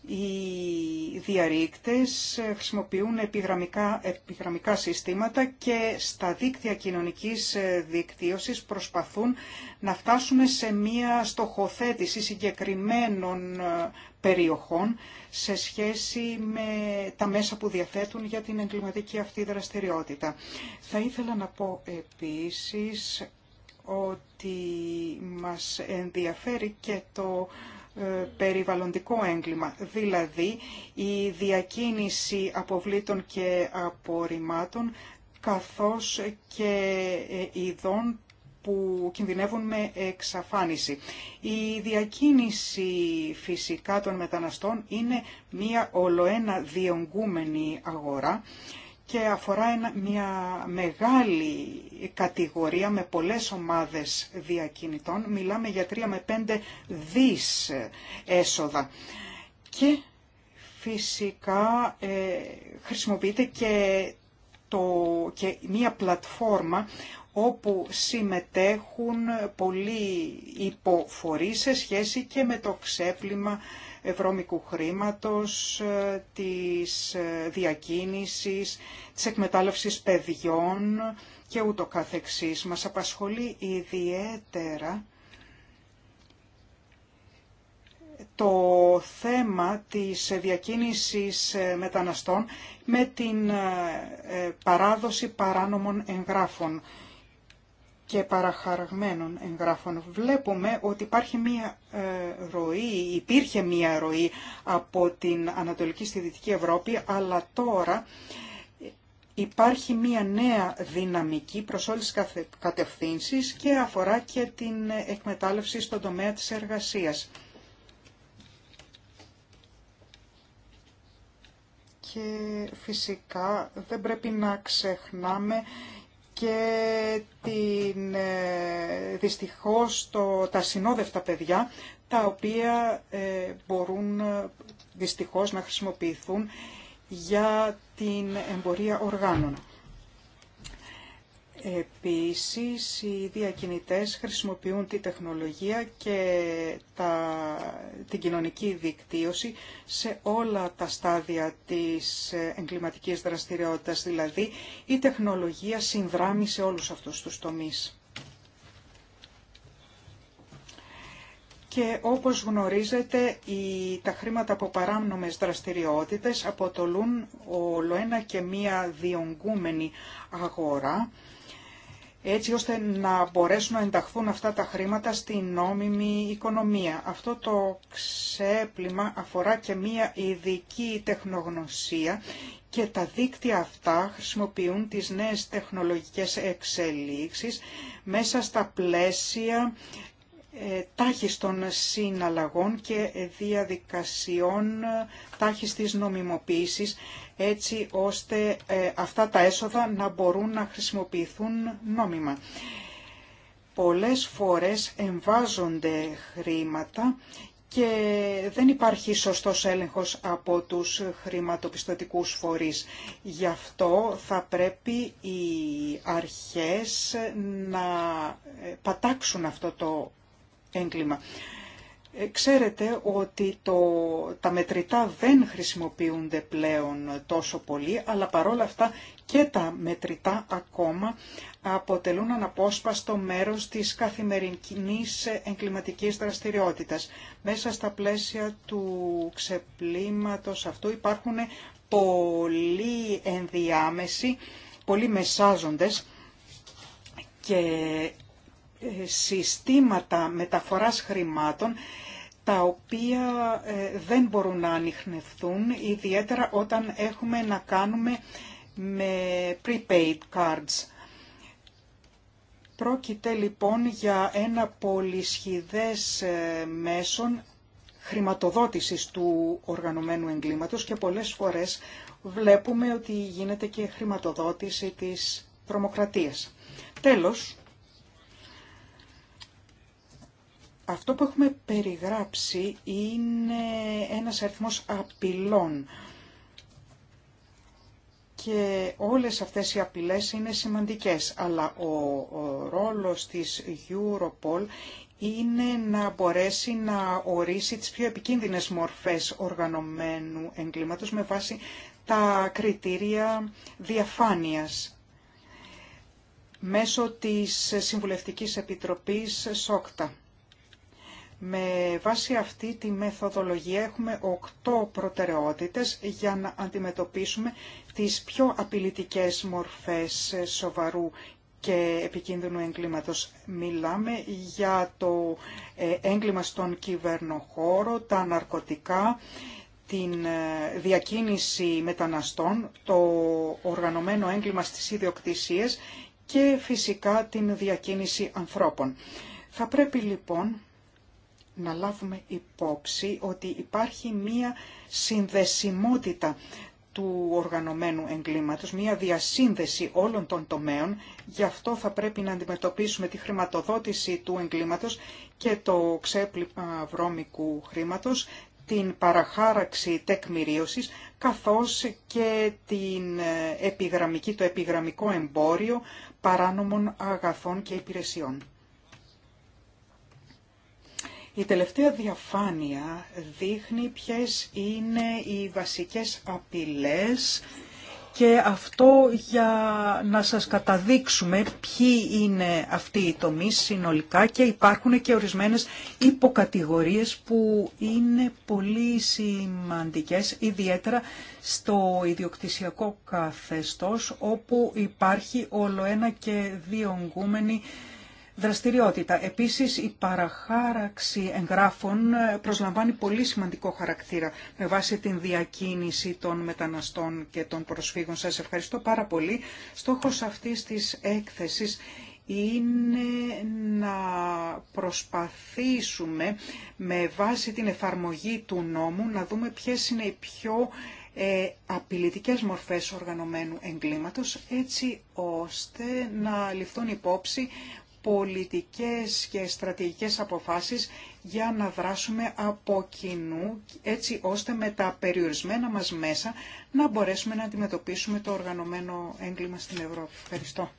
οι διαρρήκτες χρησιμοποιούν επιγραμμικά, επιγραμμικά συστήματα και στα δίκτυα κοινωνικής ε, δικτύωσης προσπαθούν να φτάσουν σε μία στοχοθέτηση συγκεκριμένων ε, περιοχών σε σχέση με τα μέσα που διαθέτουν για την εγκληματική αυτή δραστηριότητα. Θα ήθελα να πω επίσης ότι μας ενδιαφέρει και το ε, περιβαλλοντικό έγκλημα, δηλαδή η διακίνηση αποβλήτων και απορριμμάτων καθώς και ε, ειδών που κινδυνεύουν με εξαφάνιση. Η διακίνηση φυσικά των μεταναστών είναι μία ολοένα διονγκούμενη αγορά και αφορά μια μεγάλη κατηγορία με πολλές ομάδες διακινητών. Μιλάμε για 3 με 5 δις έσοδα. Και φυσικά ε, χρησιμοποιείται και, το, και μια πλατφόρμα όπου συμμετέχουν πολλοί υποφορείς σε σχέση και με το ξέπλυμα Ευρώμικου χρήματος, ε, της ε, διακίνησης, της εκμετάλλευσης παιδιών και ούτω καθεξής. Μας απασχολεί ιδιαίτερα το θέμα της διακίνησης ε, μεταναστών με την παράδοση παράνομων εγγράφων και παραχαραγμένων εγγράφων. Βλέπουμε ότι υπάρχει μία ε, ροή, υπήρχε μία ροή από την Ανατολική στη Δυτική Ευρώπη, αλλά τώρα υπάρχει μία νέα δυναμική προς όλες τις κατευθύνσεις και αφορά και την εκμετάλλευση στον τομέα της εργασίας. Και φυσικά δεν πρέπει να ξεχνάμε και την, ε, δυστυχώς το, τα συνόδευτα παιδιά, τα οποία ε, μπορούν ε, δυστυχώς να χρησιμοποιηθούν για την εμπορία οργάνων. Επίσης, οι διακινητές χρησιμοποιούν τη τεχνολογία και τα, την κοινωνική δικτύωση σε όλα τα στάδια της εγκληματικής δραστηριότητας. Δηλαδή, η τεχνολογία συνδράμει σε όλους αυτούς τους τομείς. και όπως γνωρίζετε οι, τα χρήματα από παράνομες δραστηριότητες αποτελούν ολοένα και μία διονγκούμενη αγορά έτσι ώστε να μπορέσουν να ενταχθούν αυτά τα χρήματα στην νόμιμη οικονομία. Αυτό το ξέπλυμα αφορά και μία ειδική τεχνογνωσία και τα δίκτυα αυτά χρησιμοποιούν τις νέες τεχνολογικές εξελίξεις μέσα στα πλαίσια ε, τάχιστων συναλλαγών και διαδικασιών τάχιστης νομιμοποίησης έτσι ώστε ε, αυτά τα έσοδα να μπορούν να χρησιμοποιηθούν νόμιμα. Πολλές φορές εμβάζονται χρήματα και δεν υπάρχει σωστός έλεγχος από τους χρηματοπιστωτικούς φορείς. Γι' αυτό θα πρέπει οι αρχές να ε, πατάξουν αυτό το έγκλημα. Ε, ξέρετε ότι το, τα μετρητά δεν χρησιμοποιούνται πλέον τόσο πολύ, αλλά παρόλα αυτά και τα μετρητά ακόμα αποτελούν αναπόσπαστο μέρος της καθημερινής εγκληματικής δραστηριότητας. Μέσα στα πλαίσια του ξεπλήματος αυτού υπάρχουν πολλοί ενδιάμεσοι, πολλοί μεσάζοντες και ε, συστήματα μεταφοράς χρημάτων τα οποία ε, δεν μπορούν να ανοιχνευτούν ιδιαίτερα όταν έχουμε να κάνουμε με prepaid cards. Πρόκειται λοιπόν για ένα πολυσχηδές ε, μέσον χρηματοδότησης του οργανωμένου εγκλήματος και πολλές φορές βλέπουμε ότι γίνεται και χρηματοδότηση της τρομοκρατίας. Τέλος, Αυτό που έχουμε περιγράψει είναι ένας αριθμός απειλών και όλες αυτές οι απειλές είναι σημαντικές, αλλά ο, ρόλος της Europol είναι να μπορέσει να ορίσει τις πιο επικίνδυνες μορφές οργανωμένου εγκλήματος με βάση τα κριτήρια διαφάνειας μέσω της Συμβουλευτικής Επιτροπής ΣΟΚΤΑ. Με βάση αυτή τη μεθοδολογία έχουμε οκτώ προτεραιότητες για να αντιμετωπίσουμε τις πιο απειλητικές μορφές σοβαρού και επικίνδυνου εγκλήματος. Μιλάμε για το ε, έγκλημα στον κυβερνοχώρο, τα ναρκωτικά, την ε, διακίνηση μεταναστών, το οργανωμένο έγκλημα στις ιδιοκτησίες και φυσικά την διακίνηση ανθρώπων. Θα πρέπει λοιπόν να λάβουμε υπόψη ότι υπάρχει μία συνδεσιμότητα του οργανωμένου εγκλήματος, μία διασύνδεση όλων των τομέων. Γι' αυτό θα πρέπει να αντιμετωπίσουμε τη χρηματοδότηση του εγκλήματος και το ξέπλυμα βρώμικου χρήματος, την παραχάραξη τεκμηρίωσης, καθώς και την ε, επιγραμμική, το επιγραμμικό εμπόριο παράνομων αγαθών και υπηρεσιών. Η τελευταία διαφάνεια δείχνει ποιες είναι οι βασικές απειλές και αυτό για να σας καταδείξουμε ποιοι είναι αυτοί οι τομείς συνολικά και υπάρχουν και ορισμένες υποκατηγορίες που είναι πολύ σημαντικές, ιδιαίτερα στο ιδιοκτησιακό καθεστώς όπου υπάρχει όλο ένα και διονγκούμενη δραστηριότητα. Επίσης, η παραχάραξη εγγράφων ε, προσλαμβάνει πολύ σημαντικό χαρακτήρα με βάση την διακίνηση των μεταναστών και των προσφύγων. Σας ευχαριστώ πάρα πολύ. Στόχος αυτής της έκθεσης είναι να προσπαθήσουμε με βάση την εφαρμογή του νόμου να δούμε ποιες είναι οι πιο ε, απειλητικές μορφές οργανωμένου εγκλήματος έτσι ώστε να ληφθούν υπόψη πολιτικές και στρατηγικές αποφάσεις για να δράσουμε από κοινού έτσι ώστε με τα περιορισμένα μας μέσα να μπορέσουμε να αντιμετωπίσουμε το οργανωμένο έγκλημα στην Ευρώπη. Ευχαριστώ.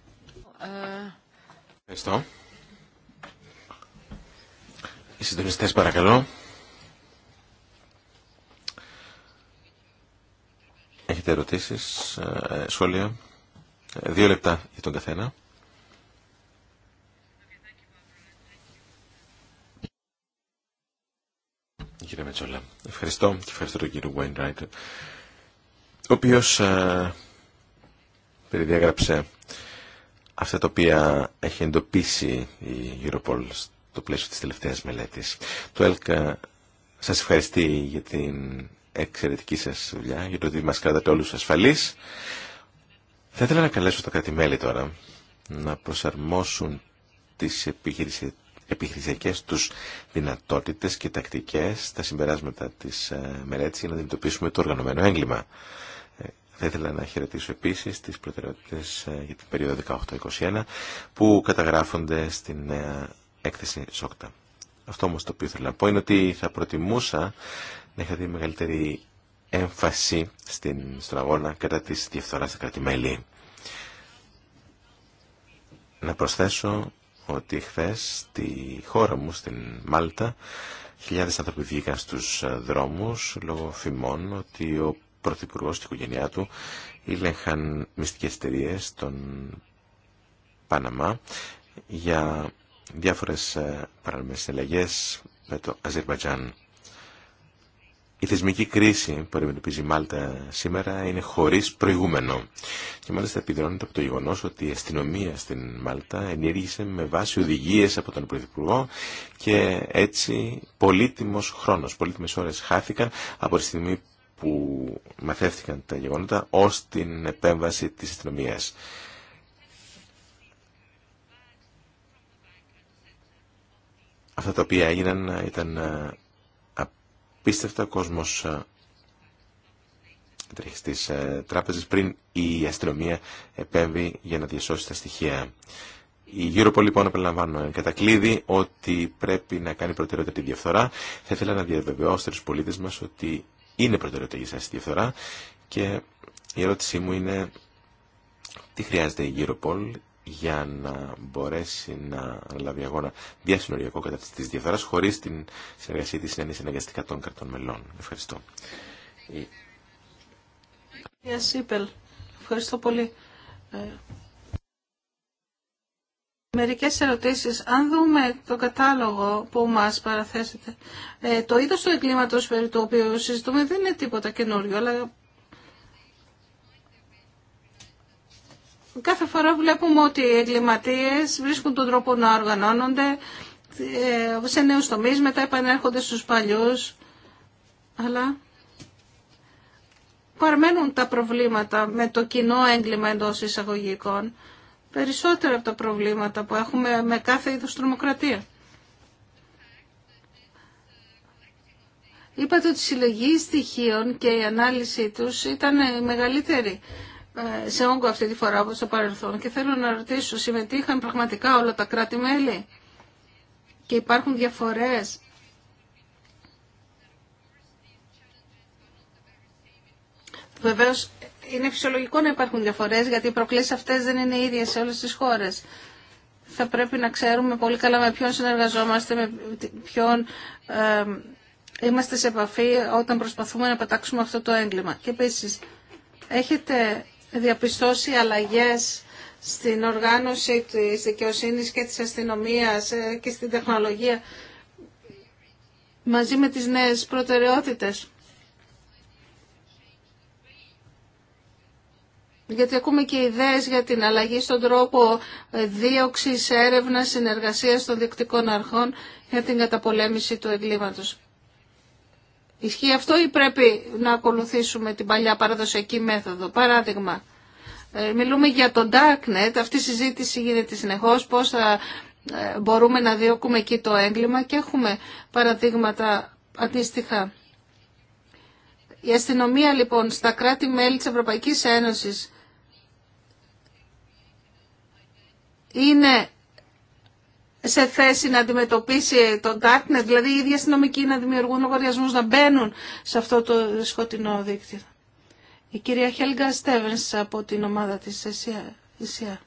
Ευχαριστώ. Οι συντονιστές παρακαλώ. Έχετε ερωτήσεις, ε, σχόλια. Ε, δύο λεπτά για τον καθένα. Μετσόλα. Ευχαριστώ και ευχαριστώ τον κύριο Wainwright, ο οποίος ε, περιδιάγραψε αυτά τα οποία έχει εντοπίσει η Europol στο πλαίσιο της τελευταίας μελέτης. Το ΕΛΚΑ ε, σας ευχαριστεί για την εξαιρετική σας δουλειά, για το ότι μας κρατάτε όλους ασφαλείς. Θα ήθελα να καλέσω τα κράτη-μέλη τώρα να προσαρμόσουν τις επιχειρήσεις επιχειρησιακές τους δυνατότητες και τακτικές στα συμπεράσματα της ε, μελέτης για να αντιμετωπίσουμε το οργανωμένο έγκλημα. Ε, θα ήθελα να χαιρετήσω επίσης τις προτεραιότητες ε, για την περίοδο 18-21 που καταγράφονται στην έκθεση ΣΟΚΤΑ. Αυτό όμως το οποίο θέλω να πω είναι ότι θα προτιμούσα να είχα δει μεγαλύτερη έμφαση στην, στον αγώνα κατά της διαφθοράς στα κρατημέλη. Να προσθέσω ότι χθε στη χώρα μου, στην Μάλτα, χιλιάδες άνθρωποι βγήκαν στους ε, δρόμους λόγω φημών ότι ο Πρωθυπουργό και η οικογένειά του ήλεγχαν μυστικές εταιρείε στον Παναμά για διάφορες ε, παρανομές με το Αζερβαϊτζάν. Η θεσμική κρίση που αντιμετωπίζει η Μάλτα σήμερα είναι χωρί προηγούμενο. Και μάλιστα επιδρώνεται από το γεγονό ότι η αστυνομία στην Μάλτα ενήργησε με βάση οδηγίε από τον Πρωθυπουργό και έτσι πολύτιμο χρόνο, πολύτιμε ώρε χάθηκαν από τη στιγμή που μαθεύτηκαν τα γεγονότα ω την επέμβαση τη αστυνομία. Αυτά τα οποία έγιναν ήταν ε, πίστευτα ο κόσμος ε, τρέχει στις ε, τράπεζες πριν η αστυνομία επέμβει για να διασώσει τα στοιχεία. Η Europol λοιπόν επαναλαμβάνω κατακλείδη ότι πρέπει να κάνει προτεραιότητα τη διαφθορά. Θα ήθελα να διαβεβαιώσω του πολίτες μας ότι είναι προτεραιότητα για σας τη διαφθορά και η ερώτησή μου είναι τι χρειάζεται η Europol για να μπορέσει να λάβει αγώνα διασυνοριακό κατά τη διαφορά χωρί την συνεργασία τη συνένεση αναγκαστικά των κρατών μελών. Ευχαριστώ. Κυρία Σίπελ, ευχαριστώ πολύ. Ε, μερικές ερωτήσεις. Αν δούμε το κατάλογο που μας παραθέσετε, ε, το είδος του εγκλήματος περί το οποίο συζητούμε δεν είναι τίποτα καινούριο, αλλά Κάθε φορά βλέπουμε ότι οι εγκληματίες βρίσκουν τον τρόπο να οργανώνονται ε, σε νέους τομείς, μετά επανέρχονται στους παλιούς, αλλά παραμένουν τα προβλήματα με το κοινό έγκλημα εντό εισαγωγικών, περισσότερα από τα προβλήματα που έχουμε με κάθε είδους τρομοκρατία. Είπατε ότι η συλλογή στοιχείων και η ανάλυση τους ήταν μεγαλύτερη ε, σε όγκο αυτή τη φορά όπως το παρελθόν και θέλω να ρωτήσω, συμμετείχαν πραγματικά όλα τα κράτη-μέλη και υπάρχουν διαφορές. Βεβαίω είναι φυσιολογικό να υπάρχουν διαφορές γιατί οι προκλήσεις αυτές δεν είναι ίδιες σε όλες τις χώρες. Θα πρέπει να ξέρουμε πολύ καλά με ποιον συνεργαζόμαστε, με ποιον είμαστε σε επαφή όταν προσπαθούμε να πετάξουμε αυτό το έγκλημα. Και επίσης, έχετε διαπιστώσει αλλαγές στην οργάνωση της δικαιοσύνη και της αστυνομίας ε, και στην τεχνολογία μαζί με τις νέες προτεραιότητες. Γιατί ακούμε και ιδέες για την αλλαγή στον τρόπο ε, δίωξης, έρευνας, συνεργασίας των δικτικών αρχών για την καταπολέμηση του εγκλήματος. Ισχύει αυτό ή πρέπει να ακολουθήσουμε την παλιά παραδοσιακή μέθοδο. Παράδειγμα, ε, μιλούμε για το darknet, αυτή η συζήτηση γίνεται συνεχώς, πώς θα ε, μπορούμε να διώκουμε εκεί το έγκλημα και έχουμε παραδείγματα αντίστοιχα. Η αστυνομία λοιπόν στα κράτη-μέλη της Ευρωπαϊκής Ένωσης είναι σε θέση να αντιμετωπίσει τον Darknet, δηλαδή οι ίδιοι αστυνομικοί να δημιουργούν λογαριασμούς, να μπαίνουν σε αυτό το σκοτεινό δίκτυο. Η κυρία Χέλγκα Στέβενς από την ομάδα της ΕΣΙΑ.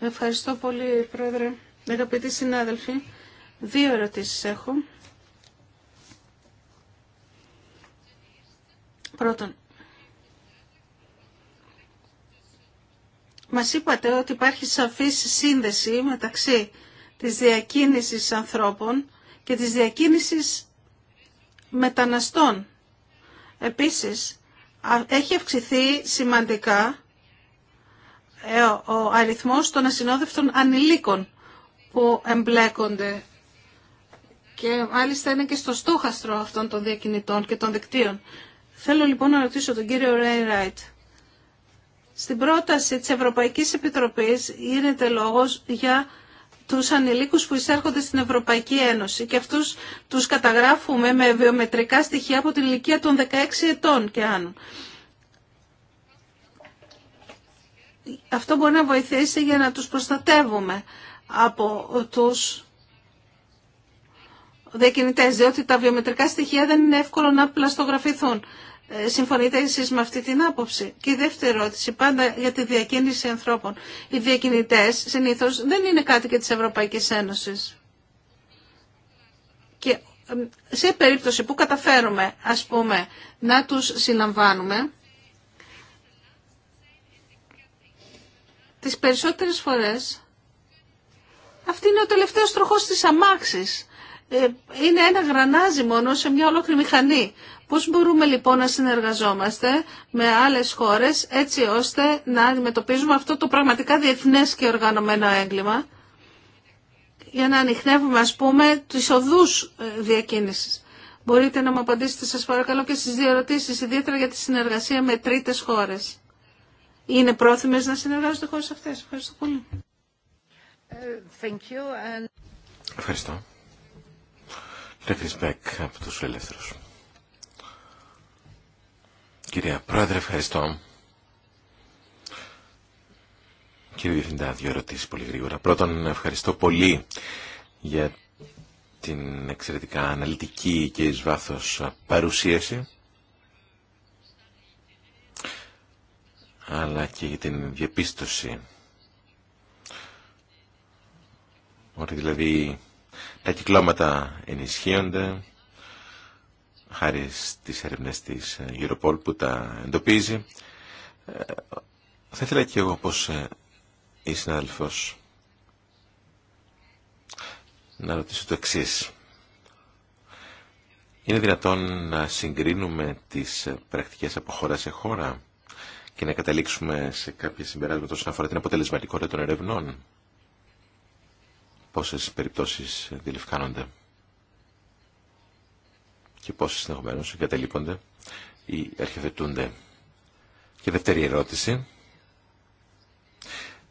Ευχαριστώ πολύ, Πρόεδρε. Αγαπητοί συνάδελφοι, δύο ερωτήσεις έχω. Πρώτον, Μας είπατε ότι υπάρχει σαφής σύνδεση μεταξύ της διακίνησης ανθρώπων και της διακίνησης μεταναστών. Επίσης, έχει αυξηθεί σημαντικά ε, ο αριθμός των ασυνόδευτων ανηλίκων που εμπλέκονται και μάλιστα είναι και στο στόχαστρο αυτών των διακινητών και των δικτύων. Θέλω λοιπόν να ρωτήσω τον κύριο Ρέιν στην πρόταση της Ευρωπαϊκής Επιτροπής γίνεται λόγος για τους ανηλίκους που εισέρχονται στην Ευρωπαϊκή Ένωση και αυτούς τους καταγράφουμε με βιομετρικά στοιχεία από την ηλικία των 16 ετών και άνω. Αυτό μπορεί να βοηθήσει για να τους προστατεύουμε από τους διακινητές, διότι τα βιομετρικά στοιχεία δεν είναι εύκολο να πλαστογραφηθούν. Ε, συμφωνείτε εσείς με αυτή την άποψη. Και η δεύτερη ερώτηση, πάντα για τη διακίνηση ανθρώπων. Οι διακινητές συνήθω δεν είναι κάτι και της Ευρωπαϊκής Ένωσης. Και σε περίπτωση που καταφέρουμε, ας πούμε, να τους συναμβάνουμε, τις περισσότερες φορές αυτή είναι ο τελευταίος τροχός της αμάξης ε, είναι ένα γρανάζι μόνο σε μια ολόκληρη μηχανή. Πώς μπορούμε λοιπόν να συνεργαζόμαστε με άλλες χώρες έτσι ώστε να αντιμετωπίζουμε αυτό το πραγματικά διεθνές και οργανωμένο έγκλημα για να ανοιχνεύουμε ας πούμε τις οδούς ε, διακίνησης. Μπορείτε να μου απαντήσετε σας παρακαλώ και στις δύο ερωτήσεις, ιδιαίτερα για τη συνεργασία με τρίτες χώρες. Είναι πρόθυμες να συνεργάζονται χώρες αυτές. Ευχαριστώ πολύ. Ε, Ευχαριστώ. Κυρία Μπέκ από τους Ελεύθερους. Κυρία Πρόεδρε, ευχαριστώ. Κύριε Διευθυντά, δύο ερωτήσει πολύ γρήγορα. Πρώτον, ευχαριστώ πολύ για την εξαιρετικά αναλυτική και εις βάθος παρουσίαση αλλά και για την διαπίστωση ότι δηλαδή τα κυκλώματα ενισχύονται χάρη στις έρευνες της Europol που τα εντοπίζει. Ε, θα ήθελα και εγώ πως ε, η συνάδελφος να ρωτήσω το εξή. Είναι δυνατόν να συγκρίνουμε τις πρακτικές από χώρα σε χώρα και να καταλήξουμε σε κάποια συμπεράσματα όσον αφορά την αποτελεσματικότητα των ερευνών πόσες περιπτώσεις διλευκάνονται και πόσες συνεχόμενως εγκαταλείπονται ή αρχιοθετούνται. Και δεύτερη ερώτηση.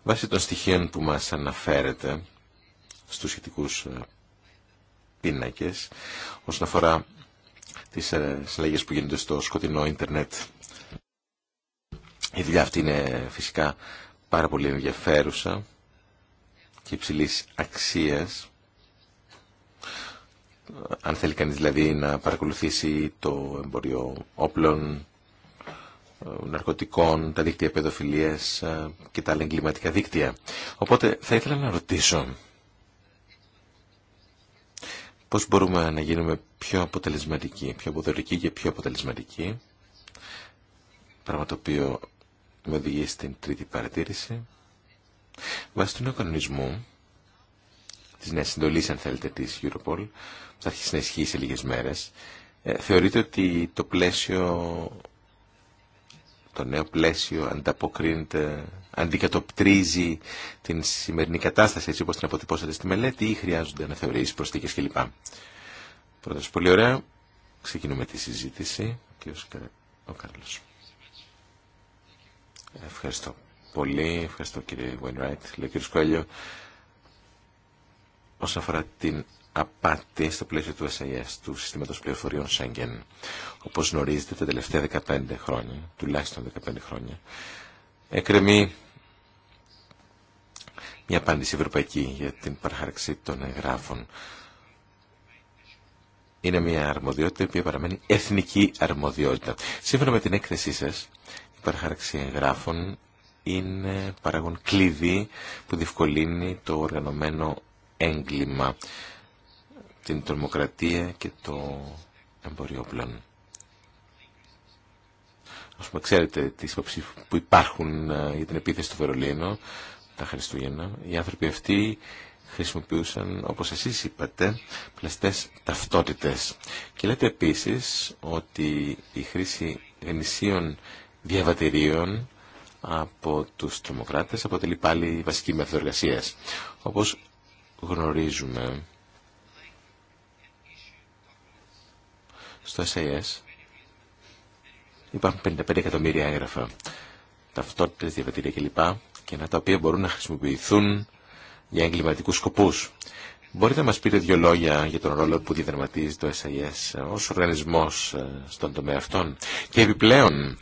Βάσει των στοιχείων που μας αναφέρετε στους σχετικούς ε, πίνακες όσον αφορά τις ε, συλλαγές που γίνονται στο σκοτεινό ίντερνετ η δουλειά αυτή είναι φυσικά πάρα πολύ ενδιαφέρουσα και υψηλής αξίας αν θέλει κανείς δηλαδή να παρακολουθήσει το εμπόριο όπλων, ναρκωτικών, τα δίκτυα παιδοφιλίας ε, και τα άλλα εγκληματικά δίκτυα. Οπότε θα ήθελα να ρωτήσω πώς μπορούμε να γίνουμε πιο αποτελεσματικοί, πιο αποδοτικοί και πιο αποτελεσματικοί, πράγμα το οποίο με οδηγεί στην τρίτη παρατήρηση. Βάσει του νέου κανονισμού, τη νέα συντολή, αν θέλετε, τη Europol, που θα αρχίσει να ισχύει σε λίγε μέρε, ε, θεωρείται ότι το πλαίσιο, το νέο πλαίσιο ανταποκρίνεται, αντικατοπτρίζει την σημερινή κατάσταση έτσι όπως την αποτυπώσατε στη μελέτη ή χρειάζονται να προσθήκε κλπ. Πρώτα, πολύ ωραία. Ξεκινούμε τη συζήτηση. Ο Καρλός. Ευχαριστώ πολύ. Ευχαριστώ κύριε Βουενράιτ. Λέω κύριο Σκόλιο, όσον αφορά την απάτη στο πλαίσιο του SIS, του Συστήματος Πληροφοριών Σέγγεν. Όπως γνωρίζετε, τα τελευταία 15 χρόνια, τουλάχιστον 15 χρόνια, έκρεμει μια απάντηση ευρωπαϊκή για την παραχαραξή των εγγράφων. Είναι μια αρμοδιότητα η οποία παραμένει εθνική αρμοδιότητα. Σύμφωνα με την έκθεσή σας, η παραχαραξή εγγράφων είναι παραγόν κλειδί που διευκολύνει το οργανωμένο έγκλημα, την τρομοκρατία και το εμπόριο Ας πούμε, ξέρετε τις υποψίες που υπάρχουν ε, για την επίθεση του Βερολίνο, τα Χριστούγεννα, οι άνθρωποι αυτοί χρησιμοποιούσαν, όπως εσείς είπατε, πλαστές ταυτότητες. Και λέτε επίσης ότι η χρήση ενισίων διαβατηρίων από τους τρομοκράτες αποτελεί πάλι η βασική μέθοδο εργασία. Όπως γνωρίζουμε στο SAS υπάρχουν 55 εκατομμύρια έγγραφα ταυτότητες, διαβατήρια κλπ. και να τα οποία μπορούν να χρησιμοποιηθούν για εγκληματικούς σκοπούς. Μπορείτε να μας πείτε δύο λόγια για τον ρόλο που διαδραματίζει το SIS ως οργανισμός ε, στον τομέα αυτών και επιπλέον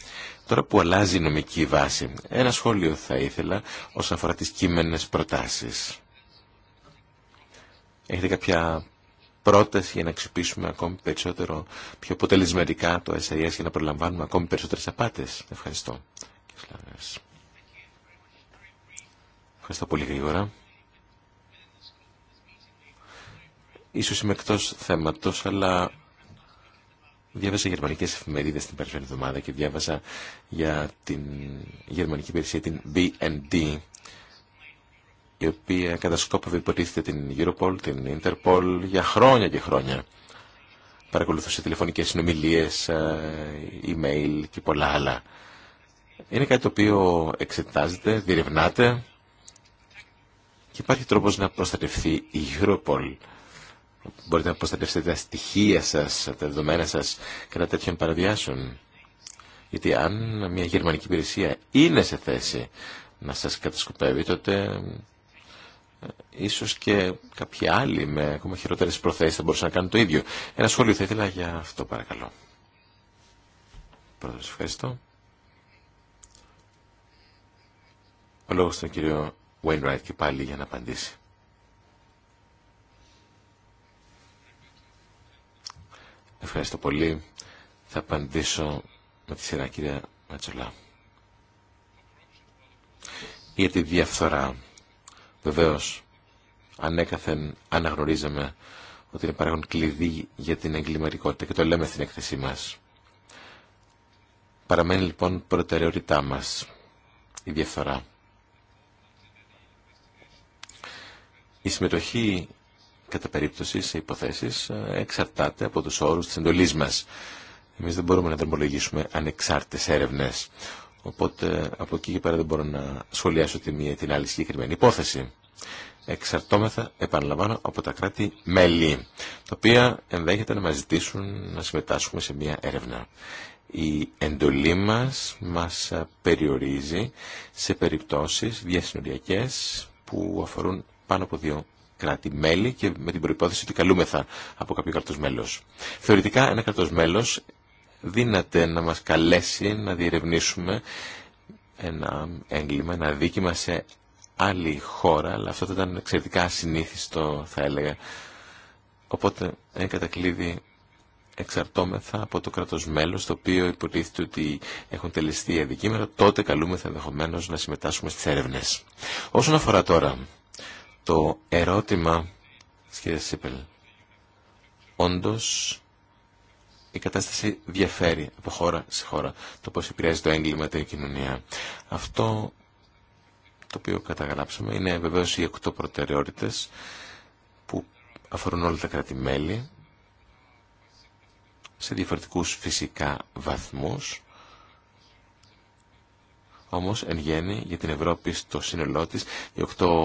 Τώρα που αλλάζει η νομική βάση, ένα σχόλιο θα ήθελα όσον αφορά τις κείμενες προτάσεις. Έχετε κάποια πρόταση για να αξιοποιήσουμε ακόμη περισσότερο, πιο αποτελεσματικά το SIS για να προλαμβάνουμε ακόμη περισσότερες απάτες. Ευχαριστώ. Ευχαριστώ πολύ γρήγορα. Ίσως είμαι εκτός θέματος, αλλά Διάβασα γερμανικέ εφημερίδες την περσμένη εβδομάδα και διάβασα για την γερμανική υπηρεσία, την BND, η οποία κατασκόπευε υποτίθεται την Europol, την Interpol για χρόνια και χρόνια. Παρακολουθούσε τηλεφωνικέ συνομιλίες, ε, email και πολλά άλλα. Είναι κάτι το οποίο εξετάζεται, διερευνάται και υπάρχει τρόπο να προστατευθεί η Europol μπορείτε να προστατεύσετε τα στοιχεία σας, τα δεδομένα σας κατά τέτοιων παραδιάσεων. Γιατί αν μια γερμανική υπηρεσία είναι σε θέση να σας κατασκοπεύει, τότε ε, ίσως και κάποιοι άλλοι με ακόμα χειρότερες προθέσεις θα μπορούσαν να κάνουν το ίδιο. Ένα σχόλιο θα ήθελα για αυτό παρακαλώ. Πρώτα ευχαριστώ. Ο λόγος στον κύριο Wainwright και πάλι για να απαντήσει. Ευχαριστώ πολύ. Θα απαντήσω με τη σειρά κυρία Ματσολά. Για τη διαφθορά. Βεβαίως, ανέκαθεν αναγνωρίζαμε ότι είναι παράγον κλειδί για την εγκληματικότητα και το λέμε στην έκθεσή μας. Παραμένει λοιπόν προτεραιότητά μας η διαφθορά. Η συμμετοχή κατά περίπτωση σε υποθέσει, ε, εξαρτάται από του όρου τη εντολή μα. Εμεί δεν μπορούμε να δρομολογήσουμε ανεξάρτητες έρευνε. Οπότε από εκεί και πέρα δεν μπορώ να σχολιάσω τη μία την άλλη συγκεκριμένη υπόθεση. Εξαρτώμεθα, επαναλαμβάνω, από τα κράτη-μέλη, τα οποία ενδέχεται να μα ζητήσουν να συμμετάσχουμε σε μία έρευνα. Η εντολή μας μας περιορίζει σε περιπτώσεις διασυνοριακές που αφορούν πάνω από δύο κράτη-μέλη και με την προπόθεση ότι καλούμεθα από κάποιο κράτο μέλος. Θεωρητικά ένα κράτο μέλος δύναται να μα καλέσει να διερευνήσουμε ένα έγκλημα, ένα δίκημα σε άλλη χώρα, αλλά αυτό ήταν εξαιρετικά ασυνήθιστο θα έλεγα. Οπότε, εν κατακλείδη, εξαρτώμεθα από το κράτος μέλος, το οποίο υποτίθεται ότι έχουν τελεστεί αδικήματα, τότε καλούμεθα ενδεχομένω να συμμετάσχουμε στις έρευνε. Όσον αφορά τώρα το ερώτημα της Σίπελ. Όντως, η κατάσταση διαφέρει από χώρα σε χώρα. Το πώς επηρεάζει το έγκλημα την κοινωνία. Αυτό το οποίο καταγράψαμε είναι βεβαίως οι οκτώ προτεραιότητες που αφορούν όλα τα κράτη-μέλη σε διαφορετικούς φυσικά βαθμούς όμως εν γέννη για την Ευρώπη στο σύνολό της οι οκτώ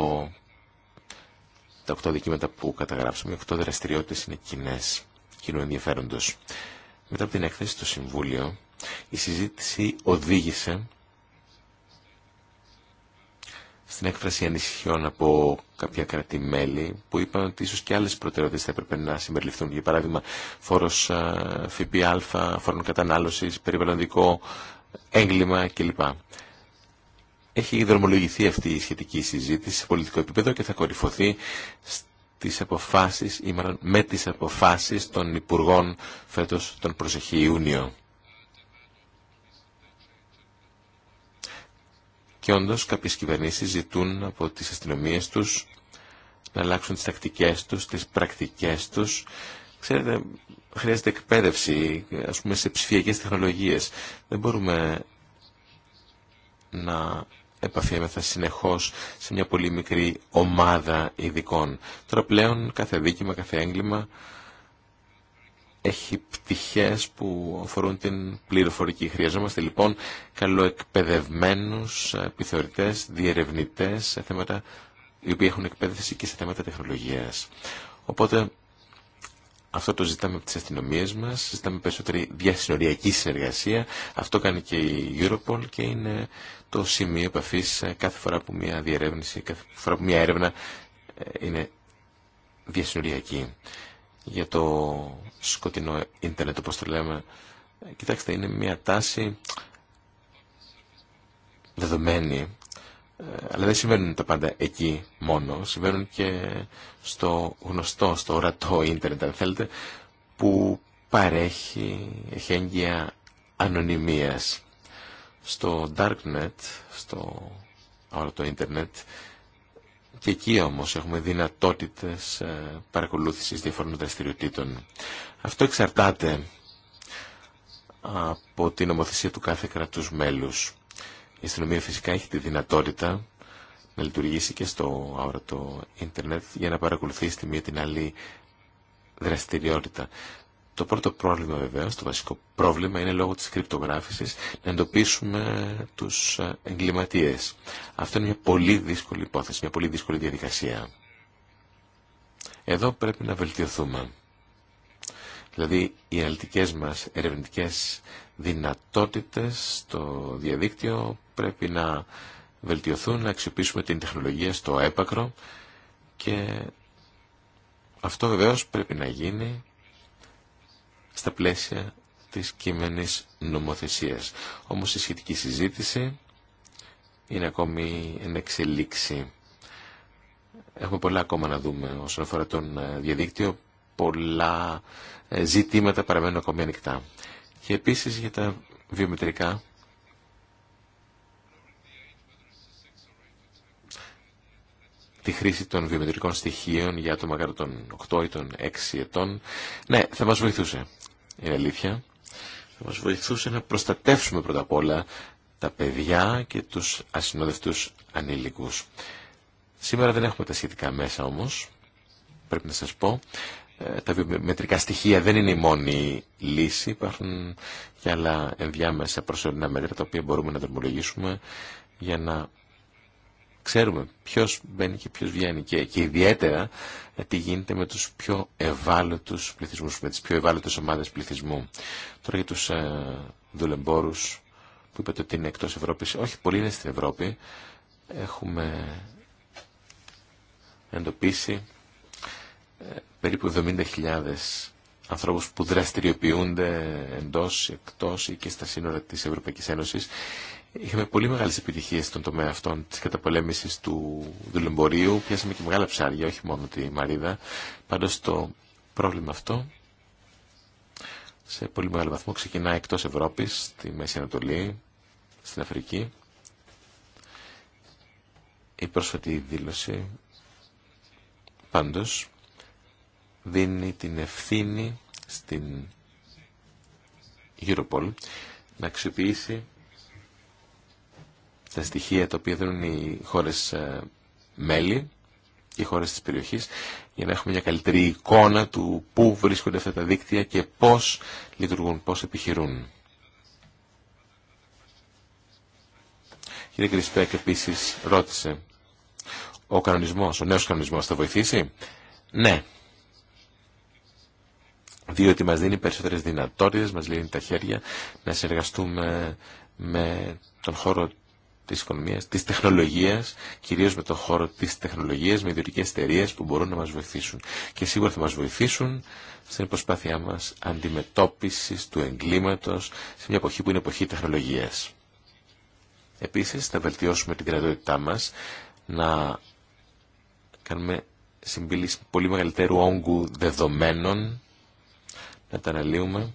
τα 8 δικήματα που καταγράψαμε, οι 8 δραστηριότητε είναι κοινέ, κοινού ενδιαφέροντο. Μετά από την έκθεση στο Συμβούλιο, η συζήτηση οδήγησε στην έκφραση ανησυχιών από κάποια μέλη που είπαν ότι ίσως και άλλες προτεραιότητες θα έπρεπε να συμπεριληφθούν. Για παράδειγμα, φόρος ε, ΦΠΑ, φόρων κατανάλωση, περιβαλλοντικό έγκλημα κλπ. Έχει δρομολογηθεί αυτή η σχετική συζήτηση σε πολιτικό επίπεδο και θα κορυφωθεί στις αποφάσεις, ή με τις αποφάσεις των Υπουργών φέτος τον προσεχή Ιούνιο. Και όντω κάποιες κυβερνήσεις ζητούν από τις αστυνομίες τους να αλλάξουν τις τακτικές τους, τις πρακτικές τους. Ξέρετε, χρειάζεται εκπαίδευση, ας πούμε, σε ψηφιακές τεχνολογίες. Δεν μπορούμε να επαφιέμεθα συνεχώς σε μια πολύ μικρή ομάδα ειδικών. Τώρα πλέον κάθε δίκημα, κάθε έγκλημα έχει πτυχές που αφορούν την πληροφορική. Χρειαζόμαστε λοιπόν καλοεκπαιδευμένους επιθεωρητές, διερευνητές σε θέματα οι οποίοι έχουν εκπαίδευση και σε θέματα τεχνολογίας. Οπότε αυτό το ζητάμε από τις αστυνομίε μας, ζητάμε περισσότερη διασυνοριακή συνεργασία. Αυτό κάνει και η Europol και είναι το σημείο επαφή ε, κάθε φορά που μια διερεύνηση, κάθε φορά που μια έρευνα ε, είναι διασυνοριακή. Για το σκοτεινό ίντερνετ, όπω το λέμε, ε, κοιτάξτε, είναι μια τάση δεδομένη αλλά δεν συμβαίνουν τα πάντα εκεί μόνο, συμβαίνουν και στο γνωστό, στο ορατό ίντερνετ αν θέλετε, που παρέχει εχέγγυα ανωνυμίας. Στο darknet, στο ορατό ίντερνετ, και εκεί όμως έχουμε δυνατότητες ε, παρακολούθησης διαφορών δραστηριοτήτων. Αυτό εξαρτάται από την νομοθεσία του κάθε κρατούς μέλους. Η αστυνομία φυσικά έχει τη δυνατότητα να λειτουργήσει και στο αόρατο ίντερνετ για να παρακολουθήσει τη μία την άλλη δραστηριότητα. Το πρώτο πρόβλημα βεβαίω, το βασικό πρόβλημα είναι λόγω της κρυπτογράφησης να εντοπίσουμε τους εγκληματίες. Αυτό είναι μια πολύ δύσκολη υπόθεση, μια πολύ δύσκολη διαδικασία. Εδώ πρέπει να βελτιωθούμε. Δηλαδή οι αναλυτικές μας ερευνητικές δυνατότητες στο διαδίκτυο πρέπει να βελτιωθούν, να αξιοποιήσουμε την τεχνολογία στο έπακρο και αυτό βεβαίως πρέπει να γίνει στα πλαίσια της κείμενης νομοθεσίας. Όμως η σχετική συζήτηση είναι ακόμη εν εξελίξη. Έχουμε πολλά ακόμα να δούμε όσον αφορά τον διαδίκτυο, πολλά ε, ζητήματα παραμένουν ακόμη ανοιχτά. Και επίσης για τα βιομετρικά, τη χρήση των βιομετρικών στοιχείων για άτομα κατά των 8 ή των 6 ετών. Ναι, θα μας βοηθούσε, είναι αλήθεια. Θα μας βοηθούσε να προστατεύσουμε πρώτα απ' όλα τα παιδιά και τους ασυνοδευτούς ανήλικους. Σήμερα δεν έχουμε τα σχετικά μέσα όμως, πρέπει να σας πω. Ε, τα βιομετρικά στοιχεία δεν είναι η μόνη λύση. Υπάρχουν και άλλα ενδιάμεσα προσωρινά μέτρα τα οποία μπορούμε να δρομολογήσουμε για να ξέρουμε ποιο μπαίνει και ποιο βγαίνει και, και ιδιαίτερα ε, τι γίνεται με του πιο ευάλωτους πληθυσμού, με τι πιο ευάλωτες ομάδε πληθυσμού. Τώρα για του ε, δουλεμπόρους που είπατε ότι είναι εκτό Ευρώπη όχι πολλοί είναι στην Ευρώπη, έχουμε εντοπίσει περίπου 70.000 ανθρώπους που δραστηριοποιούνται εντός, εκτός ή και στα σύνορα της Ευρωπαϊκής Ένωσης. Είχαμε πολύ μεγάλες επιτυχίες στον τομέα αυτών της καταπολέμησης του δουλεμπορίου. Πιάσαμε και μεγάλα ψάρια, όχι μόνο τη Μαρίδα. Πάντως το πρόβλημα αυτό σε πολύ μεγάλο βαθμό ξεκινά εκτός Ευρώπης, στη Μέση Ανατολή, στην Αφρική. Η πρόσφατη δήλωση πάντως δίνει την ευθύνη στην Europol να αξιοποιήσει τα στοιχεία τα οποία δίνουν οι χώρες ε, μέλη, οι χώρες της περιοχής, για να έχουμε μια καλύτερη εικόνα του πού βρίσκονται αυτά τα δίκτυα και πώς λειτουργούν, πώς επιχειρούν. Κύριε Κρισπέκ επίσης ρώτησε, ο κανονισμός, ο νέος κανονισμός θα βοηθήσει. Ναι, διότι μας δίνει περισσότερες δυνατότητες, μας λύνει τα χέρια να συνεργαστούμε με τον χώρο της οικονομίας, της τεχνολογίας, κυρίως με τον χώρο της τεχνολογίας, με ιδιωτικές εταιρείε που μπορούν να μας βοηθήσουν. Και σίγουρα θα μας βοηθήσουν στην προσπάθειά μας αντιμετώπισης του εγκλήματος σε μια εποχή που είναι εποχή τεχνολογίας. Επίσης θα βελτιώσουμε την κρατότητά μας να κάνουμε συμπίληση πολύ μεγαλύτερου όγκου δεδομένων να τα αναλύουμε.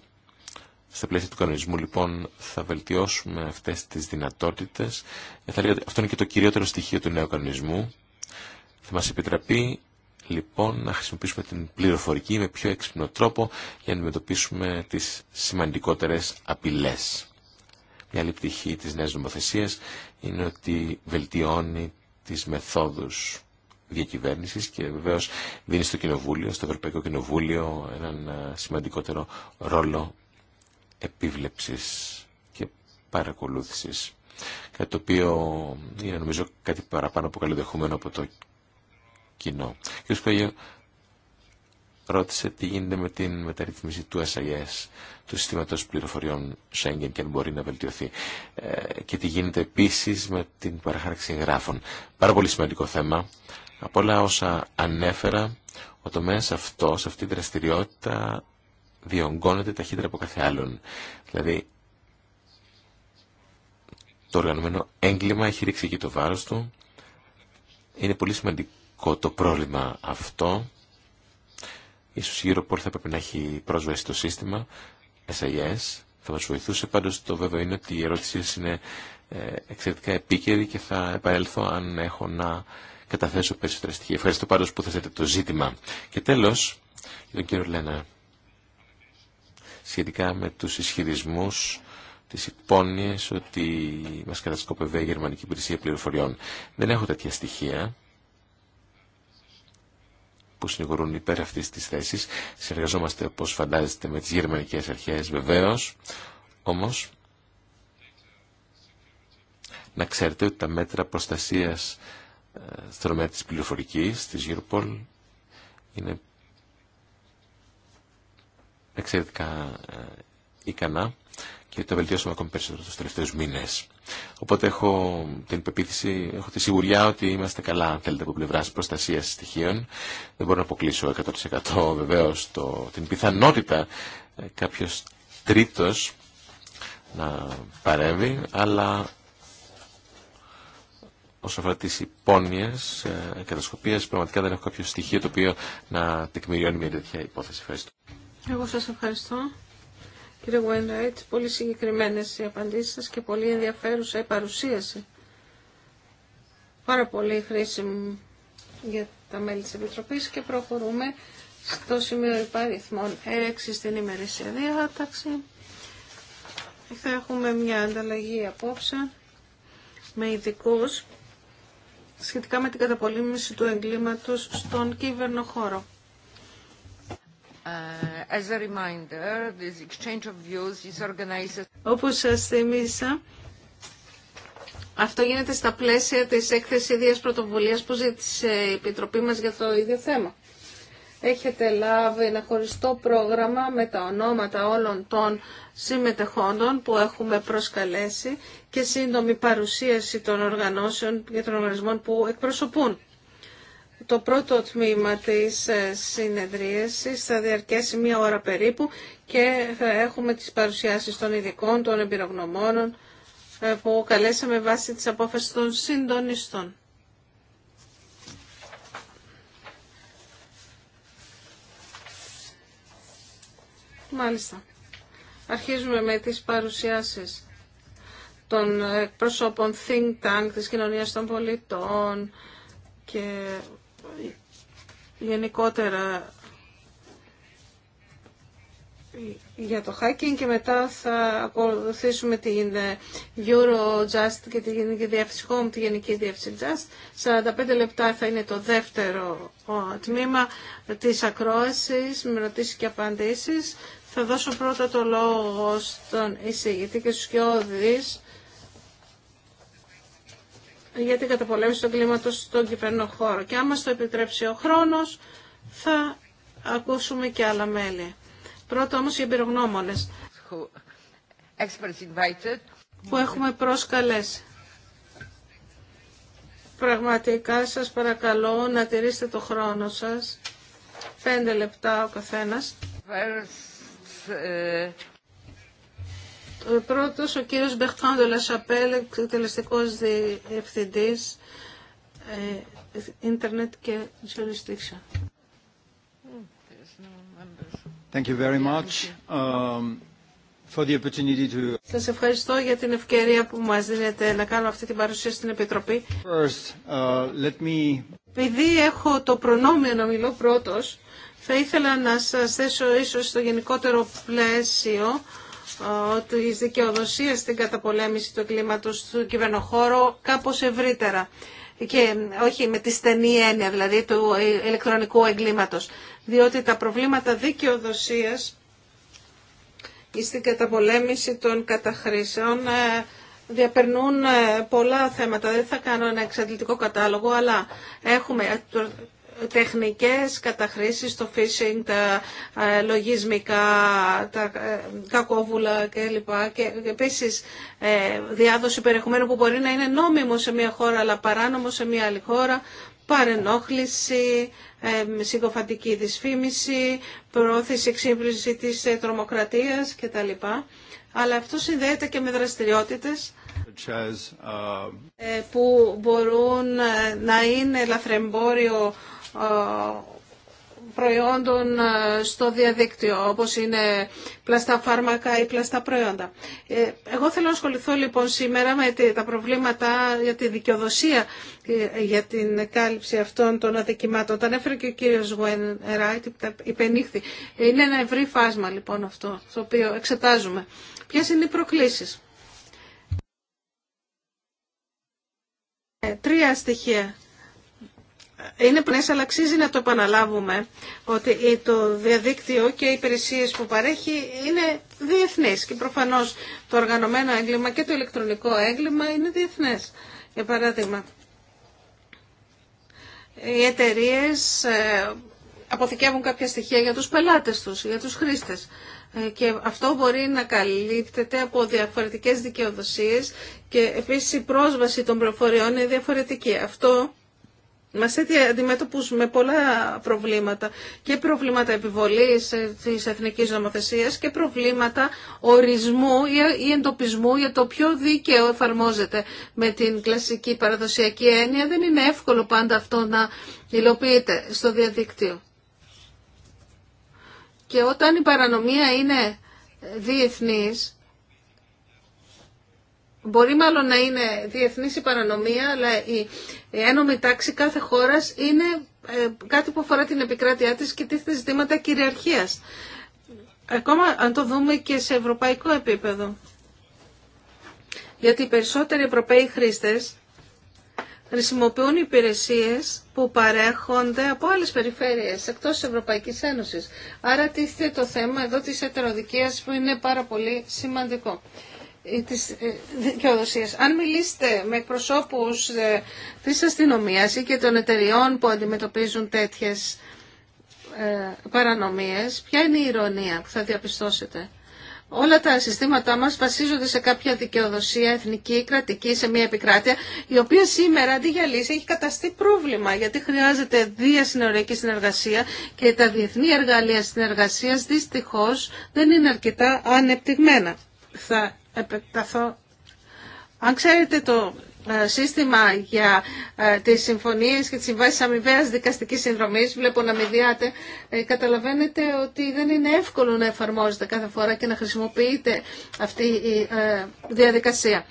Στα πλαίσια του κανονισμού λοιπόν θα βελτιώσουμε αυτές τις δυνατότητες. Ε, αυτό είναι και το κυριότερο στοιχείο του νέου κανονισμού. Θα μας επιτραπεί λοιπόν να χρησιμοποιήσουμε την πληροφορική με πιο έξυπνο τρόπο για να αντιμετωπίσουμε τις σημαντικότερες απειλές. Μια άλλη πτυχή της νέας νομοθεσίας είναι ότι βελτιώνει τις μεθόδους διακυβέρνησης και βεβαίως δίνει στο Κοινοβούλιο, στο Ευρωπαϊκό Κοινοβούλιο έναν ε, σημαντικότερο ρόλο επίβλεψης και παρακολούθησης. Κάτι το οποίο είναι νομίζω κάτι παραπάνω από καλοδεχούμενο από το κοινό. Κ. ρώτησε τι γίνεται με την μεταρρύθμιση του SIS, του συστήματος πληροφοριών Schengen και αν μπορεί να βελτιωθεί. Ε, και τι γίνεται επίση με την παραχάραξη εγγράφων. Πάρα πολύ σημαντικό θέμα. Από όλα όσα ανέφερα, ο αυτό, σε αυτή η δραστηριότητα διονγκώνεται ταχύτερα από κάθε άλλον. Δηλαδή, το οργανωμένο έγκλημα έχει ρίξει εκεί το βάρος του. Είναι πολύ σημαντικό το πρόβλημα αυτό. Ίσως η Europol θα έπρεπε να έχει πρόσβαση στο σύστημα SIS. Θα μα βοηθούσε. Πάντως το βέβαιο είναι ότι η ερώτησή είναι ε, εξαιρετικά επίκαιρη και θα επανέλθω αν έχω να καταθέσω περισσότερα στοιχεία. Ευχαριστώ πάντως που θέσατε το ζήτημα. Και τέλο, τον κύριο Λένα, σχετικά με του ισχυρισμού τις υπόνοιες ότι μας κατασκόπευε η Γερμανική Υπηρεσία Πληροφοριών. Δεν έχω τέτοια στοιχεία που συνηγορούν υπέρ αυτή τη θέση. Συνεργαζόμαστε, όπω φαντάζεστε, με τι γερμανικέ αρχέ βεβαίω. Όμω, να ξέρετε ότι τα μέτρα προστασίας ε, στον τομέα της πληροφορικής, της Europol, είναι εξαιρετικά ε, ικανά και το βελτιώσαμε ακόμη περισσότερο τους τελευταίους μήνες. Οπότε έχω την πεποίθηση, έχω τη σιγουριά ότι είμαστε καλά, αν θέλετε, από πλευρά προστασία στοιχείων. Δεν μπορώ να αποκλείσω 100% βεβαίω την πιθανότητα ε, κάποιος τρίτος να παρέμβει, αλλά Όσον αφορά τι υπόνοιε ε, κατασκοπία, πραγματικά δεν έχω κάποιο στοιχείο το οποίο να τεκμηριώνει μια τέτοια υπόθεση. Ευχαριστώ. Εγώ σα ευχαριστώ. Κύριε Γουέντρα, πολύ συγκεκριμένε οι απαντήσει σα και πολύ ενδιαφέρουσα η παρουσίαση. Πάρα πολύ χρήσιμη για τα μέλη τη Επιτροπή και προχωρούμε στο σημείο υπαριθμών έρεξη στην ημερήσια διάταξη. Θα έχουμε μια ανταλλαγή απόψε με ειδικού σχετικά με την καταπολέμηση του εγκλήματος στον κυβερνοχώρο. Ε, as a reminder, this exchange of views is organized... Όπως σας θυμίσα, αυτό γίνεται στα πλαίσια της έκθεσης ίδιας πρωτοβουλίας που ζήτησε η Επιτροπή μας για το ίδιο θέμα έχετε λάβει ένα χωριστό πρόγραμμα με τα ονόματα όλων των συμμετεχόντων που έχουμε προσκαλέσει και σύντομη παρουσίαση των οργανώσεων και των οργανισμών που εκπροσωπούν. Το πρώτο τμήμα της ε, συνεδρίασης θα διαρκέσει μία ώρα περίπου και θα έχουμε τις παρουσιάσεις των ειδικών, των εμπειρογνωμόνων ε, που καλέσαμε βάσει της απόφασης των συντονιστών. Μάλιστα. Αρχίζουμε με τις παρουσιάσεις των προσώπων think tank της κοινωνίας των πολιτών και γενικότερα για το hacking και μετά θα ακολουθήσουμε την Eurojust και τη Γενική Διεύθυνση Home, τη Γενική Διεύθυνση Just. 45 λεπτά θα είναι το δεύτερο τμήμα της ακρόασης με ρωτήσεις και απαντήσεις. Θα δώσω πρώτα το λόγο στον εισηγητή και στους κοιόδης για την καταπολέμηση των κλίματος στον κυβερνό χώρο. Και άμα το επιτρέψει ο χρόνος, θα ακούσουμε και άλλα μέλη. Πρώτα όμως οι εμπειρογνώμονες που έχουμε προσκαλέσει. Πραγματικά σας παρακαλώ να τηρήσετε το χρόνο σας. Πέντε λεπτά ο καθένας. Ο ε, ε, πρώτος, ο κύριος Μπεχτράν Λασαπέλ, εκτελεστικός διευθυντής ε, Ιντερνετ και Jurisdiction. Thank you very much. Um, for the opportunity to... Σας ευχαριστώ για την ευκαιρία που μας δίνετε να κάνω αυτή την παρουσία στην Επιτροπή. First, uh, let me... Επειδή έχω το προνόμιο να μιλώ πρώτος, θα ήθελα να σας θέσω ίσως στο γενικότερο πλαίσιο ε, τη δικαιοδοσία στην καταπολέμηση του κλίματος του κυβερνοχώρου κάπως ευρύτερα και όχι με τη στενή έννοια δηλαδή του ηλεκτρονικού εγκλήματος διότι τα προβλήματα δικαιοδοσία στην καταπολέμηση των καταχρήσεων ε, διαπερνούν ε, πολλά θέματα. Δεν θα κάνω ένα εξαντλητικό κατάλογο, αλλά έχουμε τεχνικές καταχρήσεις, το phishing, τα ε, λογισμικά, τα ε, κακόβουλα κλπ. Και επίσης ε, διάδοση περιεχομένου που μπορεί να είναι νόμιμο σε μια χώρα αλλά παράνομο σε μια άλλη χώρα, παρενόχληση, συγκοφαντική δυσφήμιση, προώθηση εξύπριση της τρομοκρατίας κτλ. Αλλά αυτό συνδέεται και με δραστηριότητες uh, που μπορούν να είναι λαθρεμπόριο ε, προϊόντων ε, στο διαδίκτυο, όπως είναι πλαστά φάρμακα ή πλαστά προϊόντα. Ε, εγώ θέλω να ασχοληθώ λοιπόν σήμερα με τα προβλήματα για τη δικαιοδοσία για την κάλυψη αυτών των αδικημάτων. Τα έφερε και ο κύριος Γουέν Ράιτ, υπενήχθη. Είναι ένα ευρύ φάσμα λοιπόν αυτό, το οποίο εξετάζουμε. Ποιε είναι οι προκλήσεις. Τρία στοιχεία είναι πνές, αλλά αξίζει να το επαναλάβουμε ότι το διαδίκτυο και οι υπηρεσίε που παρέχει είναι διεθνείς και προφανώς το οργανωμένο έγκλημα και το ηλεκτρονικό έγκλημα είναι διεθνές. Για παράδειγμα, οι εταιρείε ε, αποθηκεύουν κάποια στοιχεία για τους πελάτες τους, για τους χρήστες. Ε, και αυτό μπορεί να καλύπτεται από διαφορετικές δικαιοδοσίες και επίσης η πρόσβαση των προφοριών είναι διαφορετική. Αυτό Μα έτσι αντιμέτωπους με πολλά προβλήματα και προβλήματα επιβολής ε, τη εθνική νομοθεσία και προβλήματα ορισμού ή εντοπισμού για το ποιο δίκαιο εφαρμόζεται με την κλασική παραδοσιακή έννοια. Δεν είναι εύκολο πάντα αυτό να υλοποιείται στο διαδίκτυο. Και όταν η παρανομία είναι διεθνής, Μπορεί μάλλον να είναι διεθνής η παρανομία, αλλά η η ένωμη τάξη κάθε χώρα είναι ε, κάτι που αφορά την επικράτειά της και τίθεται ζητήματα κυριαρχίας. Ακόμα αν το δούμε και σε ευρωπαϊκό επίπεδο. Γιατί οι περισσότεροι ευρωπαίοι χρήστε χρησιμοποιούν υπηρεσίες που παρέχονται από άλλες περιφέρειες εκτός τη Ευρωπαϊκής Ένωση. Άρα τίθεται το θέμα εδώ της ετεροδικία που είναι πάρα πολύ σημαντικό. Ε, της ε, Αν μιλήσετε με προσώπους ε, της αστυνομίας ή και των εταιριών που αντιμετωπίζουν τέτοιες παρανομίες, ποια είναι η ηρωνία που θα διαπιστώσετε. Όλα τα συστήματά μας βασίζονται σε κάποια δικαιοδοσία εθνική, κρατική, σε μια επικράτεια, η οποία σήμερα αντί για λύση έχει καταστεί πρόβλημα, γιατί χρειάζεται διασυνοριακή συνεργασία και τα διεθνή εργαλεία συνεργασίας δυστυχώς δεν είναι αρκετά ανεπτυγμένα. Θα επεκταθώ. Αν ξέρετε το ε, σύστημα για ε, τις συμφωνίες και τις συμβάσεις αμοιβαία δικαστικής συνδρομής, βλέπω να με διάτε, ε, καταλαβαίνετε ότι δεν είναι εύκολο να εφαρμόζεται κάθε φορά και να χρησιμοποιείται αυτή η διαδικασία.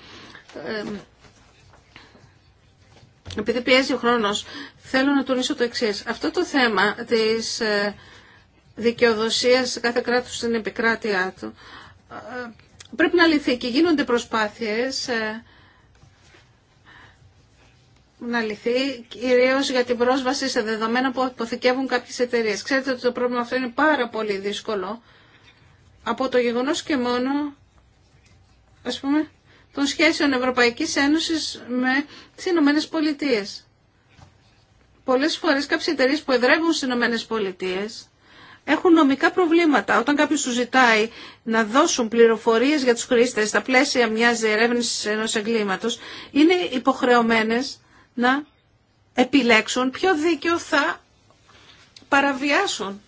Επειδή πιέζει ο χρόνος, θέλω να τονίσω το εξή. Αυτό το θέμα της δικαιοδοσίας κάθε κράτους στην επικράτειά του πρέπει να λυθεί και γίνονται προσπάθειες ε, να λυθεί κυρίω για την πρόσβαση σε δεδομένα που αποθηκεύουν κάποιες εταιρείε. Ξέρετε ότι το πρόβλημα αυτό είναι πάρα πολύ δύσκολο. Από το γεγονός και μόνο, ας πούμε, των σχέσεων Ευρωπαϊκής Ένωσης με τις Ηνωμένε Πολιτείε. Πολλές φορές κάποιες εταιρείε που εδρεύουν στις Ηνωμένε Πολιτείε έχουν νομικά προβλήματα. Όταν κάποιος του ζητάει να δώσουν πληροφορίες για τους χρήστες στα πλαίσια μιας διερεύνησης ενός εγκλήματος, είναι υποχρεωμένες να επιλέξουν ποιο δίκαιο θα παραβιάσουν.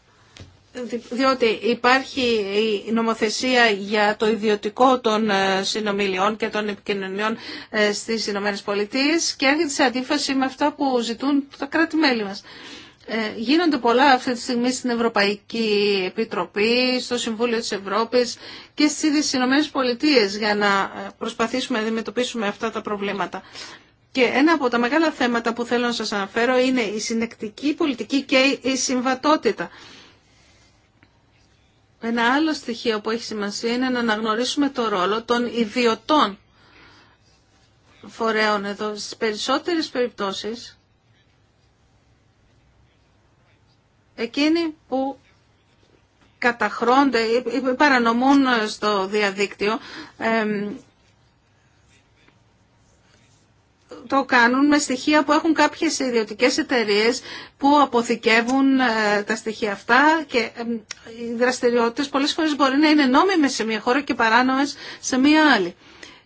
Διότι υπάρχει η νομοθεσία για το ιδιωτικό των ε, συνομιλιών και των επικοινωνιών ε, στις Ηνωμένες Πολιτείες και έρχεται σε αντίφαση με αυτά που ζητούν τα κράτη-μέλη μας. Ε, γίνονται πολλά αυτή τη στιγμή στην Ευρωπαϊκή Επιτροπή, στο Συμβούλιο της Ευρώπης και στις ίδιες Ηνωμένες Πολιτείες για να ε, προσπαθήσουμε να αντιμετωπίσουμε αυτά τα προβλήματα. Και ένα από τα μεγάλα θέματα που θέλω να σας αναφέρω είναι η συνεκτική πολιτική και η συμβατότητα. Ένα άλλο στοιχείο που έχει σημασία είναι να αναγνωρίσουμε το ρόλο των ιδιωτών φορέων εδώ. Στις περισσότερες περιπτώσεις Εκείνοι που καταχρώνται ή παρανομούν στο διαδίκτυο το κάνουν με στοιχεία που έχουν κάποιες ιδιωτικές εταιρείες που αποθηκεύουν ε, τα στοιχεία αυτά και οι δραστηριότητες πολλές φορές μπορεί να είναι νόμιμες σε μια χώρα και παράνομες σε μια άλλη.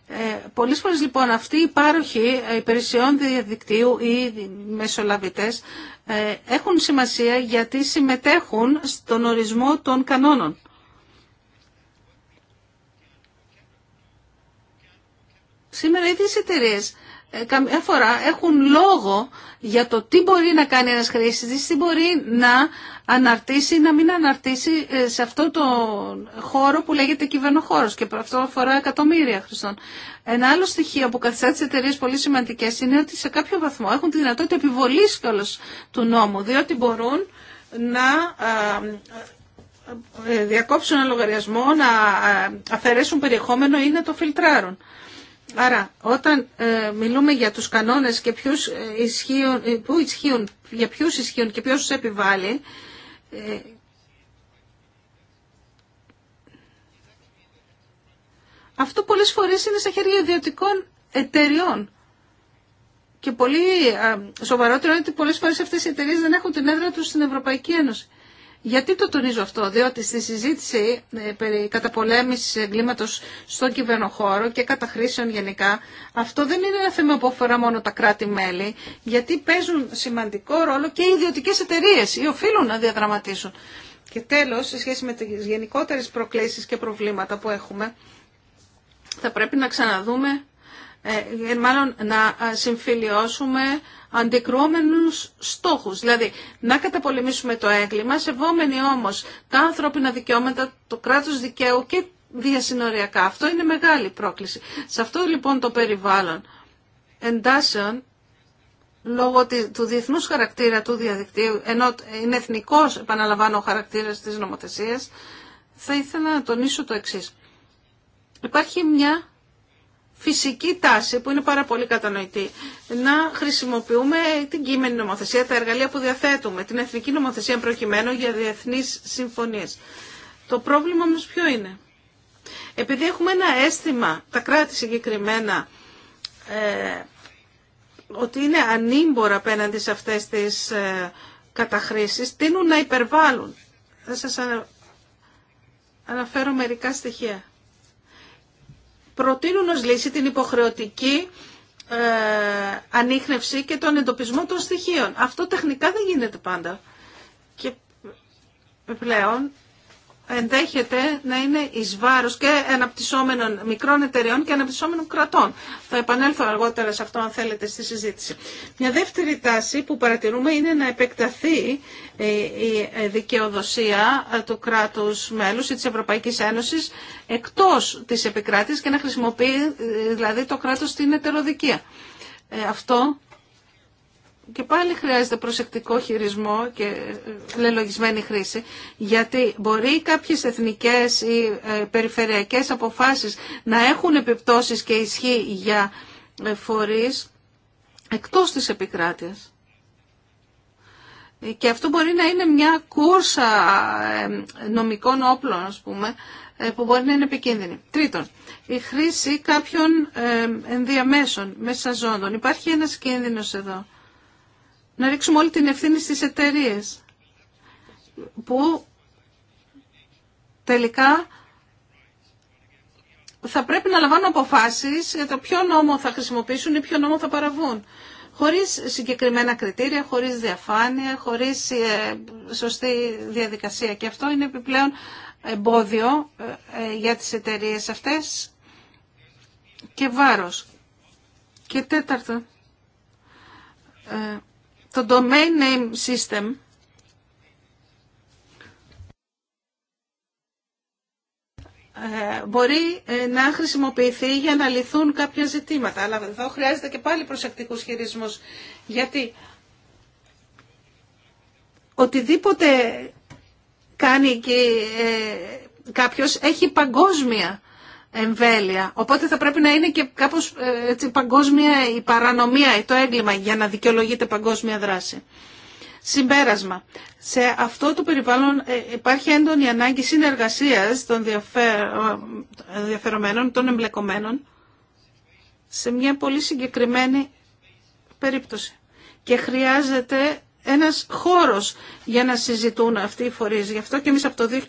Ε, πολλές φορές λοιπόν αυτοί οι πάροχοι ε, υπηρεσιών διαδικτύου ή μεσολαβητές ε, έχουν σημασία γιατί συμμετέχουν στον ορισμό των κανόνων. Σήμερα οι εταιρείε ε, καμιά φορά έχουν λόγο για το τι μπορεί να κάνει ένας χρήστης, τι μπορεί να αναρτήσει ή να μην αναρτήσει ε, σε αυτό το χώρο που λέγεται κυβερνοχώρος και αυτό αφορά εκατομμύρια χρηστών. Ένα άλλο στοιχείο που καθιστά τι εταιρείε πολύ σημαντικές είναι ότι σε κάποιο βαθμό έχουν τη δυνατότητα επιβολή κιόλας του νόμου, διότι μπορούν να ε, διακόψουν ένα λογαριασμό, να αφαιρέσουν περιεχόμενο ή να το φιλτράρουν. Άρα, όταν ε, μιλούμε για τους κανόνες και ποιους ε, ισχύουν, ε, που ισχύουν, για ποιους ισχύουν και ποιος τους επιβάλλει, αυτό πολλές φορές είναι στα χέρια ιδιωτικών εταιριών. Και πολύ σοβαρότερο είναι ότι πολλές φορές αυτές οι εταιρείες δεν έχουν την έδρα τους στην Ευρωπαϊκή Ένωση. Γιατί το τονίζω αυτό, διότι στη συζήτηση ε, περί καταπολέμησης εγκλήματος στον κυβερνοχώρο και καταχρήσεων γενικά, αυτό δεν είναι ένα θέμα που αφορά μόνο τα κράτη-μέλη, γιατί παίζουν σημαντικό ρόλο και οι ιδιωτικές εταιρείες οι οφείλουν να διαδραματίσουν. Και τέλος, σε σχέση με τις γενικότερες προκλήσεις και προβλήματα που έχουμε, θα πρέπει να ξαναδούμε ε, ε, μάλλον να ε, συμφιλιώσουμε αντικρουόμενους στόχους. Δηλαδή να καταπολεμήσουμε το έγκλημα, σεβόμενοι όμως τα ανθρώπινα δικαιώματα, το κράτος δικαίου και διασυνοριακά. Αυτό είναι μεγάλη πρόκληση. Σε αυτό λοιπόν το περιβάλλον εντάσεων λόγω του διεθνούς χαρακτήρα του διαδικτύου, ενώ είναι εθνικός, επαναλαμβάνω, ο χαρακτήρας της νομοθεσίας, θα ήθελα να τονίσω το εξής. Υπάρχει μια φυσική τάση που είναι πάρα πολύ κατανοητή να χρησιμοποιούμε την κείμενη νομοθεσία, τα εργαλεία που διαθέτουμε, την εθνική νομοθεσία προκειμένου για διεθνείς συμφωνίες. Το πρόβλημα όμω ποιο είναι. Επειδή έχουμε ένα αίσθημα, τα κράτη συγκεκριμένα, ε, ότι είναι ανήμπορα απέναντι σε αυτές τις ε, καταχρήσεις, τείνουν να υπερβάλλουν. Θα σας αναφέρω μερικά στοιχεία προτείνουν ως λύση την υποχρεωτική ε, ανείχνευση και τον εντοπισμό των στοιχείων. Αυτό τεχνικά δεν γίνεται πάντα. Και ε, ενδέχεται να είναι εις βάρος και αναπτυσσόμενων μικρών εταιρεών και αναπτυσσόμενων κρατών. Θα επανέλθω αργότερα σε αυτό αν θέλετε στη συζήτηση. Μια δεύτερη τάση που παρατηρούμε είναι να επεκταθεί ε, η ε, δικαιοδοσία ε, του κράτους μέλους ή της Ευρωπαϊκής Ένωσης εκτός της επικράτησης και να χρησιμοποιεί δηλαδή το κράτος στην ετεροδικία. Αυτό και πάλι χρειάζεται προσεκτικό χειρισμό και ε, λελογισμένη χρήση, γιατί μπορεί κάποιες εθνικές ή ε, περιφερειακές αποφάσεις να έχουν επιπτώσεις και ισχύ για ε, φορείς εκτός της επικράτειας. Και αυτό μπορεί να είναι μια κούρσα νομικών όπλων, ας πούμε, που μπορεί να είναι επικίνδυνη. Τρίτον, η χρήση κάποιων ενδιαμέσων, μεσαζόντων. Υπάρχει ένας η χρηση καποιων ενδιαμεσων ζωντων εδώ να ρίξουμε όλη την ευθύνη στις εταιρείε που τελικά θα πρέπει να λαμβάνουν αποφάσεις για το ποιο νόμο θα χρησιμοποιήσουν ή ποιο νόμο θα παραβούν. Χωρίς συγκεκριμένα κριτήρια, χωρίς διαφάνεια, χωρίς ε, σωστή διαδικασία. Και αυτό είναι επιπλέον εμπόδιο ε, ε, για τις εταιρείε αυτές και βάρος. Και τέταρτο το Domain Name System ε, μπορεί ε, να χρησιμοποιηθεί για να λυθούν κάποια ζητήματα. Αλλά εδώ χρειάζεται και πάλι προσεκτικός χειρισμός. Γιατί οτιδήποτε κάνει και ε, κάποιος έχει παγκόσμια εμβέλεια. Οπότε θα πρέπει να είναι και κάπω ε, παγκόσμια η παρανομία ή το έγκλημα για να δικαιολογείται παγκόσμια δράση. Συμπέρασμα. Σε αυτό το περιβάλλον ε, υπάρχει έντονη ανάγκη συνεργασίας των ε, ενδιαφερομένων, των εμπλεκομένων, σε μια πολύ συγκεκριμένη περίπτωση. Και χρειάζεται ένας χώρος για να συζητούν αυτοί οι φορείς. Γι' αυτό και εμείς από το 2012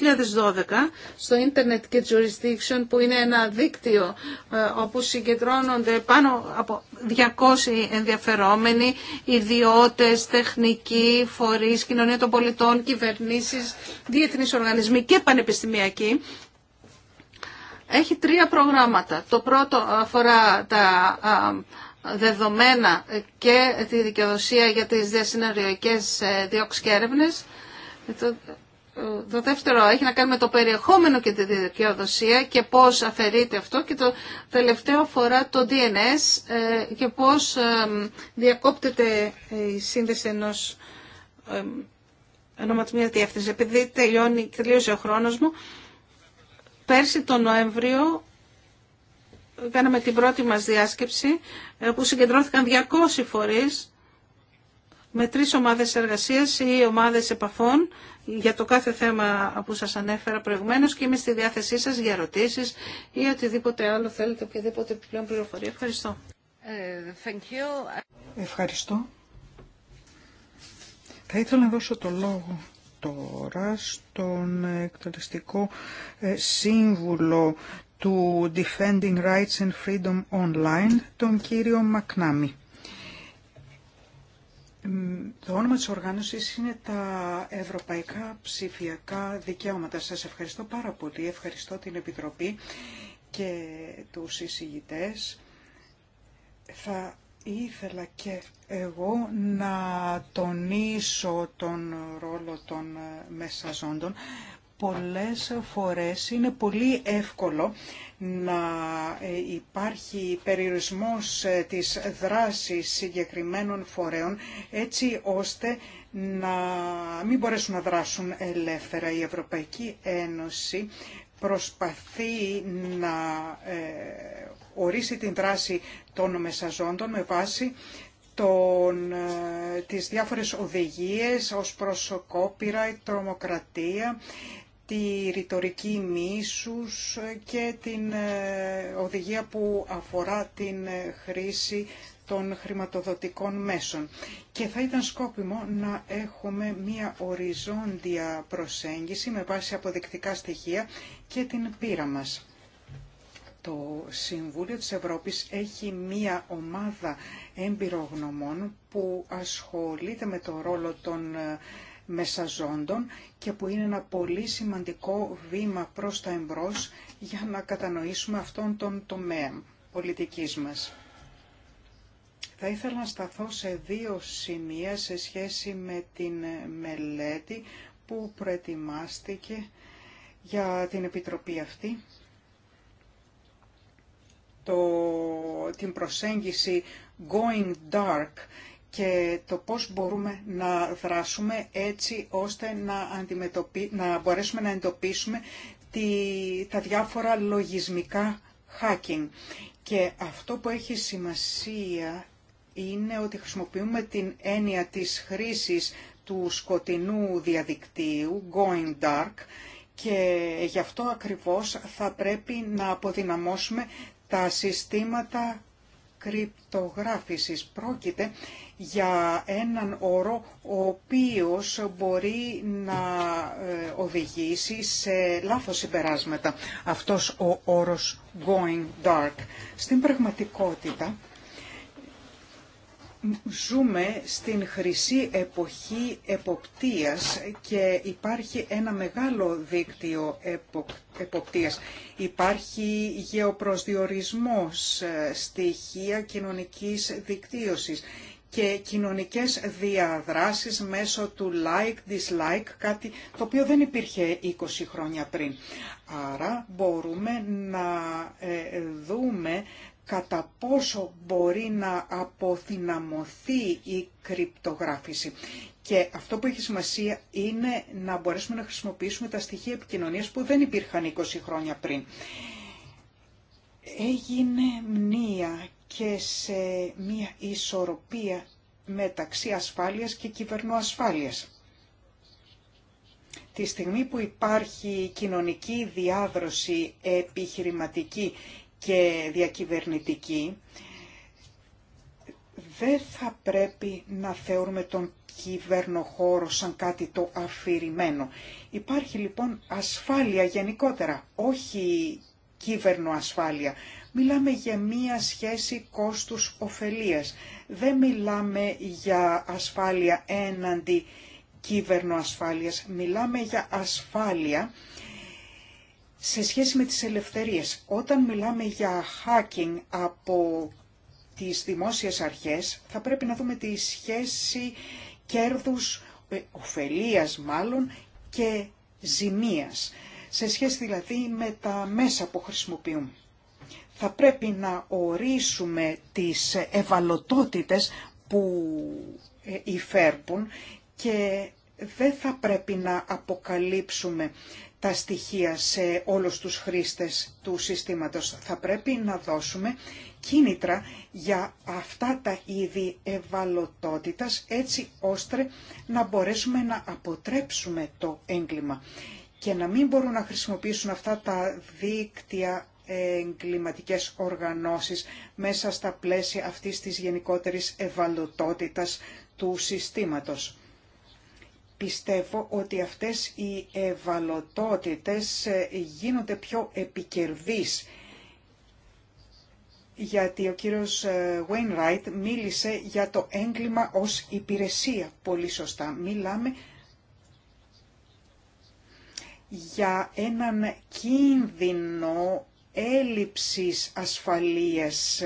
στο Internet και Jurisdiction που είναι ένα δίκτυο ε, όπου συγκεντρώνονται πάνω από 200 ενδιαφερόμενοι, ιδιώτες, τεχνικοί, φορείς, κοινωνία των πολιτών, κυβερνήσεις, διεθνείς οργανισμοί και πανεπιστημιακοί έχει τρία προγράμματα. Το πρώτο αφορά τα δεδομένα και τη δικαιοδοσία για τις διασυνεργειακές ε, διώξεις και έρευνες. Το, δεύτερο έχει να κάνει με το περιεχόμενο και τη δικαιοδοσία και πώς αφαιρείται αυτό. Και το τελευταίο αφορά το DNS ε, και πώς διακόπτεται η σύνδεση ενός ενώματος μία Επειδή τελειώνει, τελείωσε ο χρόνος μου, πέρσι τον Νοέμβριο κάναμε την πρώτη μας διάσκεψη ε, που συγκεντρώθηκαν 200 φορείς με τρεις ομάδες εργασίας ή ομάδες επαφών για το κάθε θέμα που σας ανέφερα προηγουμένως και είμαι στη διάθεσή σας για ερωτήσεις ή οτιδήποτε άλλο θέλετε, οποιαδήποτε επιπλέον πληροφορία. Ευχαριστώ. Ε, Ευχαριστώ. Θα ήθελα να δώσω το λόγο τώρα στον εκτελεστικό ε, σύμβουλο του Defending Rights and Freedom Online, τον κύριο Μακνάμι. Το όνομα της οργάνωσης είναι τα Ευρωπαϊκά Ψηφιακά Δικαιώματα. Σας ευχαριστώ πάρα πολύ. Ευχαριστώ την Επιτροπή και τους εισηγητές. Θα ήθελα και εγώ να τονίσω τον ρόλο των μεσαζόντων πολλές φορές είναι πολύ εύκολο να ε, υπάρχει περιορισμός ε, της δράσης συγκεκριμένων φορέων έτσι ώστε να μην μπορέσουν να δράσουν ελεύθερα. Η Ευρωπαϊκή Ένωση προσπαθεί να ε, ορίσει την δράση των μεσαζόντων με βάση των, τις διάφορες οδηγίες ως προσοκόπηρα, η τρομοκρατία, τη ρητορική μίσους και την ε, οδηγία που αφορά την ε, χρήση των χρηματοδοτικών μέσων. Και θα ήταν σκόπιμο να έχουμε μία οριζόντια προσέγγιση με βάση αποδεικτικά στοιχεία και την πείρα μας. Το Συμβούλιο της Ευρώπης έχει μία ομάδα εμπειρογνωμών που ασχολείται με το ρόλο των ε, μεσαζόντων και που είναι ένα πολύ σημαντικό βήμα προς τα εμπρός για να κατανοήσουμε αυτόν τον τομέα πολιτικής μας. Θα ήθελα να σταθώ σε δύο σημεία σε σχέση με την μελέτη που προετοιμάστηκε για την Επιτροπή αυτή. Το, την προσέγγιση «Going Dark» και το πώς μπορούμε να δράσουμε έτσι ώστε να, αντιμετωπί... να μπορέσουμε να εντοπίσουμε τη... τα διάφορα λογισμικά hacking. Και αυτό που έχει σημασία είναι ότι χρησιμοποιούμε την έννοια της χρήσης του σκοτεινού διαδικτύου, going dark, και γι' αυτό ακριβώς θα πρέπει να αποδυναμώσουμε τα συστήματα κρυπτογράφησης. Πρόκειται για έναν όρο ο οποίος μπορεί να ε, οδηγήσει σε λάθος συμπεράσματα. Αυτός ο όρος going dark. Στην πραγματικότητα Ζούμε στην χρυσή εποχή εποπτείας και υπάρχει ένα μεγάλο δίκτυο εποπτείας. Υπάρχει γεωπροσδιορισμός, ε, στοιχεία κοινωνικής δικτύωσης και κοινωνικές διαδράσεις μέσω του like, dislike, κάτι το οποίο δεν υπήρχε 20 χρόνια πριν. Άρα μπορούμε να ε, δούμε κατά πόσο μπορεί να αποθυναμωθεί η κρυπτογράφηση. Και αυτό που έχει σημασία είναι να μπορέσουμε να χρησιμοποιήσουμε τα στοιχεία επικοινωνίας που δεν υπήρχαν 20 χρόνια πριν. Έγινε μνήα και σε μία ισορροπία μεταξύ ασφάλειας και κυβερνοασφάλειας. Τη στιγμή που υπάρχει κοινωνική διάδροση επιχειρηματική και διακυβερνητική, δεν θα πρέπει να θεωρούμε τον κυβερνοχώρο σαν κάτι το αφηρημένο. Υπάρχει λοιπόν ασφάλεια γενικότερα, όχι κυβερνοασφάλεια. Μιλάμε για μία σχέση κόστους-οφελίας. Δεν μιλάμε για ασφάλεια έναντι κυβερνοασφάλειας. Μιλάμε για ασφάλεια σε σχέση με τις ελευθερίες. Όταν μιλάμε για hacking από τις δημόσιες αρχές, θα πρέπει να δούμε τη σχέση κέρδους, ε, ωφελίας μάλλον, και ζημίας. Σε σχέση δηλαδή με τα μέσα που χρησιμοποιούμε. Θα πρέπει να ορίσουμε τις ευαλωτότητες που ε, υφέρπουν και δεν θα πρέπει να αποκαλύψουμε τα στοιχεία σε όλους τους χρήστες του συστήματος. Θα πρέπει να δώσουμε κίνητρα για αυτά τα είδη ευαλωτότητας έτσι ώστε να μπορέσουμε να αποτρέψουμε το έγκλημα και να μην μπορούν να χρησιμοποιήσουν αυτά τα δίκτυα εγκληματικές οργανώσεις μέσα στα πλαίσια αυτής της γενικότερης ευαλωτότητας του συστήματος πιστεύω ότι αυτές οι ευαλωτότητες ε, γίνονται πιο επικερδείς γιατί ο κύριος ε, Wainwright μίλησε για το έγκλημα ως υπηρεσία. Πολύ σωστά μιλάμε για έναν κίνδυνο έλλειψης ασφαλείας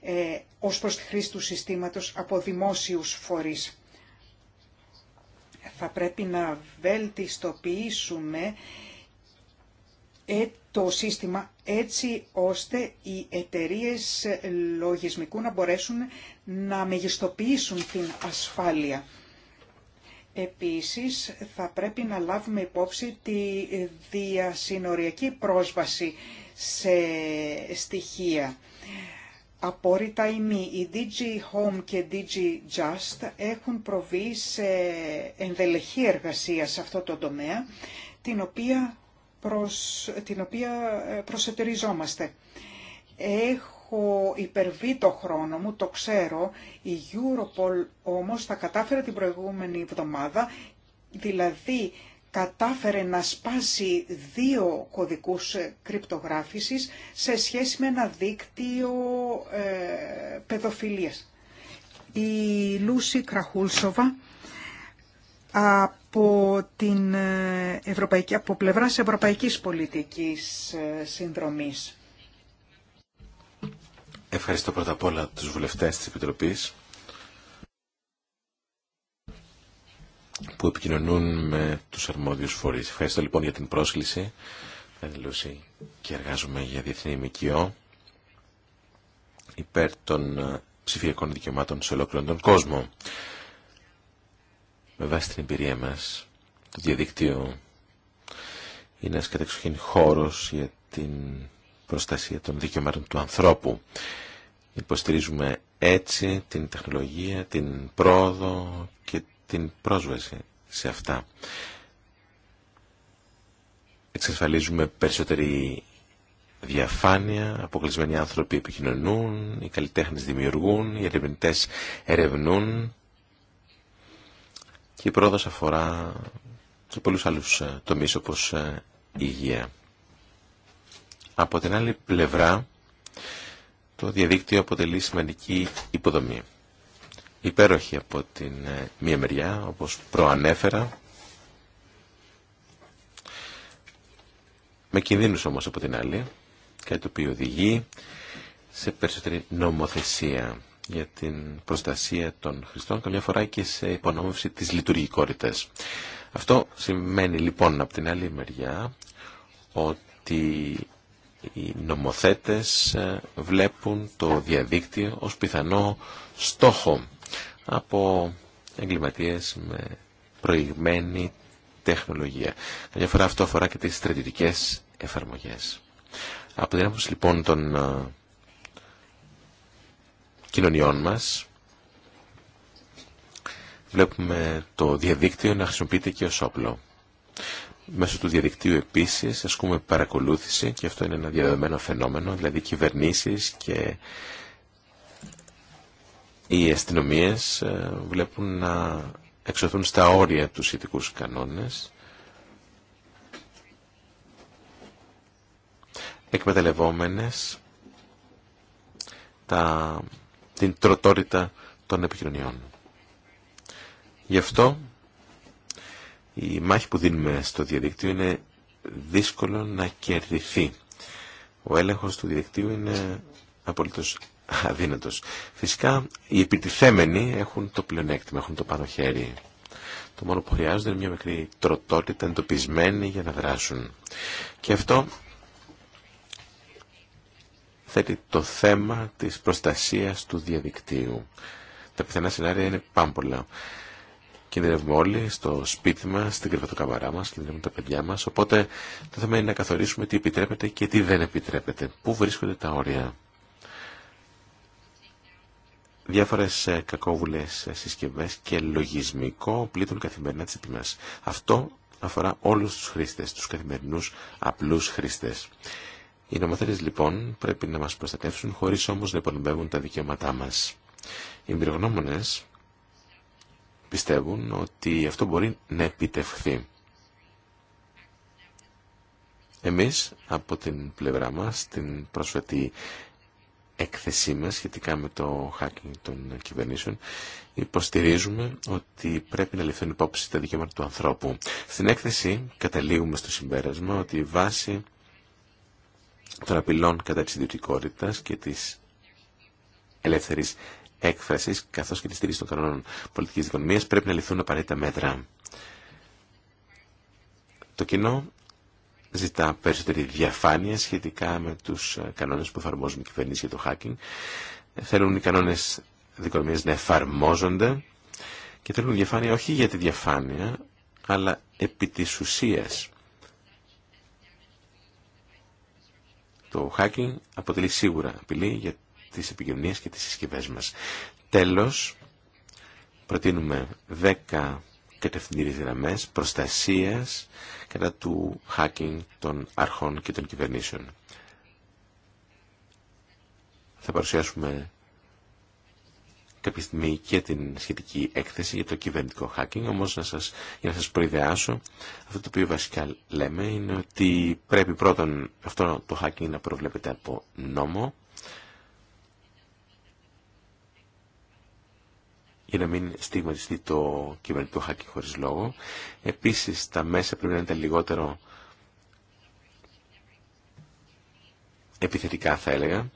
ε, ως προς τη χρήση του συστήματος από δημόσιους φορείς θα πρέπει να βελτιστοποιήσουμε ε, το σύστημα έτσι ώστε οι εταιρείες λογισμικού να μπορέσουν να μεγιστοποιήσουν την ασφάλεια. Επίσης, θα πρέπει να λάβουμε υπόψη τη διασυνοριακή πρόσβαση σε στοιχεία απόρριτα ή μη. Η DG Home και DG Just έχουν προβεί σε ενδελεχή εργασία σε αυτό το τομέα, την οποία, προς, την οποία ε, προσετεριζόμαστε. Έχω υπερβεί το χρόνο μου, το ξέρω, η Europol όμως θα κατάφερε την προηγούμενη εβδομάδα, δηλαδή κατάφερε να σπάσει δύο κωδικούς κρυπτογράφησης σε σχέση με ένα δίκτυο ε, Η Λούση Κραχούλσοβα από, την ε, Ευρωπαϊκή, από πλευράς Ευρωπαϊκής Πολιτικής ε, Συνδρομής. Ευχαριστώ πρώτα απ' όλα τους βουλευτές της Επιτροπής που επικοινωνούν με τους αρμόδιους φορείς. Ευχαριστώ λοιπόν για την πρόσκληση. Λούση και εργάζομαι για Διεθνή ΜΚΟ υπέρ των ε, ψηφιακών δικαιωμάτων σε ολόκληρον τον κόσμο. Με βάση την εμπειρία μας, το διαδικτύο είναι ένας κατεξοχήν χώρος για την προστασία των δικαιωμάτων του ανθρώπου. Υποστηρίζουμε έτσι την τεχνολογία, την πρόοδο και την πρόσβαση σε αυτά. Εξασφαλίζουμε περισσότερη διαφάνεια, αποκλεισμένοι άνθρωποι επικοινωνούν, οι καλλιτέχνες δημιουργούν, οι ερευνητέ ερευνούν και η πρόοδος αφορά και πολλούς άλλους ε, τομείς όπως η ε, υγεία. Από την άλλη πλευρά, το διαδίκτυο αποτελεί σημαντική υποδομή υπέροχη από την ε, μία μεριά, όπως προανέφερα, με κινδύνους όμως από την άλλη, κάτι το οποίο οδηγεί σε περισσότερη νομοθεσία για την προστασία των χρηστών, καμιά φορά και σε υπονόμευση της λειτουργικότητας. Αυτό σημαίνει λοιπόν από την άλλη μεριά ότι οι νομοθέτες ε, βλέπουν το διαδίκτυο ως πιθανό στόχο από εγκληματίες με προηγμένη τεχνολογία. Καμιά αυτό αφορά και τις στρατιωτικές εφαρμογές. Από την άποψη λοιπόν των ε, κοινωνιών μας βλέπουμε το διαδίκτυο να χρησιμοποιείται και ως όπλο. Μέσω του διαδικτύου επίσης ασκούμε παρακολούθηση και αυτό είναι ένα διαδεδομένο φαινόμενο, δηλαδή κυβερνήσεις και οι αστυνομίε ε, βλέπουν να εξωθούν στα όρια του σχετικού κανόνες εκμεταλλευόμενες τα, την τροτόρυτα των επικοινωνιών. Γι' αυτό η μάχη που δίνουμε στο διαδίκτυο είναι δύσκολο να κερδιθεί. Ο έλεγχος του διαδικτύου είναι απολύτως αδύνατος. Φυσικά οι επιτιθέμενοι έχουν το πλεονέκτημα, έχουν το πάνω χέρι. Το μόνο που χρειάζονται είναι μια μικρή τροτότητα εντοπισμένη για να δράσουν. Και αυτό θέτει το θέμα της προστασίας του διαδικτύου. Τα πιθανά σενάρια είναι πάμπολα. Κινδυνεύουμε όλοι στο σπίτι μας, στην κρυβατοκαμαρά μας, κινδυνεύουμε τα παιδιά μας, οπότε το θέμα είναι να καθορίσουμε τι επιτρέπεται και τι δεν επιτρέπεται. Πού βρίσκονται τα όρια διάφορες ε, κακόβουλες ε, συσκευές και λογισμικό πλήττουν καθημερινά τις τιμέ. Αυτό αφορά όλους τους χρήστες, τους καθημερινούς απλούς χρήστες. Οι νομοθέτες λοιπόν πρέπει να μας προστατεύσουν χωρίς όμως να υπονομεύουν τα δικαιώματά μας. Οι εμπειρογνώμονες πιστεύουν ότι αυτό μπορεί να επιτευχθεί. Εμείς από την πλευρά μας, την πρόσφατη έκθεσή μας σχετικά με το hacking των κυβερνήσεων υποστηρίζουμε ότι πρέπει να ληφθούν υπόψη τα δικαιώματα του ανθρώπου. Στην έκθεση καταλήγουμε στο συμπέρασμα ότι η βάση των απειλών κατά της ιδιωτικότητας και της ελεύθερης έκφρασης καθώς και τη στήριξη των κανόνων πολιτικής δικονομίας πρέπει να ληφθούν απαραίτητα μέτρα. Το κοινό ζητά περισσότερη διαφάνεια σχετικά με τους ε, κανόνες που εφαρμόζουν οι κυβερνήσεις για το hacking. Θέλουν οι κανόνες δικονομίας να εφαρμόζονται και θέλουν διαφάνεια όχι για τη διαφάνεια, αλλά επί της ουσίας. Το hacking αποτελεί σίγουρα απειλή για τις επικοινωνίες και τις συσκευές μας. Τέλος, προτείνουμε 10 κατευθυντήριες γραμμέ προστασίας κατά του hacking των αρχών και των κυβερνήσεων. Θα παρουσιάσουμε κάποια στιγμή και την σχετική έκθεση για το κυβερνητικό hacking, όμως να σας, για να σας προειδεάσω, αυτό το οποίο βασικά λέμε είναι ότι πρέπει πρώτον αυτό το hacking να προβλέπεται από νόμο, για να μην στιγματιστεί το κυβερνητικό χάκι χωρίς λόγο. Επίσης, τα μέσα πρέπει να είναι τα λιγότερο επιθετικά, θα έλεγα,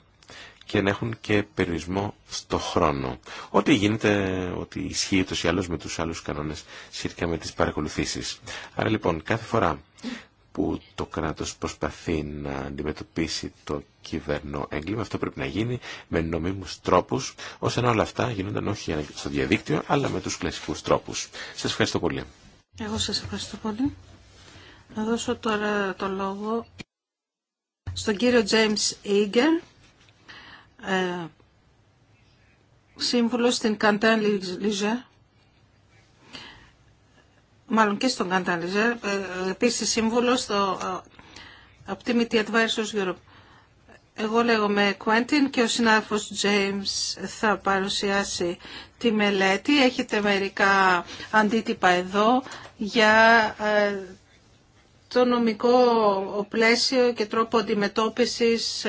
και να έχουν και περιορισμό στο χρόνο. Ό,τι γίνεται, ότι ισχύει το ή άλλως με τους άλλους κανόνες σχετικά με τις παρακολουθήσει. Άρα λοιπόν, κάθε φορά που το κράτος προσπαθεί να αντιμετωπίσει το κυβερνό έγκλημα. Αυτό πρέπει να γίνει με νομίμους τρόπους, ώστε να όλα αυτά γίνονταν όχι στο διαδίκτυο, αλλά με τους κλασικούς τρόπους. Σας ευχαριστώ πολύ. Εγώ σας ευχαριστώ πολύ. Να δώσω τώρα το λόγο στον κύριο James Eager, ε, σύμβουλο στην Καντάν Λιζέ μάλλον και στον Καντάλιζερ, ε, Επίση σύμβουλο στο ε, Optimity Advisors Europe. Εγώ λέγομαι Quentin και ο συνάδελφος James θα παρουσιάσει τη μελέτη. Έχετε μερικά αντίτυπα εδώ για ε, το νομικό πλαίσιο και τρόπο αντιμετώπισης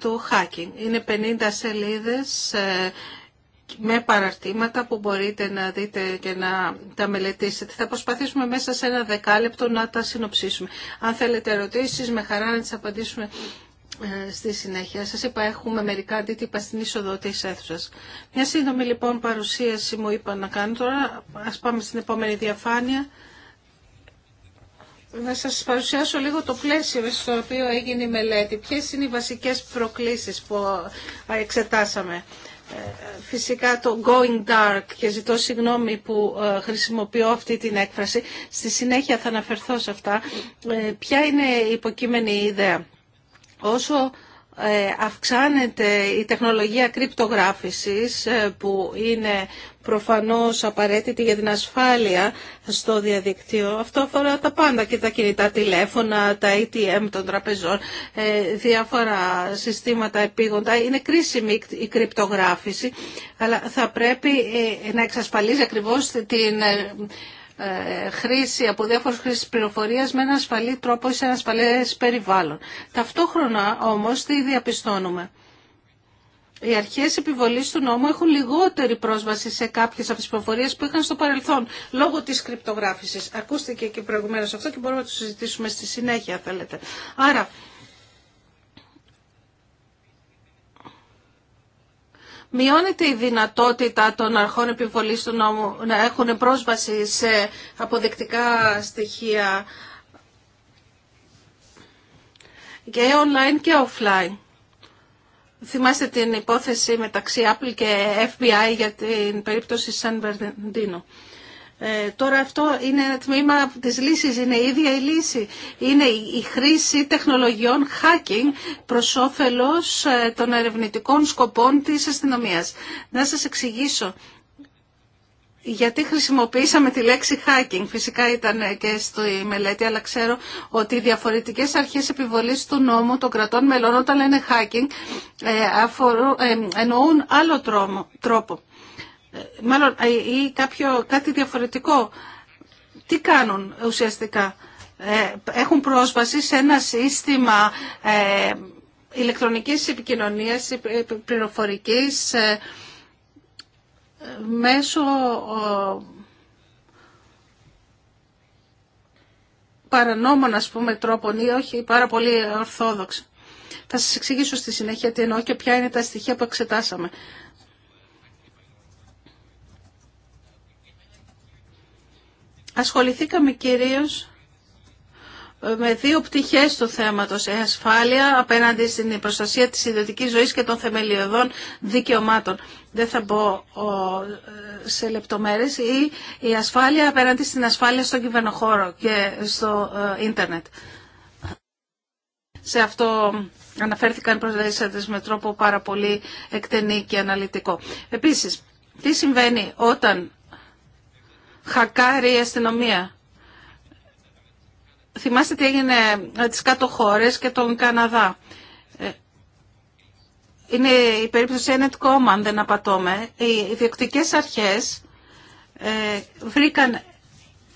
του hacking. Είναι 50 σελίδες με παραρτήματα που μπορείτε να δείτε και να τα μελετήσετε. Θα προσπαθήσουμε μέσα σε ένα δεκάλεπτο να τα συνοψίσουμε. Αν θέλετε ερωτήσεις, με χαρά να τις απαντήσουμε ε, στη συνέχεια. Σας είπα, έχουμε μερικά αντίτυπα στην είσοδο της αίθουσας. Μια σύντομη λοιπόν παρουσίαση μου είπα να κάνω τώρα. Ας πάμε στην επόμενη διαφάνεια. Να σας παρουσιάσω λίγο το πλαίσιο στο οποίο έγινε η μελέτη. Ποιες είναι οι βασικές προκλήσεις που εξετάσαμε φυσικά το going dark και ζητώ συγγνώμη που ε, χρησιμοποιώ αυτή την έκφραση. Στη συνέχεια θα αναφερθώ σε αυτά. Ε, ποια είναι η υποκείμενη ιδέα. Όσο ε, αυξάνεται η τεχνολογία κρυπτογράφησης ε, που είναι προφανώς απαραίτητη για την ασφάλεια στο διαδικτύο. Αυτό αφορά τα πάντα και τα κινητά τηλέφωνα, τα ATM των τραπεζών, ε, διάφορα συστήματα επίγοντα. Είναι κρίσιμη η κρυπτογράφηση, αλλά θα πρέπει να εξασφαλίζει ακριβώς την ε, χρήση από διάφορες χρήσεις πληροφορία με ένα ασφαλή τρόπο ή σε ένα ασφαλέ περιβάλλον. Ταυτόχρονα όμως τι διαπιστώνουμε. Οι αρχές επιβολής του νόμου έχουν λιγότερη πρόσβαση σε κάποιες από τι πληροφορίε που είχαν στο παρελθόν λόγω της κρυπτογράφησης. Ακούστηκε και προηγουμένω αυτό και μπορούμε να το συζητήσουμε στη συνέχεια θέλετε. Άρα μειώνεται η δυνατότητα των αρχών επιβολής του νόμου να έχουν πρόσβαση σε αποδεκτικά στοιχεία και online και offline. Θυμάστε την υπόθεση μεταξύ Apple και FBI για την περίπτωση Σαν Βερντίνο. Ε, τώρα αυτό είναι ένα τμήμα της λύσης, είναι η ίδια η λύση. Είναι η χρήση τεχνολογιών hacking προς όφελος ε, των ερευνητικών σκοπών της αστυνομίας. Να σας εξηγήσω. Γιατί χρησιμοποίησαμε τη λέξη hacking. Φυσικά ήταν και στη μελέτη, αλλά ξέρω ότι οι διαφορετικές αρχές επιβολής του νόμου των κρατών μελών όταν λένε hacking ε, ε, εννοούν άλλο τρόπο μάλλον ε, ή κάποιο, κάτι διαφορετικό. Τι κάνουν ουσιαστικά. Ε, έχουν πρόσβαση σε ένα σύστημα ε, ηλεκτρονικής επικοινωνίας, πληροφορικής, μέσω παρανόμων ας πούμε τρόπων ή όχι πάρα πολύ ορθόδοξα. Θα σας εξηγήσω στη συνέχεια τι εννοώ και ποια είναι τα στοιχεία που εξετάσαμε. ασχοληθήκαμε κυρίως ε, με δύο πτυχές του θέματος, η ε, ασφάλεια απέναντι στην προστασία της ιδιωτικής ζωής και των θεμελιωδών δικαιωμάτων. Δεν θα μπω σε λεπτομέρειες. Ή η ασφάλεια απέναντι στην ασφάλεια στον κυβερνοχώρο και στο ε, ίντερνετ. Σε αυτό αναφέρθηκαν προσδέσεις με τρόπο πάρα πολύ εκτενή και αναλυτικό. Επίσης, τι συμβαίνει όταν χακάρει η αστυνομία. Θυμάστε τι έγινε με τις κάτω χώρες και τον Καναδά. Ε, είναι η περίπτωση Enet αν δεν απατώμε. Οι ιδιοκτικές αρχές ε, βρήκαν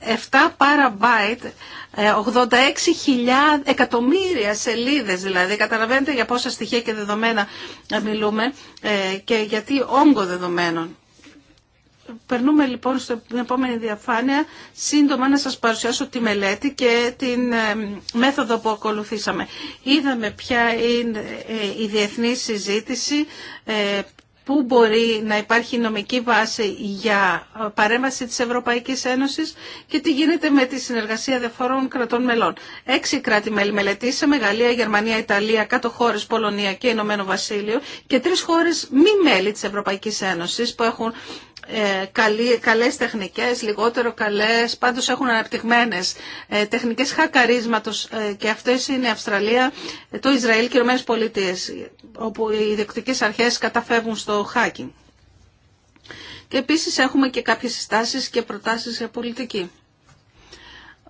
7 παραμπάιτ, 86 ε, εκατομμύρια σελίδες δηλαδή, καταλαβαίνετε για πόσα στοιχεία και δεδομένα μιλούμε και γιατί όγκο δεδομένων. Περνούμε λοιπόν στην επόμενη διαφάνεια σύντομα να σας παρουσιάσω τη μελέτη και την ε, μέθοδο που ακολουθήσαμε. Είδαμε ποια είναι ε, η διεθνή συζήτηση, ε, πού μπορεί να υπάρχει νομική βάση για παρέμβαση της Ευρωπαϊκής Ένωσης και τι γίνεται με τη συνεργασία διαφορών κρατών μελών. Έξι κράτη-μέλη μελετήσαμε, Γαλλία, Γερμανία, Ιταλία, κάτω χώρες, Πολωνία και Ηνωμένο Βασίλειο και τρεις χώρες μη μέλη της Ευρωπαϊκής Ένωσης που έχουν ε, καλές τεχνικές, λιγότερο καλές, πάντως έχουν αναπτυγμένες ε, τεχνικές χακαρίσματος ε, και αυτές είναι η Αυστραλία, το Ισραήλ και οι όπου οι διεκτικές αρχές καταφεύγουν στο hacking. Και επίσης έχουμε και κάποιες συστάσεις και προτάσεις για πολιτική.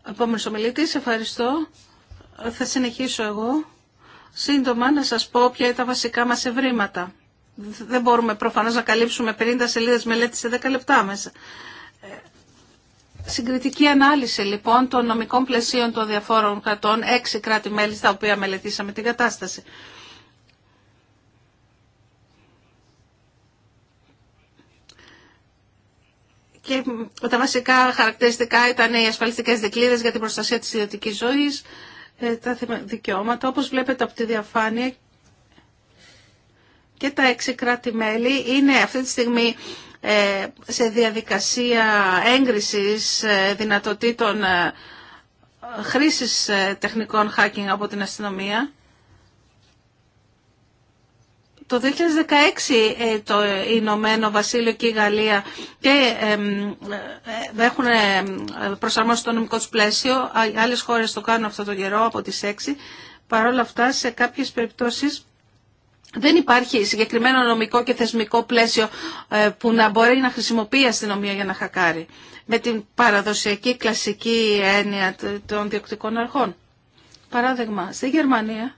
Επόμενος ομιλητής, ευχαριστώ. Θα συνεχίσω εγώ. Σύντομα να σας πω ποια είναι τα βασικά μας ευρήματα δεν μπορούμε προφανώς να καλύψουμε 50 σελίδες μελέτη σε 10 λεπτά μέσα. Ε, συγκριτική ανάλυση λοιπόν των νομικών πλαισίων των διαφόρων κρατών, έξι κράτη-μέλη στα οποία μελετήσαμε την κατάσταση. Και τα βασικά χαρακτηριστικά ήταν οι ασφαλιστικές δικλείδες για την προστασία της ιδιωτικής ζωής, ε, τα δικαιώματα, όπως βλέπετε από τη διαφάνεια και τα έξι κράτη-μέλη είναι αυτή τη στιγμή ε, σε διαδικασία έγκρισης ε, δυνατοτήτων ε, χρήσης τεχνικών hacking από την αστυνομία. Το 2016 το Ηνωμένο Βασίλειο και η Γαλλία και έχουν προσαρμόσει το νομικό τους πλαίσιο. Άλλες χώρες το κάνουν αυτό το καιρό από τις 6. Παρ' όλα αυτά σε κάποιες περιπτώσεις δεν υπάρχει συγκεκριμένο νομικό και θεσμικό πλαίσιο ε, που να μπορεί να χρησιμοποιεί η αστυνομία για να χακάρει με την παραδοσιακή κλασική έννοια των διοκτικών αρχών. Παράδειγμα, στη Γερμανία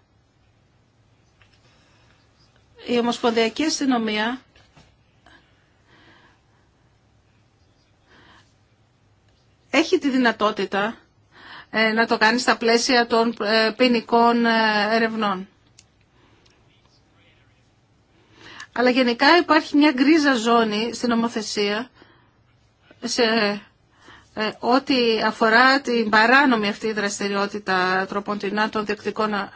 η Ομοσπονδιακή Αστυνομία έχει τη δυνατότητα ε, να το κάνει στα πλαίσια των ε, ποινικών ερευνών. Αλλά γενικά υπάρχει μια γκρίζα ζώνη στην νομοθεσία σε ε, ό,τι αφορά την παράνομη αυτή η δραστηριότητα τροποντινά των διεκτικών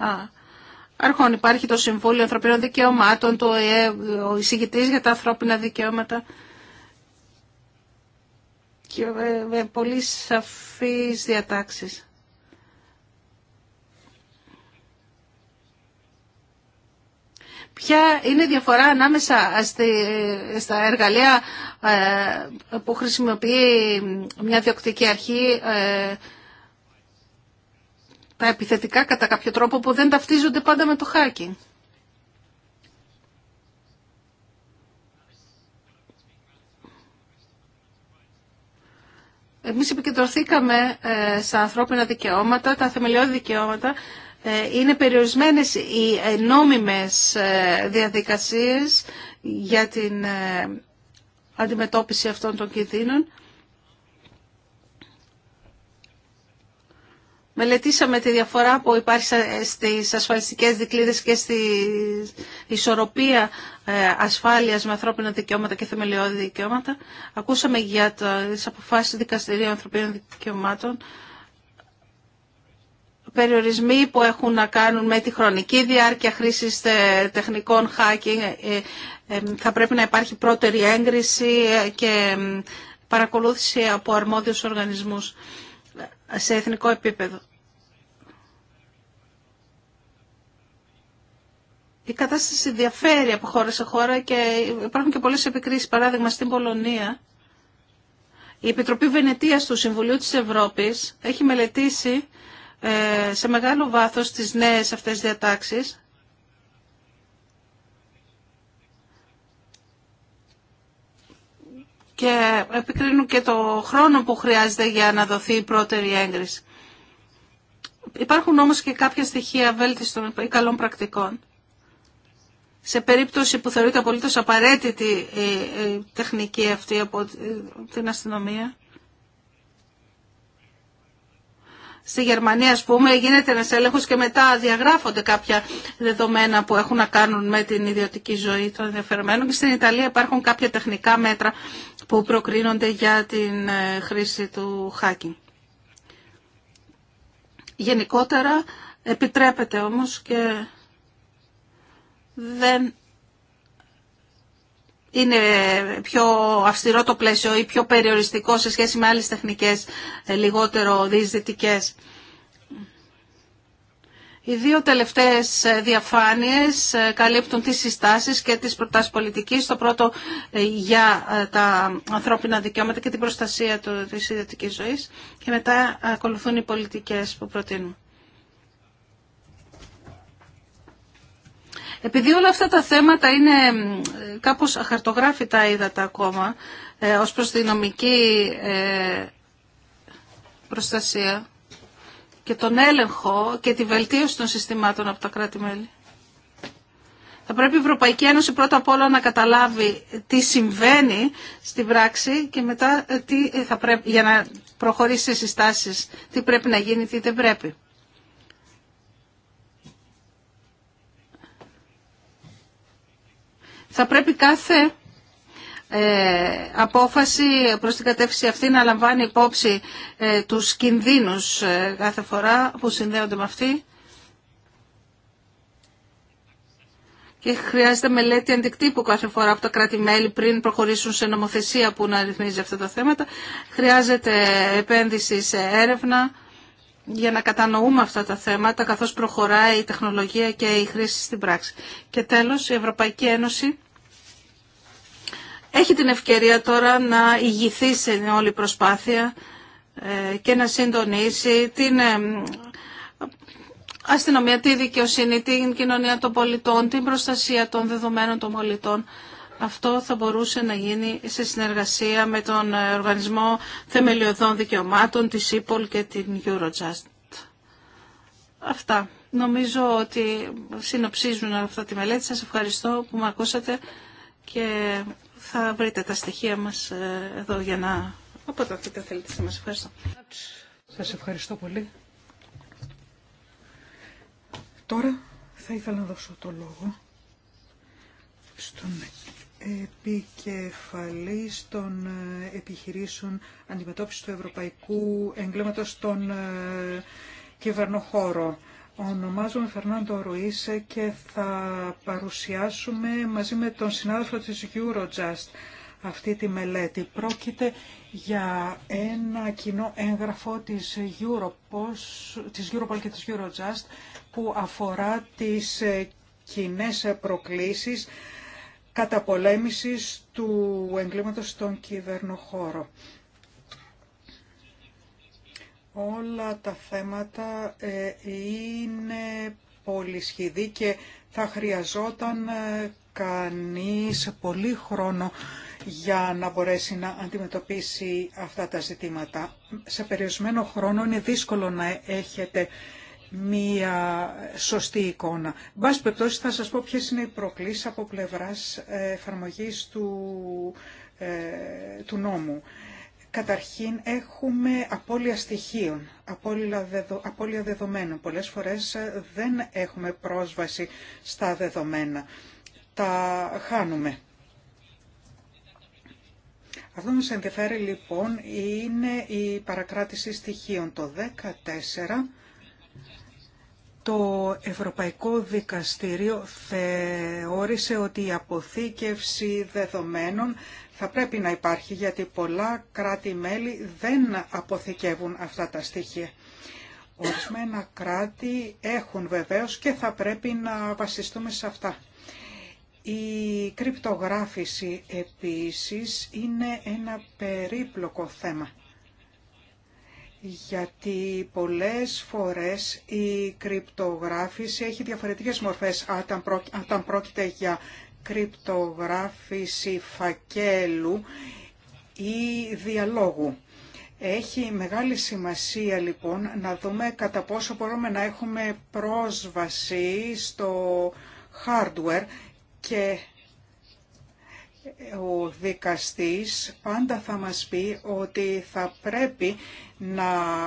αρχών. Υπάρχει το Συμβούλιο Ανθρωπίνων Δικαιωμάτων, το ο εισηγητής για τα ανθρώπινα δικαιώματα και με ε, πολύ σαφείς διατάξεις. Ποια είναι η διαφορά ανάμεσα στα εργαλεία ε, που χρησιμοποιεί μια διοκτική αρχή, ε, τα επιθετικά κατά κάποιο τρόπο που δεν ταυτίζονται πάντα με το hacking. Εμείς επικεντρωθήκαμε ε, στα ανθρώπινα δικαιώματα, τα θεμελιώδη δικαιώματα ε, είναι περιορισμένες οι ε, νόμιμες ε, διαδικασίες για την αντιμετώπιση αυτών των κινδύνων. Μελετήσαμε τη διαφορά που υπάρχει στις ασφαλιστικές δικλείδες και στη ισορροπία ασφάλειας με ανθρώπινα δικαιώματα και θεμελιώδη δικαιώματα. Ακούσαμε για τις αποφάσεις δικαστηρίου ανθρωπίνων δικαιωμάτων περιορισμοί που έχουν να κάνουν με τη χρονική διάρκεια χρήσης ε, τεχνικών hacking, ε, ε, θα πρέπει να υπάρχει πρώτερη έγκριση και παρακολούθηση από αρμόδιους οργανισμούς σε εθνικό επίπεδο. Η κατάσταση διαφέρει από χώρα σε χώρα και υπάρχουν και πολλές επικρίσεις. Παράδειγμα, στην Πολωνία, η Επιτροπή Βενετίας του Συμβουλίου της Ευρώπης έχει μελετήσει ε, σε μεγάλο βάθος τις νέες αυτές διατάξεις. και επικρίνουν και το χρόνο που χρειάζεται για να δοθεί η πρώτερη έγκριση. Υπάρχουν όμως και κάποια στοιχεία βέλτιστων ή καλών πρακτικών. Σε περίπτωση που θεωρείται απολύτως απαραίτητη η τεχνική αυτή από την αστυνομία, Στη Γερμανία, α πούμε, γίνεται ένα έλεγχο και μετά διαγράφονται κάποια δεδομένα που έχουν να κάνουν με την ιδιωτική ζωή των ενδιαφερμένων. Και στην Ιταλία υπάρχουν κάποια τεχνικά μέτρα που προκρίνονται για την ε, χρήση του hacking. Γενικότερα επιτρέπεται όμως και δεν είναι πιο αυστηρό το πλαίσιο ή πιο περιοριστικό σε σχέση με άλλες τεχνικές ε, λιγότερο διεισδυτικές. Οι δύο τελευταίες ε, διαφάνειες ε, καλύπτουν τις συστάσεις και τις προτάσεις πολιτικής. Το πρώτο για τα ανθρώπινα δικαιώματα και την προστασία της ιδιωτικής ζωής και μετά ακολουθούν οι πολιτικές που προτείνουν. Επειδή όλα αυτά τα θέματα είναι κάπως χαρτογράφητα είδατα ακόμα ε, ως προς τη νομική ε, προστασία και τον έλεγχο και τη βελτίωση των συστημάτων από τα κράτη-μέλη. Θα πρέπει η Ευρωπαϊκή Ένωση πρώτα απ' όλα να καταλάβει τι συμβαίνει στην πράξη και μετά ε, τι θα πρέπει, για να προχωρήσει σε συστάσεις, τι πρέπει να γίνει, τι δεν πρέπει. Θα πρέπει κάθε ε, απόφαση προς την κατεύθυνση αυτή να λαμβάνει υπόψη ε, τους κινδύνους ε, κάθε φορά που συνδέονται με αυτή και χρειάζεται μελέτη αντικτύπου κάθε φορά από τα κράτη-μέλη πριν προχωρήσουν σε νομοθεσία που να ρυθμίζει αυτά τα θέματα. Χρειάζεται επένδυση σε έρευνα για να κατανοούμε αυτά τα θέματα καθώς προχωράει η τεχνολογία και η χρήση στην πράξη. Και τέλος, η Ευρωπαϊκή Ένωση έχει την ευκαιρία τώρα να ηγηθεί σε όλη προσπάθεια ε, και να συντονίσει την ε, αστυνομία, τη δικαιοσύνη, την κοινωνία των πολιτών, την προστασία των δεδομένων των πολιτών. Αυτό θα μπορούσε να γίνει σε συνεργασία με τον ε, Οργανισμό Θεμελιωδών Δικαιωμάτων, τη ΣΥΠΟΛ και την Eurojust. Αυτά. Νομίζω ότι συνοψίζουν αυτά τη μελέτη. Σας ευχαριστώ που με ακούσατε και θα βρείτε τα στοιχεία μας ε, εδώ για να αποταθείτε θέλετε να μας ευχαριστώ. Σας ευχαριστώ πολύ. Τώρα θα ήθελα να δώσω το λόγο στον επικεφαλή των ε, επιχειρήσεων αντιμετώπισης του ευρωπαϊκού εγκλήματος στον ε, κυβερνοχώρο. Ονομάζομαι Φερνάντο Ρουίσε και θα παρουσιάσουμε μαζί με τον συνάδελφο της Eurojust αυτή τη μελέτη. Πρόκειται για ένα κοινό έγγραφο της της Europol και της Eurojust που αφορά τις κοινέ προκλήσεις καταπολέμησης του εγκλήματος στον κυβερνοχώρο όλα τα θέματα ε, είναι πολυσχηδή και θα χρειαζόταν ε, κανείς πολύ χρόνο για να μπορέσει να αντιμετωπίσει αυτά τα ζητήματα. Σε περιορισμένο χρόνο είναι δύσκολο να έχετε μία σωστή εικόνα. Μπας περιπτώσει θα σας πω ποιες είναι οι προκλήσεις από πλευράς ε, εφαρμογής του, του νόμου. Καταρχήν έχουμε απώλεια στοιχείων, απώλεια δεδομένων. Πολλές φορές ε, δεν έχουμε πρόσβαση στα δεδομένα. Τα χάνουμε. Αυτό που μας ενδιαφέρει λοιπόν είναι η παρακράτηση στοιχείων. Το 14 το Ευρωπαϊκό Δικαστήριο θεώρησε ότι η αποθήκευση δεδομένων θα πρέπει να υπάρχει γιατί πολλά κράτη-μέλη δεν αποθηκεύουν αυτά τα στοιχεία. Ορισμένα κράτη έχουν βεβαίως και θα πρέπει να βασιστούμε σε αυτά. Η κρυπτογράφηση επίσης είναι ένα περίπλοκο θέμα γιατί πολλές φορές η κρυπτογράφηση έχει διαφορετικές μορφές όταν πρόκειται για κρυπτογράφηση φακέλου ή διαλόγου. Έχει μεγάλη σημασία λοιπόν να δούμε κατά πόσο μπορούμε να έχουμε πρόσβαση στο hardware και ο δικαστής πάντα θα μας πει ότι θα πρέπει να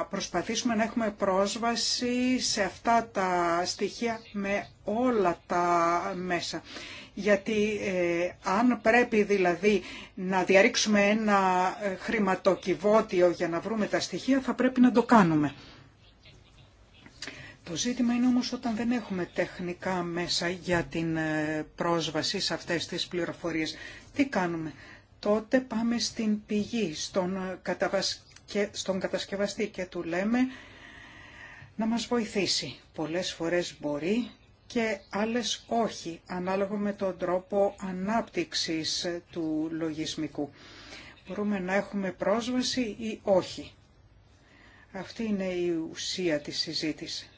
προσπαθήσουμε να έχουμε πρόσβαση σε αυτά τα στοιχεία με όλα τα μέσα γιατί ε, αν πρέπει δηλαδή να διαρρήξουμε ένα ε, χρηματοκιβώτιο για να βρούμε τα στοιχεία θα πρέπει να το κάνουμε. Το ζήτημα είναι όμως όταν δεν έχουμε τεχνικά μέσα για την ε, πρόσβαση σε αυτές τις πληροφορίες. Τι κάνουμε. Τότε πάμε στην πηγή, στον, στον κατασκευαστή και του λέμε να μας βοηθήσει. Πολλές φορές μπορεί και άλλες όχι, ανάλογα με τον τρόπο ανάπτυξης του λογισμικού. Μπορούμε να έχουμε πρόσβαση ή όχι. Αυτή είναι η ουσία της συζήτηση.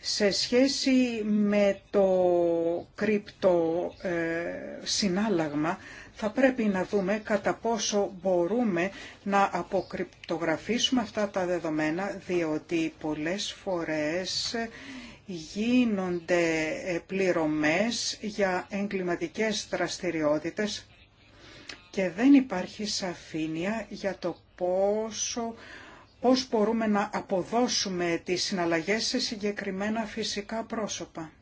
Σε σχέση με το κρυπτο ε, συνάλλαγμα, θα πρέπει να δούμε κατά πόσο μπορούμε να αποκρυπτογραφήσουμε αυτά τα δεδομένα, διότι πολλές φορές γίνονται ε, πληρωμές για εγκληματικές δραστηριότητες και δεν υπάρχει σαφήνεια για το πόσο, πώς μπορούμε να αποδώσουμε τις συναλλαγές σε συγκεκριμένα φυσικά πρόσωπα.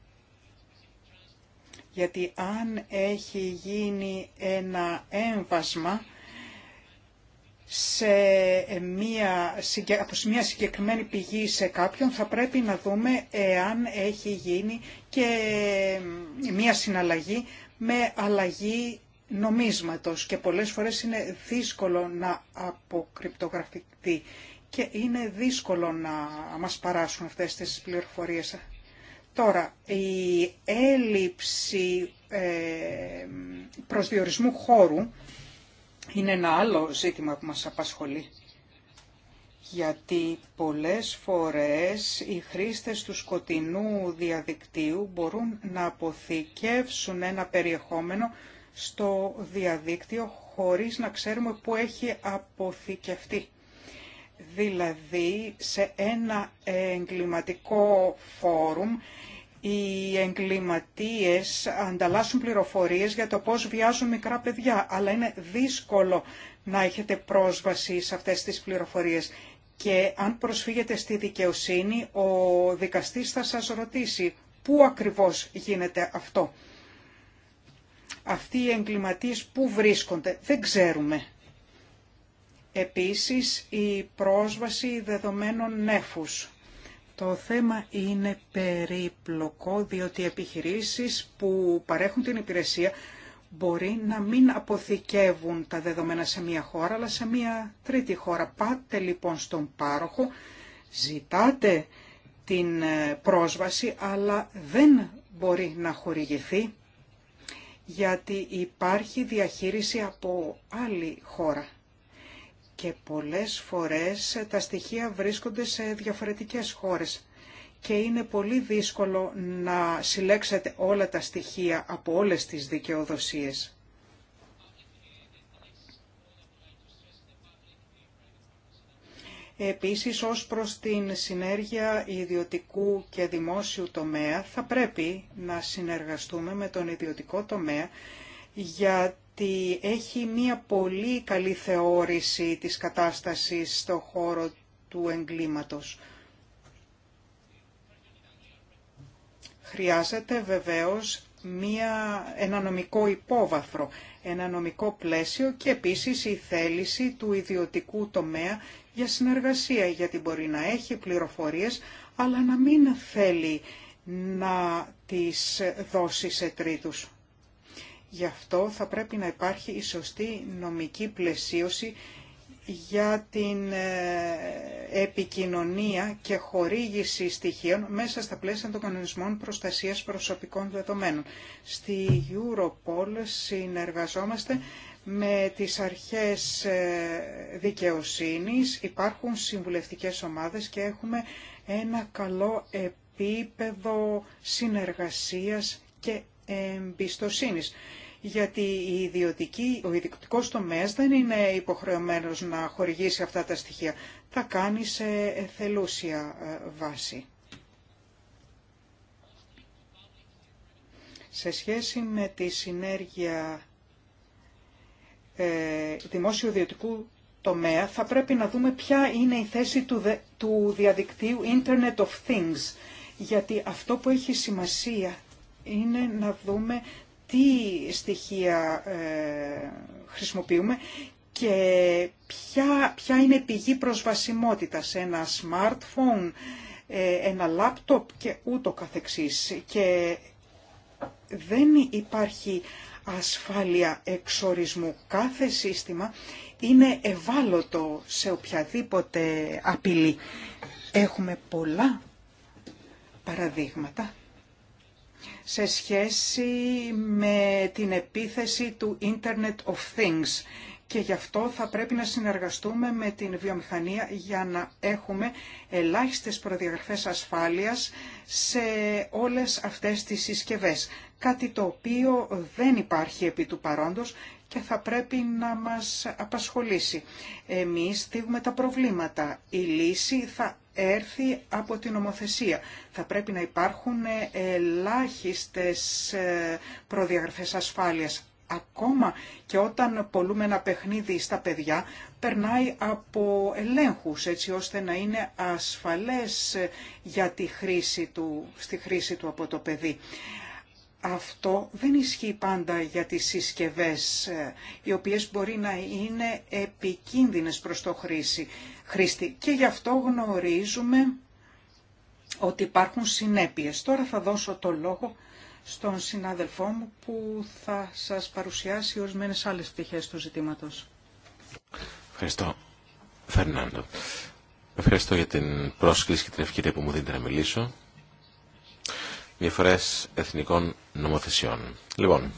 Γιατί αν έχει γίνει ένα έμβασμα σε μια, από μια συγκεκριμένη πηγή σε κάποιον θα πρέπει να δούμε εάν έχει γίνει και μια συναλλαγή με αλλαγή νομίσματος και πολλές φορές είναι δύσκολο να αποκρυπτογραφηθεί και είναι δύσκολο να μας παράσουν αυτές τις πληροφορίες. Τώρα, η έλλειψη ε, προσδιορισμού χώρου είναι ένα άλλο ζήτημα που μας απασχολεί. Γιατί πολλές φορές οι χρήστες του σκοτεινού διαδικτύου μπορούν να αποθηκεύσουν ένα περιεχόμενο στο διαδίκτυο χωρίς να ξέρουμε πού έχει αποθηκευτεί. Δηλαδή σε ένα εγκληματικό φόρουμ οι εγκληματίες ανταλλάσσουν πληροφορίες για το πώς βιάζουν μικρά παιδιά, αλλά είναι δύσκολο να έχετε πρόσβαση σε αυτές τις πληροφορίες. Και αν προσφύγετε στη δικαιοσύνη, ο δικαστής θα σας ρωτήσει πού ακριβώς γίνεται αυτό. Αυτοί οι εγκληματίες πού βρίσκονται, δεν ξέρουμε. Επίσης, η πρόσβαση δεδομένων νέφους το θέμα είναι περίπλοκο, διότι οι επιχειρήσεις που παρέχουν την υπηρεσία μπορεί να μην αποθηκεύουν τα δεδομένα σε μία χώρα, αλλά σε μία τρίτη χώρα. Πάτε λοιπόν στον πάροχο, ζητάτε την ε, πρόσβαση, αλλά δεν μπορεί να χορηγηθεί, γιατί υπάρχει διαχείριση από άλλη χώρα και πολλές φορές τα στοιχεία βρίσκονται σε διαφορετικές χώρες και είναι πολύ δύσκολο να συλλέξετε όλα τα στοιχεία από όλες τις δικαιοδοσίες. Επίσης, ως προς την συνέργεια ιδιωτικού και δημόσιου τομέα, θα πρέπει να συνεργαστούμε με τον ιδιωτικό τομέα για ότι έχει μία πολύ καλή θεώρηση της κατάστασης στο χώρο του εγκλήματος. Χρειάζεται βεβαίως μία, ένα νομικό υπόβαθρο, ένα νομικό πλαίσιο και επίσης η θέληση του ιδιωτικού τομέα για συνεργασία, γιατί μπορεί να έχει πληροφορίες, αλλά να μην θέλει να τις δώσει σε τρίτους. Γι' αυτό θα πρέπει να υπάρχει η σωστή νομική πλαισίωση για την ε, επικοινωνία και χορήγηση στοιχείων μέσα στα πλαίσια των κανονισμών προστασίας προσωπικών δεδομένων. Στη Europol συνεργαζόμαστε με τις αρχές ε, δικαιοσύνης, υπάρχουν συμβουλευτικές ομάδες και έχουμε ένα καλό επίπεδο συνεργασίας και Εμπιστοσύνη. Γιατί ο ιδιωτικό τομέα δεν είναι υποχρεωμένο να χορηγήσει αυτά τα στοιχεία. Θα κάνει σε θελούσια ε, βάση. Σε σχέση με τη συνέργεια ε, δημόσιο-ιδιωτικού τομέα θα πρέπει να δούμε ποια είναι η θέση του, του διαδικτύου Internet of Things. Γιατί αυτό που έχει σημασία είναι να δούμε τι στοιχεία ε, χρησιμοποιούμε και ποια, ποια είναι πηγή προσβασιμότητας, ένα smartphone, ε, ένα λάπτοπ και ούτω καθεξής. Και δεν υπάρχει ασφάλεια εξορισμού. Κάθε σύστημα είναι ευάλωτο σε οποιαδήποτε απειλή. Έχουμε πολλά παραδείγματα σε σχέση με την επίθεση του Internet of Things και γι' αυτό θα πρέπει να συνεργαστούμε με την βιομηχανία για να έχουμε ελάχιστες προδιαγραφές ασφάλειας σε όλες αυτές τις συσκευές. Κάτι το οποίο δεν υπάρχει επί του παρόντος και θα πρέπει να μας απασχολήσει. Εμείς θίγουμε τα προβλήματα. Η λύση θα έρθει από την ομοθέσια, Θα πρέπει να υπάρχουν ε, ελάχιστες ε, προδιαγραφές ασφάλειας. Ακόμα και όταν πολλούμε ένα παιχνίδι στα παιδιά, περνάει από ελέγχους έτσι ώστε να είναι ασφαλές ε, για τη χρήση του, στη χρήση του από το παιδί. Αυτό δεν ισχύει πάντα για τις συσκευές, ε, οι οποίες μπορεί να είναι επικίνδυνες προς το χρήση, χρήστη. Και γι' αυτό γνωρίζουμε ότι υπάρχουν συνέπειες. Τώρα θα δώσω το λόγο στον συνάδελφό μου που θα σας παρουσιάσει ορισμένες άλλες πτυχές του ζητήματος. Ευχαριστώ, Φερνάντο. Ευχαριστώ για την πρόσκληση και την ευκαιρία που μου δίνετε να μιλήσω διαφορές εθνικών νομοθεσιών. Λοιπόν,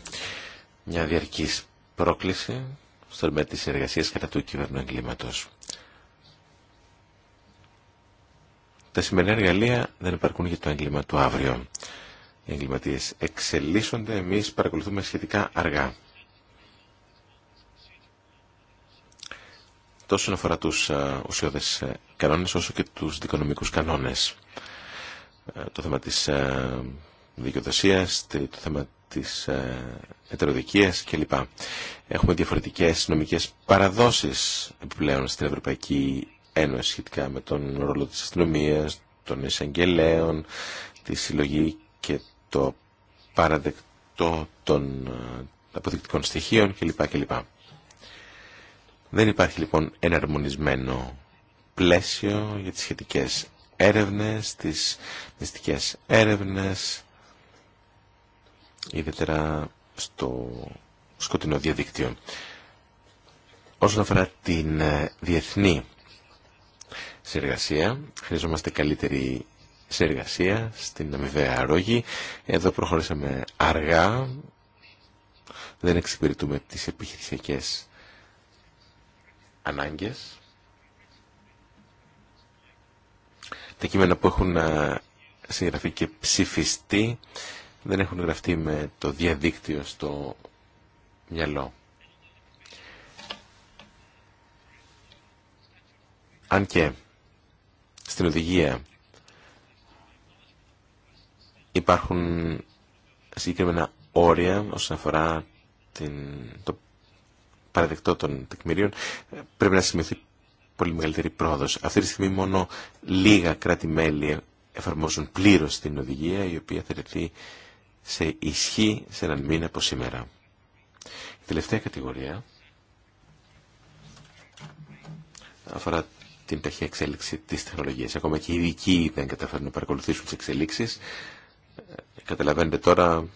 μια διαρκής πρόκληση στον μέτρη της εργασίας κατά του κυβερνού εγκλήματος. Τα σημερινά εργαλεία δεν υπαρκούν για το έγκλημα του αύριο. Οι εγκληματίες εξελίσσονται, εμείς παρακολουθούμε σχετικά αργά. Τόσο αφορά τους ε, ουσιώδες ε, κανόνες όσο και τους δικονομικούς κανόνες. Ε, το θέμα της ε, δικαιοδοσίας, το θέμα της ε, ετεροδικίας κλπ. Έχουμε διαφορετικές νομικές παραδόσεις επιπλέον στην Ευρωπαϊκή Ένωση σχετικά με τον ρόλο της αστυνομία, των εισαγγελέων, τη συλλογή και το παραδεκτό των αποδεικτικών στοιχείων κλπ. Δεν υπάρχει λοιπόν εναρμονισμένο πλαίσιο για τις σχετικές έρευνες, τις μυστικές έρευνες, ιδιαίτερα στο σκοτεινό διαδίκτυο. Όσον αφορά την ε, διεθνή συνεργασία, χρειαζόμαστε καλύτερη συνεργασία στην αμοιβαία αρρώγη. Εδώ προχωρήσαμε αργά, δεν εξυπηρετούμε τις επιχειρησιακές ανάγκες. Τα κείμενα που έχουν ε, συγγραφεί και ψηφιστεί δεν έχουν γραφτεί με το διαδίκτυο στο μυαλό. Αν και στην οδηγία υπάρχουν συγκεκριμένα όρια όσον αφορά την, το παραδεκτό των τεκμηρίων, πρέπει να σημειωθεί πολύ μεγαλύτερη πρόοδος. Αυτή τη στιγμή μόνο λίγα κράτη-μέλη εφαρμόζουν πλήρως την οδηγία η οποία θα σε ισχύ σε έναν μήνα από σήμερα. Η τελευταία κατηγορία αφορά την ταχύα εξέλιξη της τεχνολογίας. Ακόμα και οι ειδικοί δεν καταφέρουν να παρακολουθήσουν τις εξελίξεις. Καταλαβαίνετε τώρα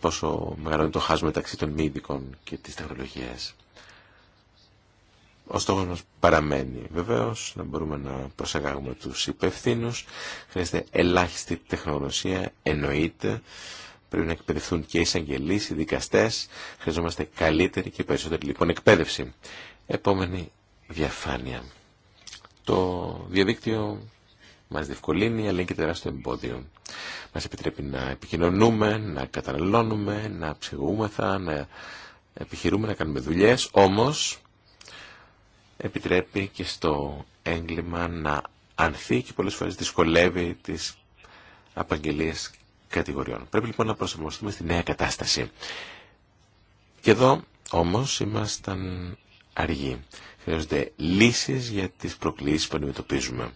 πόσο μεγάλο είναι το χάσμα μεταξύ των μη ειδικών και της τεχνολογίας ο στόχος μας παραμένει βεβαίως, να μπορούμε να προσεγάγουμε τους υπευθύνου. χρειάζεται ελάχιστη τεχνογνωσία, εννοείται, πρέπει να εκπαιδευτούν και οι εισαγγελείς, οι δικαστές, χρειαζόμαστε καλύτερη και περισσότερη λοιπόν εκπαίδευση. Επόμενη διαφάνεια. Το διαδίκτυο μας διευκολύνει, αλλά είναι και τεράστιο εμπόδιο. Μας επιτρέπει να επικοινωνούμε, να καταναλώνουμε, να ψυχούμεθα, να επιχειρούμε να κάνουμε δουλειές, όμως επιτρέπει και στο έγκλημα να ανθεί και πολλές φορές δυσκολεύει τις απαγγελίες κατηγοριών. Πρέπει λοιπόν να προσαρμοστούμε στη νέα κατάσταση. Και εδώ όμως ήμασταν αργοί. Χρειάζονται λύσεις για τις προκλήσεις που αντιμετωπίζουμε.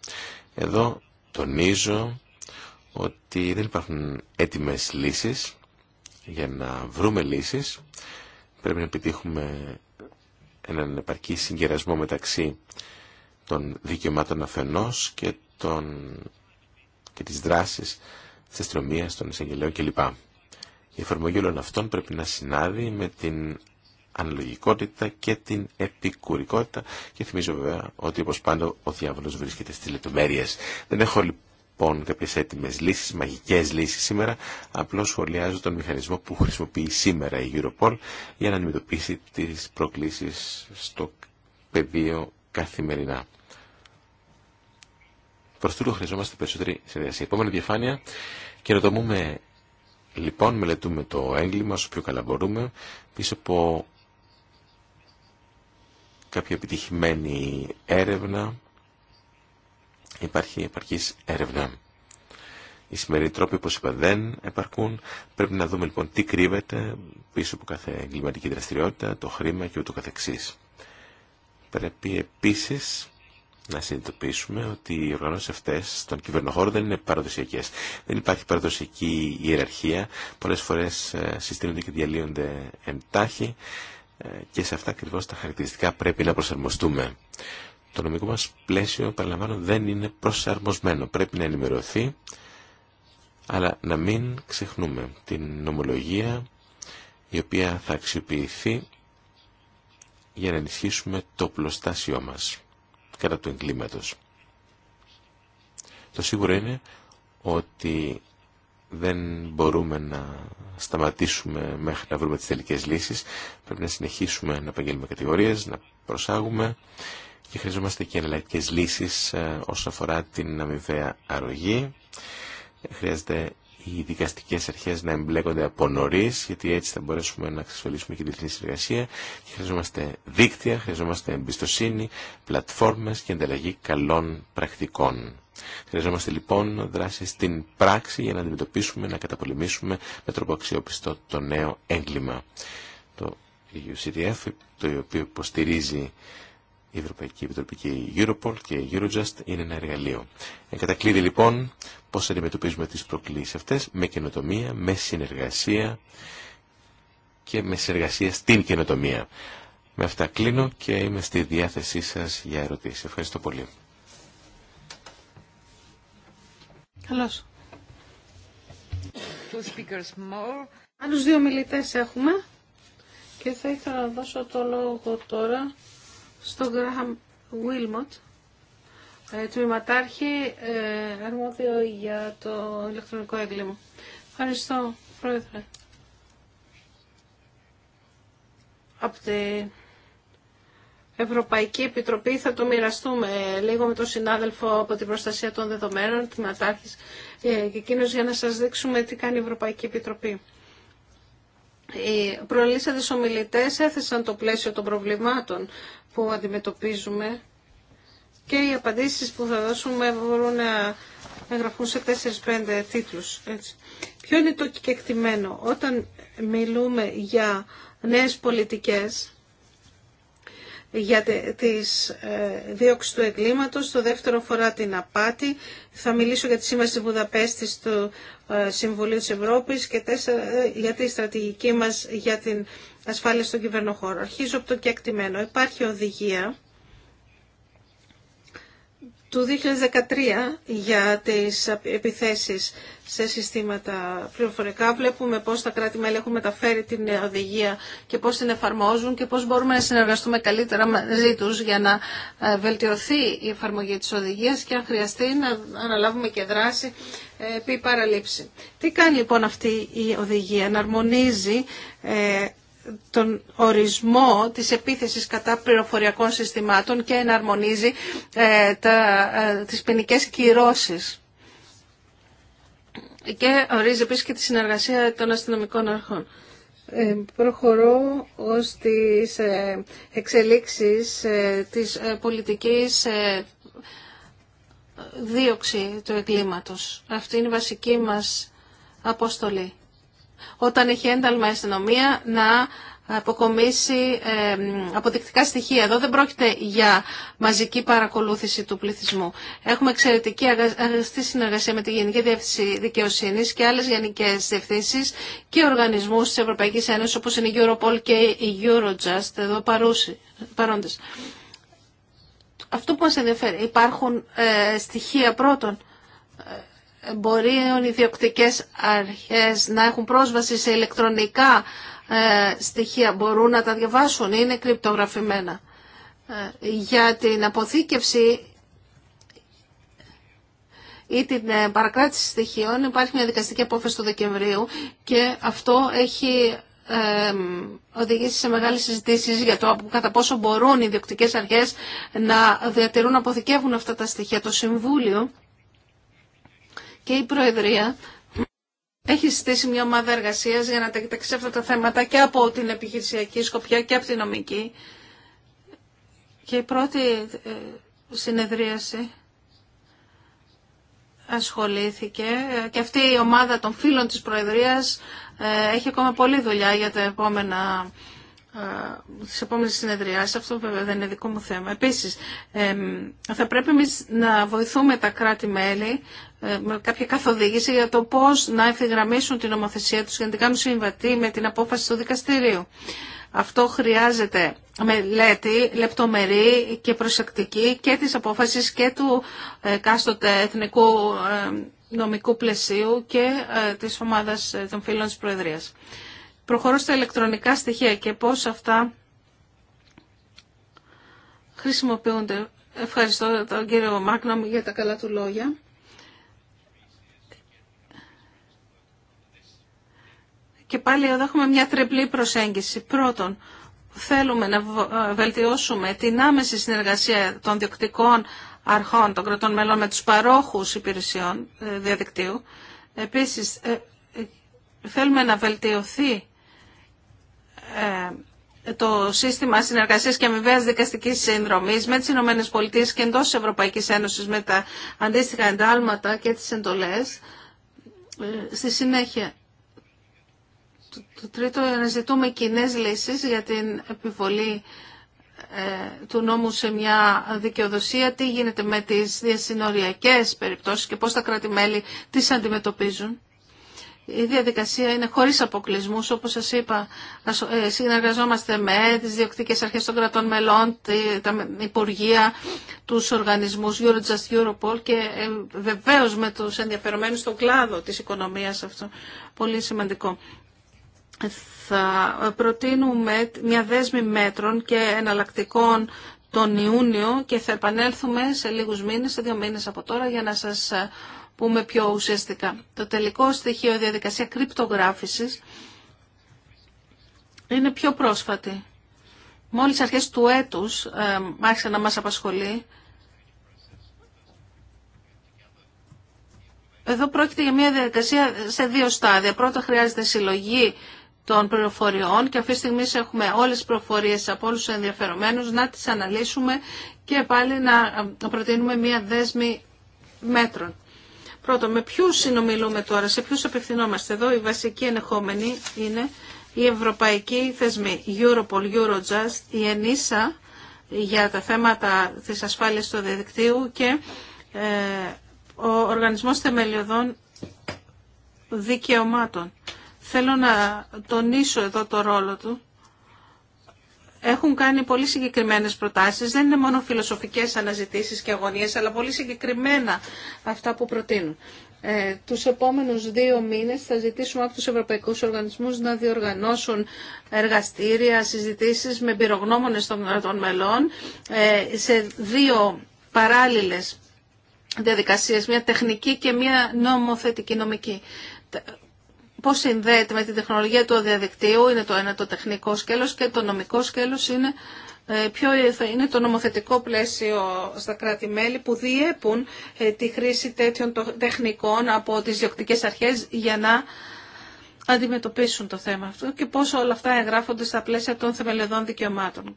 Εδώ τονίζω ότι δεν υπάρχουν έτοιμες λύσεις. Για να βρούμε λύσεις πρέπει να επιτύχουμε έναν επαρκή συγκερασμό μεταξύ των δικαιωμάτων αφενός και, των, και της δράσης της αστυνομία, των εισαγγελέων κλπ. Η εφαρμογή όλων αυτών πρέπει να συνάδει με την αναλογικότητα και την επικουρικότητα και θυμίζω βέβαια ότι όπως πάντα ο διάβολος βρίσκεται στις λεπτομέρειες. Δεν έχω λοιπόν κάποιε έτοιμε λύσει, μαγικές λύσει σήμερα, απλώ σχολιάζω τον μηχανισμό που χρησιμοποιεί σήμερα η Europol για να αντιμετωπίσει τι προκλήσει στο πεδίο καθημερινά. Προ τούτο χρειαζόμαστε περισσότερη συνεργασία. Επόμενη διαφάνεια, καινοτομούμε λοιπόν, μελετούμε το έγκλημα όσο πιο καλά μπορούμε, πίσω από κάποια επιτυχημένη έρευνα, υπάρχει επαρκής έρευνα. Οι σημερινοί τρόποι, όπως είπα, δεν επαρκούν. Πρέπει να δούμε λοιπόν τι κρύβεται πίσω από κάθε εγκληματική δραστηριότητα, το χρήμα και ούτω καθεξής. Πρέπει επίσης να συνειδητοποιήσουμε ότι οι οργανώσεις αυτές στον κυβερνοχώρο δεν είναι παραδοσιακές. Δεν υπάρχει παραδοσιακή ιεραρχία. Πολλές φορές ε, συστήνονται και διαλύονται εντάχει ε, και σε αυτά ακριβώ τα χαρακτηριστικά πρέπει να προσαρμοστούμε. Το νομικό μας πλαίσιο, παραλαμβάνω, δεν είναι προσαρμοσμένο. Πρέπει να ενημερωθεί, αλλά να μην ξεχνούμε την νομολογία η οποία θα αξιοποιηθεί για να ενισχύσουμε το πλωστάσιό μας κατά του εγκλήματος. Το σίγουρο είναι ότι δεν μπορούμε να σταματήσουμε μέχρι να βρούμε τις τελικές λύσεις. Πρέπει να συνεχίσουμε να επαγγέλουμε κατηγορίες, να προσάγουμε και χρειαζόμαστε και εναλλακτικέ λύσεις ε, όσον αφορά την αμοιβαία αρρωγή. Χρειάζεται οι δικαστικέ αρχέ να εμπλέκονται από νωρί, γιατί έτσι θα μπορέσουμε να εξασφαλίσουμε και τη διεθνή συνεργασία. Και χρειαζόμαστε δίκτυα, χρειαζόμαστε εμπιστοσύνη, πλατφόρμες και ανταλλαγή καλών πρακτικών. Χρειαζόμαστε λοιπόν δράσει στην πράξη για να αντιμετωπίσουμε, να καταπολεμήσουμε με τρόπο αξιόπιστο το νέο έγκλημα. Το EUCDF, το οποίο υποστηρίζει η Ευρωπαϊκή Επιτροπή και η Europol και η Eurojust είναι ένα εργαλείο. Εγκατακλείδη λοιπόν πώς αντιμετωπίζουμε τις προκλήσεις αυτές με καινοτομία, με συνεργασία και με συνεργασία στην καινοτομία. Με αυτά κλείνω και είμαι στη διάθεσή σας για ερωτήσεις. Ευχαριστώ πολύ. Καλώς. Άλλους δύο μιλητές έχουμε και θα ήθελα να δώσω το λόγο τώρα στον Γκράχαμ Βίλμοντ, ε, τμήματάρχη ε, αρμόδιο για το ηλεκτρονικό έγκλημα. Ευχαριστώ, Πρόεδρε. Από την Ευρωπαϊκή Επιτροπή θα το μοιραστούμε λίγο με τον συνάδελφο από την Προστασία των Δεδομένων, τμήματάρχης, ε, και εκείνος για να σας δείξουμε τι κάνει η Ευρωπαϊκή Επιτροπή. Οι προελίσσαντες ομιλητές έθεσαν το πλαίσιο των προβλημάτων που αντιμετωπίζουμε και οι απαντήσεις που θα δώσουμε μπορούν να εγγραφούν σε 4-5 τίτλους. Ποιο είναι το κεκτημένο όταν μιλούμε για νέες πολιτικές για τις ε, δίωξη του εγκλήματος. Το δεύτερο φορά την απάτη. Θα μιλήσω για τη σύμβαση Βουδαπέστη Βουδαπέστης του ε, Συμβουλίου της Ευρώπης και τέσσερα, ε, για τη στρατηγική μας για την ασφάλεια στον κυβερνοχώρο. Αρχίζω από το κεκτημένο. Υπάρχει οδηγία του 2013 για τις επιθέσεις σε συστήματα πληροφορικά. Βλέπουμε πώς τα κράτη-μέλη έχουν μεταφέρει την οδηγία και πώς την εφαρμόζουν και πώς μπορούμε να συνεργαστούμε καλύτερα μαζί τους για να ε, βελτιωθεί η εφαρμογή της οδηγίας και αν χρειαστεί να αναλάβουμε και δράση ε, επί παραλήψη. Τι κάνει λοιπόν αυτή η οδηγία, να αρμονίζει ε, τον ορισμό της επίθεσης κατά πληροφοριακών συστημάτων και εναρμονίζει ε, τα, ε, τις ποινικέ κυρώσεις. Και ορίζει επίσης και τη συνεργασία των αστυνομικών αρχών. Ε, προχωρώ στις ε, εξελίξεις ε, της πολιτικής δίωξη του εγκλήματος. Αυτή είναι η βασική μας αποστολή όταν έχει ένταλμα η αστυνομία να αποκομίσει ε, αποδεικτικά στοιχεία. Εδώ δεν πρόκειται για μαζική παρακολούθηση του πληθυσμού. Έχουμε εξαιρετική αγαστή συνεργασία με τη Γενική Διεύθυνση Δικαιοσύνη και άλλες γενικές διευθύνσει και οργανισμούς τη Ευρωπαϊκή Ένωση όπως είναι η Europol και η Eurojust εδώ παρόντε. Αυτό που μας ενδιαφέρει, υπάρχουν ε, στοιχεία πρώτον μπορεί οι ιδιοκτικέ αρχές να έχουν πρόσβαση σε ηλεκτρονικά ε, στοιχεία, μπορούν να τα διαβάσουν, είναι κρυπτογραφημένα. Ε, για την αποθήκευση ή την ε, παρακράτηση στοιχείων υπάρχει μια δικαστική απόφαση του Δεκεμβρίου και αυτό έχει οδηγήσει σε μεγάλες συζητήσεις για το κατά πόσο μπορούν οι διοκτικές αρχές να διατηρούν, να αποθηκεύουν αυτά τα στοιχεία. Το Συμβούλιο και η Προεδρία έχει στήσει μια ομάδα εργασία για να τα κοιτάξει αυτά τα θέματα και από την επιχειρησιακή σκοπιά και από την νομική. Και η πρώτη ε, συνεδρίαση ασχολήθηκε και αυτή η ομάδα των φίλων της Προεδρίας ε, έχει ακόμα πολλή δουλειά για τα επόμενα τις επόμενες συνεδριάσεις, αυτό βέβαια δεν είναι δικό μου θέμα. Επίσης, θα πρέπει εμεί να βοηθούμε τα κράτη-μέλη ε, με κάποια καθοδήγηση για το πώς να ευθυγραμμίσουν την νομοθεσία τους για να την κάνουν συμβατή με την απόφαση του δικαστηρίου. Αυτό χρειάζεται μελέτη, λεπτομερή και προσεκτική και της απόφασης και του ε, κάστοτε εθνικού ε, νομικού πλαισίου και της ομάδας των φίλων της Προεδρίας προχωρώ στα ηλεκτρονικά στοιχεία και πώς αυτά χρησιμοποιούνται. Ευχαριστώ τον κύριο Μάκνομ για τα καλά του λόγια. Και πάλι εδώ έχουμε μια τρεπλή προσέγγιση. Πρώτον, θέλουμε να ε, βελτιώσουμε την άμεση συνεργασία των διοκτικών αρχών των κρατών μελών με τους παρόχους υπηρεσιών ε, διαδικτύου. Επίσης, ε, θέλουμε να βελτιωθεί ε, το σύστημα συνεργασίας και αμοιβαία δικαστικής συνδρομής με τις Ηνωμένες Πολιτείες και εντός της Ευρωπαϊκής Ένωσης με τα αντίστοιχα εντάλματα και τις εντολές. Ε, στη συνέχεια, το τρίτο, να ζητούμε κοινέ λύσεις για την επιβολή ε, του νόμου σε μια δικαιοδοσία, τι γίνεται με τις διασυνοριακές περιπτώσεις και πώς τα κράτη-μέλη τις αντιμετωπίζουν η διαδικασία είναι χωρίς αποκλεισμούς, όπως σας είπα, ε, συνεργαζόμαστε με τις διοκτικές αρχές των κρατών μελών, τα Υπουργεία, τους οργανισμούς Eurojust Europol και ε, βεβαίως με τους ενδιαφερομένους στον κλάδο της οικονομίας αυτό. Πολύ σημαντικό. Θα προτείνουμε μια δέσμη μέτρων και εναλλακτικών τον Ιούνιο και θα επανέλθουμε σε λίγους μήνες, σε δύο μήνες από τώρα, για να σας ε, πούμε πιο ουσιαστικά. Το τελικό στοιχείο διαδικασία κρυπτογράφησης είναι πιο πρόσφατη. Μόλις αρχές του έτους ε, άρχισε να μας απασχολεί. Εδώ πρόκειται για μια διαδικασία σε δύο στάδια. Πρώτα χρειάζεται συλλογή των πληροφοριών και αυτή τη στιγμή έχουμε όλες τις πληροφορίες από όλους τους ενδιαφερομένους να τις αναλύσουμε και πάλι να ε, προτείνουμε μια δέσμη μέτρων. Πρώτον, με ποιους συνομιλούμε τώρα, σε ποιους απευθυνόμαστε εδώ. Η βασική ενεχόμενη είναι οι ευρωπαϊκοί θεσμοί, Europol, Eurojust, η ΕΝΙΣΑ για τα θέματα της ασφάλειας του διαδικτύου και ε, ο Οργανισμός Θεμελιωδών Δικαιωμάτων. Θέλω να τονίσω εδώ το ρόλο του έχουν κάνει πολύ συγκεκριμένες προτάσεις. Δεν είναι μόνο φιλοσοφικές αναζητήσεις και αγωνίες, αλλά πολύ συγκεκριμένα αυτά που προτείνουν. Ε, τους επόμενους δύο μήνες θα ζητήσουμε από τους ευρωπαϊκούς οργανισμούς να διοργανώσουν εργαστήρια, συζητήσεις με πυρογνώμονες των, των μελών ε, σε δύο παράλληλες διαδικασίες, μια τεχνική και μια νομοθετική νομική πώς συνδέεται με την τεχνολογία του διαδικτύου, είναι το ένα το τεχνικό σκέλος και το νομικό σκέλος είναι ε, ποιο είναι το νομοθετικό πλαίσιο στα κράτη-μέλη που διέπουν ε, τη χρήση τέτοιων τεχνικών από τις διοκτικές αρχές για να αντιμετωπίσουν το θέμα αυτό και πώς όλα αυτά εγγράφονται στα πλαίσια των θεμελιωδών δικαιωμάτων.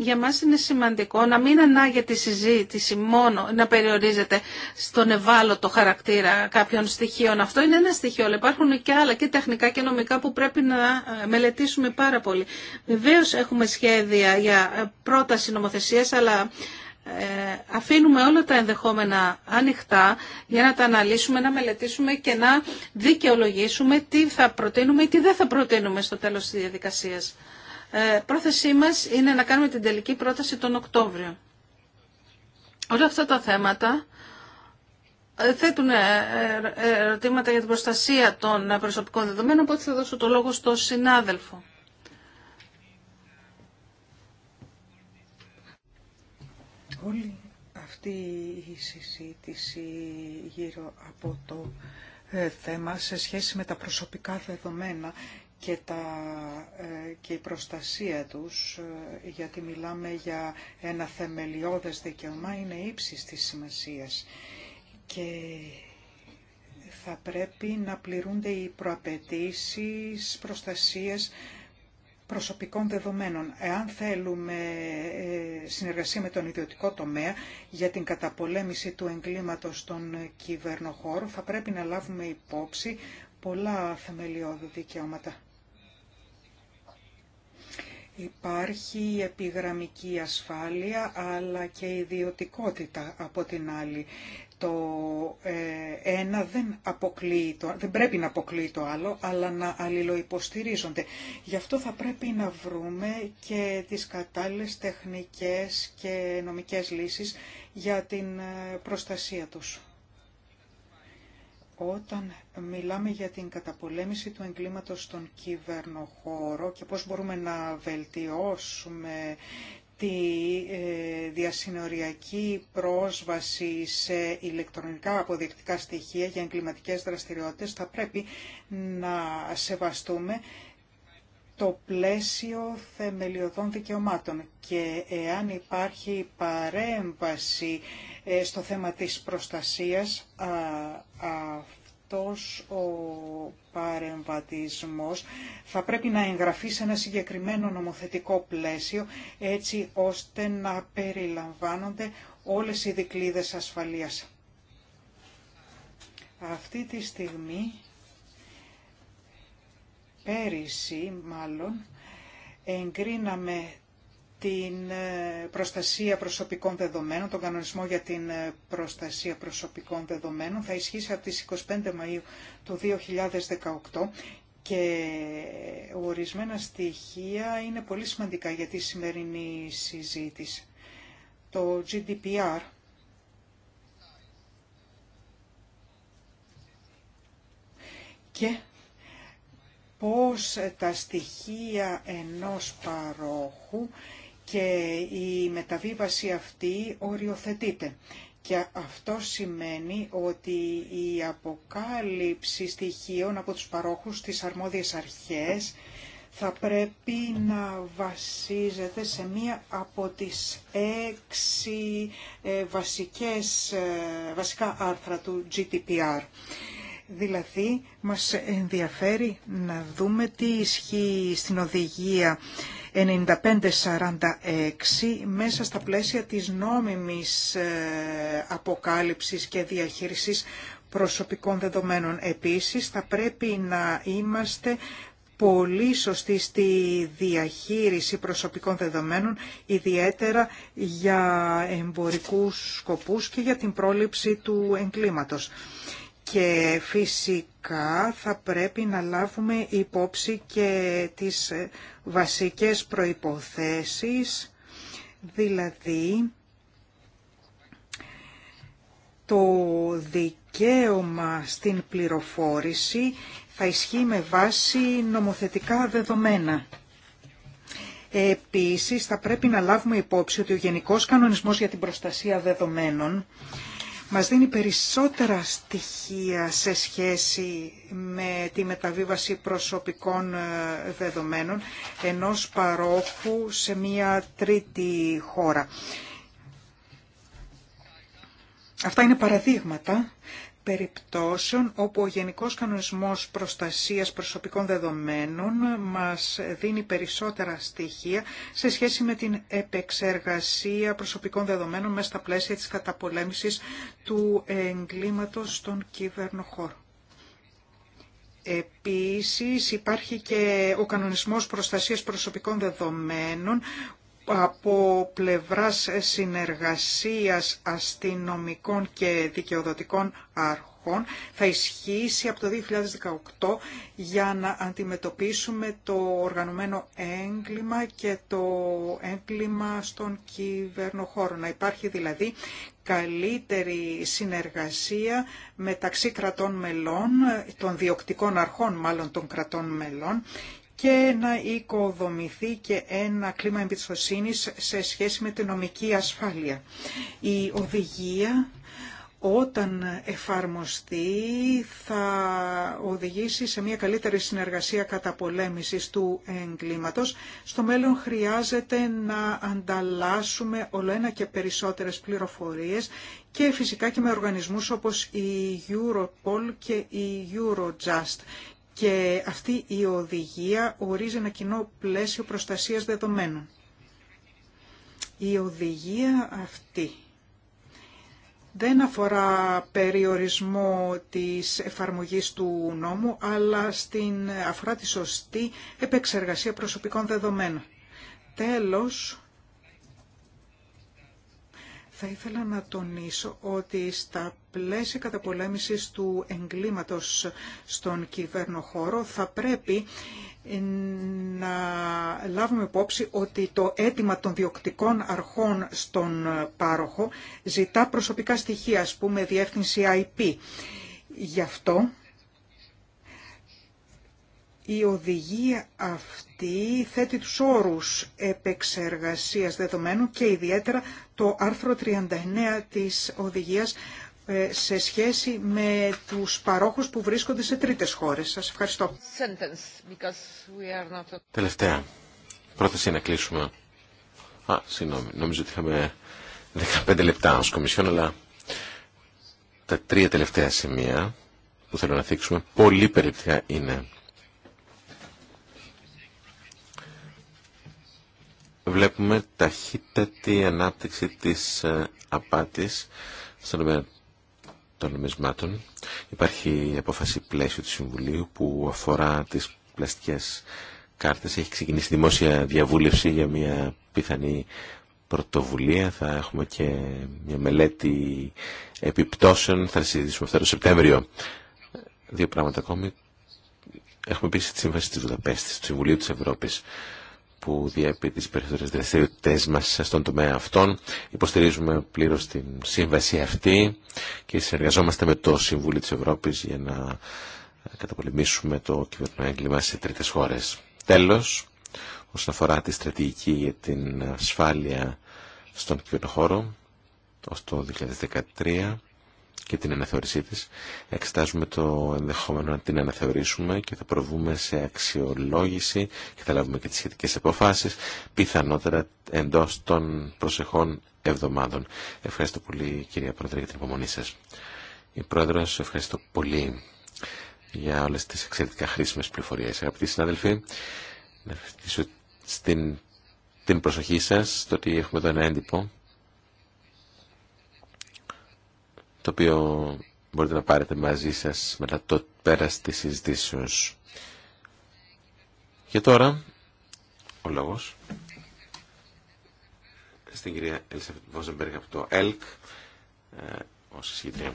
Για μας είναι σημαντικό να μην ανάγεται η συζήτηση μόνο να περιορίζεται στον ευάλωτο χαρακτήρα κάποιων στοιχείων. Αυτό είναι ένα στοιχείο, αλλά υπάρχουν και άλλα και τεχνικά και νομικά που πρέπει να ε, μελετήσουμε πάρα πολύ. Βεβαίω έχουμε σχέδια για ε, πρόταση νομοθεσία, αλλά ε, αφήνουμε όλα τα ενδεχόμενα ανοιχτά για να τα αναλύσουμε, να μελετήσουμε και να δικαιολογήσουμε τι θα προτείνουμε ή τι δεν θα προτείνουμε στο τέλος της διαδικασίας. Ε, πρόθεσή μας είναι να κάνουμε την τελική πρόταση τον Οκτώβριο. Όλα αυτά τα θέματα ε, θέτουν ε, ερωτήματα για την προστασία των προσωπικών δεδομένων, οπότε θα δώσω το λόγο στο συνάδελφο. Όλη αυτή η συζήτηση γύρω από το θέμα σε σχέση με τα προσωπικά δεδομένα και, τα, ε, η προστασία τους, ε, γιατί μιλάμε για ένα θεμελιώδες δικαιωμά, είναι ύψης της σημασίας. Και θα πρέπει να πληρούνται οι προαπαιτήσεις προστασίας προσωπικών δεδομένων. Εάν θέλουμε ε, συνεργασία με τον ιδιωτικό τομέα για την καταπολέμηση του εγκλήματος στον κυβερνοχώρο, θα πρέπει να λάβουμε υπόψη πολλά θεμελιώδη δικαιώματα. Υπάρχει επιγραμμική ασφάλεια αλλά και ιδιωτικότητα από την άλλη. Το ε, ένα δεν, αποκλείει το, δεν πρέπει να αποκλείει το άλλο, αλλά να αλληλοϊποστηρίζονται. Γι' αυτό θα πρέπει να βρούμε και τις κατάλληλες τεχνικές και νομικές λύσεις για την ε, προστασία τους όταν μιλάμε για την καταπολέμηση του εγκλήματος στον κυβερνοχώρο και πώς μπορούμε να βελτιώσουμε τη ε, διασυνοριακή πρόσβαση σε ηλεκτρονικά αποδεικτικά στοιχεία για εγκληματικές δραστηριότητες θα πρέπει να σεβαστούμε το πλαίσιο θεμελιωδών δικαιωμάτων και εάν υπάρχει παρέμβαση ε, στο θέμα της προστασίας, αυτός ο παρεμβατισμός θα πρέπει να εγγραφεί σε ένα συγκεκριμένο νομοθετικό πλαίσιο έτσι ώστε να περιλαμβάνονται όλες οι δικλείδες ασφαλείας. Αυτή τη στιγμή πέρυσι μάλλον εγκρίναμε την ε, προστασία προσωπικών δεδομένων, τον κανονισμό για την ε, προστασία προσωπικών δεδομένων θα ισχύσει από τις 25 Μαΐου του 2018 και ορισμένα στοιχεία είναι πολύ σημαντικά για τη σημερινή συζήτηση. Το GDPR και πώς τα στοιχεία ενός παρόχου και η μεταβίβαση αυτή οριοθετείται. Και αυτό σημαίνει ότι η αποκάλυψη στοιχείων από τους παρόχους στις αρμόδιες αρχές θα πρέπει να βασίζεται σε μία από τις έξι ε, βασικές, ε, βασικά άρθρα του GDPR. Δηλαδή, μας ενδιαφέρει να δούμε τι ισχύει στην οδηγία 9546 μέσα στα πλαίσια της νόμιμης ε, αποκάλυψης και διαχείρισης προσωπικών δεδομένων. Επίσης, θα πρέπει να είμαστε πολύ σωστοί στη διαχείριση προσωπικών δεδομένων, ιδιαίτερα για εμπορικούς σκοπούς και για την πρόληψη του εγκλήματος. Και φυσικά θα πρέπει να λάβουμε υπόψη και τις βασικές προϋποθέσεις, δηλαδή το δικαίωμα στην πληροφόρηση θα ισχύει με βάση νομοθετικά δεδομένα. Επίσης, θα πρέπει να λάβουμε υπόψη ότι ο Γενικός Κανονισμός για την Προστασία Δεδομένων μας δίνει περισσότερα στοιχεία σε σχέση με τη μεταβίβαση προσωπικών ε, δεδομένων ενός παρόχου σε μία τρίτη χώρα. Αυτά είναι παραδείγματα περιπτώσεων όπου ο Γενικός Κανονισμός Προστασίας Προσωπικών Δεδομένων μας δίνει περισσότερα στοιχεία σε σχέση με την επεξεργασία προσωπικών δεδομένων μέσα στα πλαίσια της καταπολέμησης του εγκλήματος στον κύβερνο χώρο. Επίσης υπάρχει και ο κανονισμός προστασίας προσωπικών δεδομένων από πλευράς συνεργασίας αστυνομικών και δικαιοδοτικών αρχών θα ισχύσει από το 2018 για να αντιμετωπίσουμε το οργανωμένο έγκλημα και το έγκλημα στον κυβερνοχώρο. Να υπάρχει δηλαδή καλύτερη συνεργασία μεταξύ κρατών μελών, των διοκτικών αρχών μάλλον των κρατών μελών και να οικοδομηθεί και ένα κλίμα εμπιστοσύνη σε σχέση με την νομική ασφάλεια. Η οδηγία όταν εφαρμοστεί θα οδηγήσει σε μια καλύτερη συνεργασία καταπολέμησης του εγκλήματος. Στο μέλλον χρειάζεται να ανταλλάσσουμε ένα και περισσότερες πληροφορίες και φυσικά και με οργανισμούς όπως η Europol και η Eurojust και αυτή η οδηγία ορίζει ένα κοινό πλαίσιο προστασίας δεδομένων. Η οδηγία αυτή δεν αφορά περιορισμό της εφαρμογής του νόμου, αλλά στην, αφορά τη σωστή επεξεργασία προσωπικών δεδομένων. Τέλος, θα ήθελα να τονίσω ότι στα πλαίσια καταπολέμησης του εγκλήματος στον κυβερνοχώρο θα πρέπει να λάβουμε υπόψη ότι το αίτημα των διοκτικών αρχών στον πάροχο ζητά προσωπικά στοιχεία, ας πούμε διεύθυνση IP. Γι' αυτό η οδηγία αυτή θέτει τους όρους επεξεργασίας δεδομένου και ιδιαίτερα το άρθρο 39 της οδηγίας ε, σε σχέση με τους παρόχους που βρίσκονται σε τρίτες χώρες. Σας ευχαριστώ. Τελευταία. Πρόθεση να κλείσουμε. Α, συγγνώμη. Νομίζω ότι είχαμε 15 λεπτά ως Κομισιόν, αλλά τα τρία τελευταία σημεία που θέλω να θίξουμε πολύ περίπτυχα είναι. Βλέπουμε ταχύτατη ανάπτυξη της ε, απάτης στον των νομισμάτων. Υπάρχει η απόφαση πλαίσιο του Συμβουλίου που αφορά τις πλαστικές κάρτες. Έχει ξεκινήσει δημόσια διαβούλευση για μια πιθανή πρωτοβουλία. Θα έχουμε και μια μελέτη επιπτώσεων. Θα συζητήσουμε αυτό το Σεπτέμβριο. Δύο πράγματα ακόμη. Έχουμε επίση τη Σύμβαση τη Βουδαπέστη, του Συμβουλίου τη Ευρώπη που διέπει τις περισσότερες δραστηριότητες μας στον τομέα αυτών. Υποστηρίζουμε πλήρως την σύμβαση αυτή και συνεργαζόμαστε με το Συμβούλιο της Ευρώπης για να καταπολεμήσουμε το έγκλημα σε τρίτες χώρες. Τέλος, όσον αφορά τη στρατηγική για την ασφάλεια στον χώρο ως το 2013, και την αναθεώρησή της. Εξετάζουμε το ενδεχόμενο να την αναθεωρήσουμε και θα προβούμε σε αξιολόγηση και θα λάβουμε και τις σχετικές αποφάσεις, πιθανότερα εντός των προσεχών εβδομάδων. Ευχαριστώ πολύ κυρία Πρόεδρε για την υπομονή σας. Η Πρόεδρος, ευχαριστώ πολύ για όλες τις εξαιρετικά χρήσιμες πληροφορίες. Αγαπητοί συνάδελφοι, να ευχαριστήσω στην, την προσοχή σας στο ότι έχουμε εδώ ένα έντυπο το οποίο μπορείτε να πάρετε μαζί σας μετά το πέρας της συζητήσεως. Και τώρα, ο λόγος στην κυρία Ελίσσα Βόζεμπεργκ από το ΕΛΚ ε, ως εισηγητρία.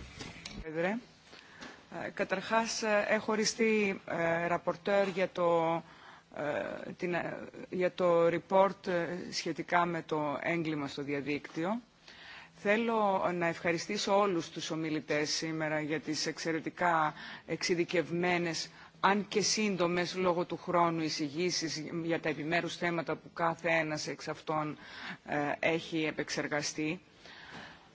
Πρόεδρε, ε, καταρχάς ε, έχω οριστεί ραπορτέρ για το, την, για το report σχετικά με το έγκλημα στο διαδίκτυο Θέλω να ευχαριστήσω όλους τους ομιλητές σήμερα για τις εξαιρετικά εξειδικευμένες αν και σύντομες λόγω του χρόνου εισηγήσει για τα επιμέρους θέματα που κάθε ένας εξ αυτών ε, έχει επεξεργαστεί.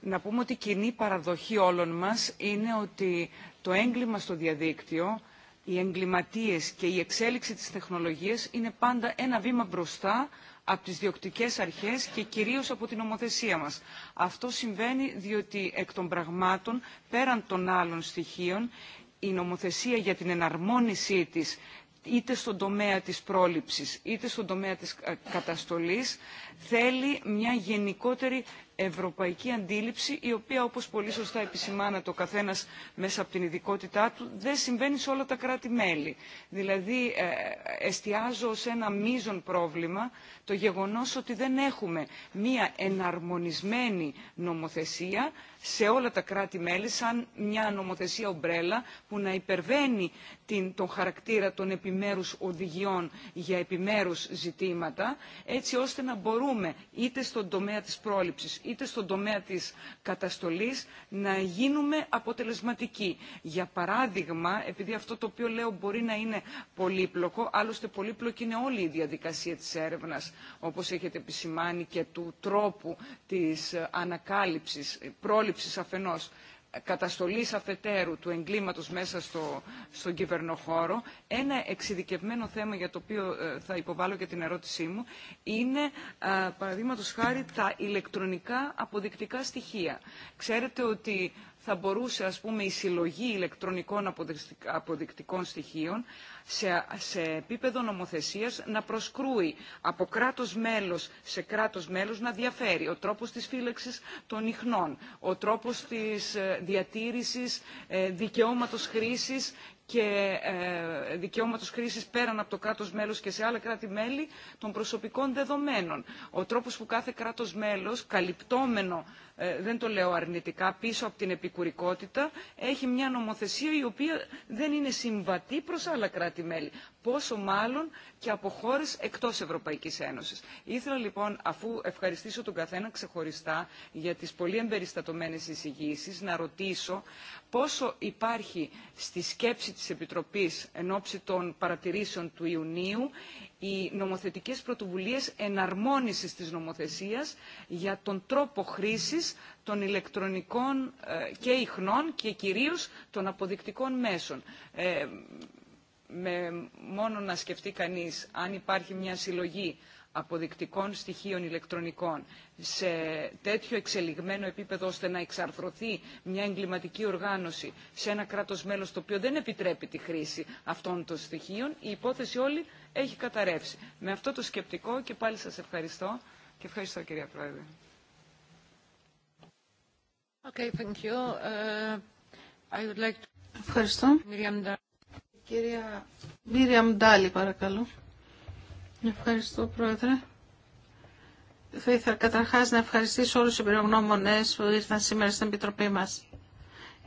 Να πούμε ότι η κοινή παραδοχή όλων μας είναι ότι το έγκλημα στο διαδίκτυο, οι εγκληματίες και η εξέλιξη της τεχνολογίας είναι πάντα ένα βήμα μπροστά από τις διοκτικές αρχές και κυρίως από την νομοθεσία μας. Αυτό συμβαίνει διότι εκ των πραγμάτων, πέραν των άλλων στοιχείων, η νομοθεσία για την εναρμόνισή της είτε στον τομέα της πρόληψης είτε στον τομέα της καταστολής θέλει μια γενικότερη ευρωπαϊκή αντίληψη η οποία όπως πολύ σωστά επισημάνα το καθένας μέσα από την ειδικότητά του δεν συμβαίνει σε όλα τα κράτη-μέλη. Δηλαδή ε, εστιάζω σε ένα μείζον πρόβλημα το γεγονός ότι δεν έχουμε μία εναρμονισμένη νομοθεσία σε όλα τα κράτη-μέλη σαν μια νομοθεσία ομπρέλα που να υπερβαίνει την, τον χαρακτήρα των επιμέρους οδηγιών για επιμέρους ζητήματα έτσι ώστε να μπορούμε είτε στον τομέα της πρόληψης είτε στον τομέα της καταστολής να γίνουμε αποτελεσματικοί. Για παράδειγμα, επειδή αυτό το οποίο λέω μπορεί να είναι πολύπλοκο, άλλωστε πολύπλοκη είναι όλη η διαδικασία της έρευνας, όπως έχετε επισημάνει και του τρόπου της ανακάλυψης, πρόληψης αφενός καταστολής αφετέρου του εγκλήματος μέσα στο, στον κυβερνοχώρο, ένα εξειδικευμένο θέμα για το οποίο ε, θα υποβάλω και την ερώτησή μου, είναι ε, παραδείγματος χάρη τα ηλεκτρονικά αποδεικτικά στοιχεία. Ξέρετε ότι θα μπορούσε ας πούμε η συλλογή ηλεκτρονικών αποδεικτικών στοιχείων σε, σε επίπεδο νομοθεσίας να προσκρούει από κράτος μέλος σε κράτος μέλος να διαφέρει ο τρόπος της φύλαξης των ιχνών, ο τρόπος της ε, διατήρησης ε, δικαιώματος χρήσης και ε, δικαιώματο χρήση πέραν από το κράτο μέλο και σε άλλα κράτη-μέλη των προσωπικών δεδομένων. Ο τρόπο που κάθε κράτο μέλο, καλυπτόμενο, ε, δεν το λέω αρνητικά, πίσω από την επικουρικότητα, έχει μια νομοθεσία η οποία δεν είναι συμβατή προ άλλα κράτη-μέλη πόσο μάλλον και από χώρε εκτό Ευρωπαϊκή Ένωση. Ήθελα λοιπόν, αφού ευχαριστήσω τον καθένα ξεχωριστά για τι πολύ εμπεριστατωμένε εισηγήσει, να ρωτήσω πόσο υπάρχει στη σκέψη της Επιτροπής εν ώψη των παρατηρήσεων του Ιουνίου οι νομοθετικέ πρωτοβουλίε εναρμόνισης της νομοθεσίας για τον τρόπο χρήση των ηλεκτρονικών ε, και ιχνών και κυρίω των αποδεικτικών μέσων. Ε, με μόνο να σκεφτεί κανείς αν υπάρχει μια συλλογή αποδεικτικών στοιχείων ηλεκτρονικών σε τέτοιο εξελιγμένο επίπεδο ώστε να εξαρθρωθεί μια εγκληματική οργάνωση σε ένα κράτος μέλος το οποίο δεν επιτρέπει τη χρήση αυτών των στοιχείων, η υπόθεση όλη έχει καταρρεύσει. Με αυτό το σκεπτικό και πάλι σας ευχαριστώ και ευχαριστώ κυρία Πρόεδρε. Okay, thank you. Uh, I would like Ευχαριστώ. Κυρία Μύρια Μντάλη, παρακαλώ. Ευχαριστώ, Πρόεδρε. Θα ήθελα καταρχάς να ευχαριστήσω όλους τους εμπειρογνώμονες που ήρθαν σήμερα στην Επιτροπή μας.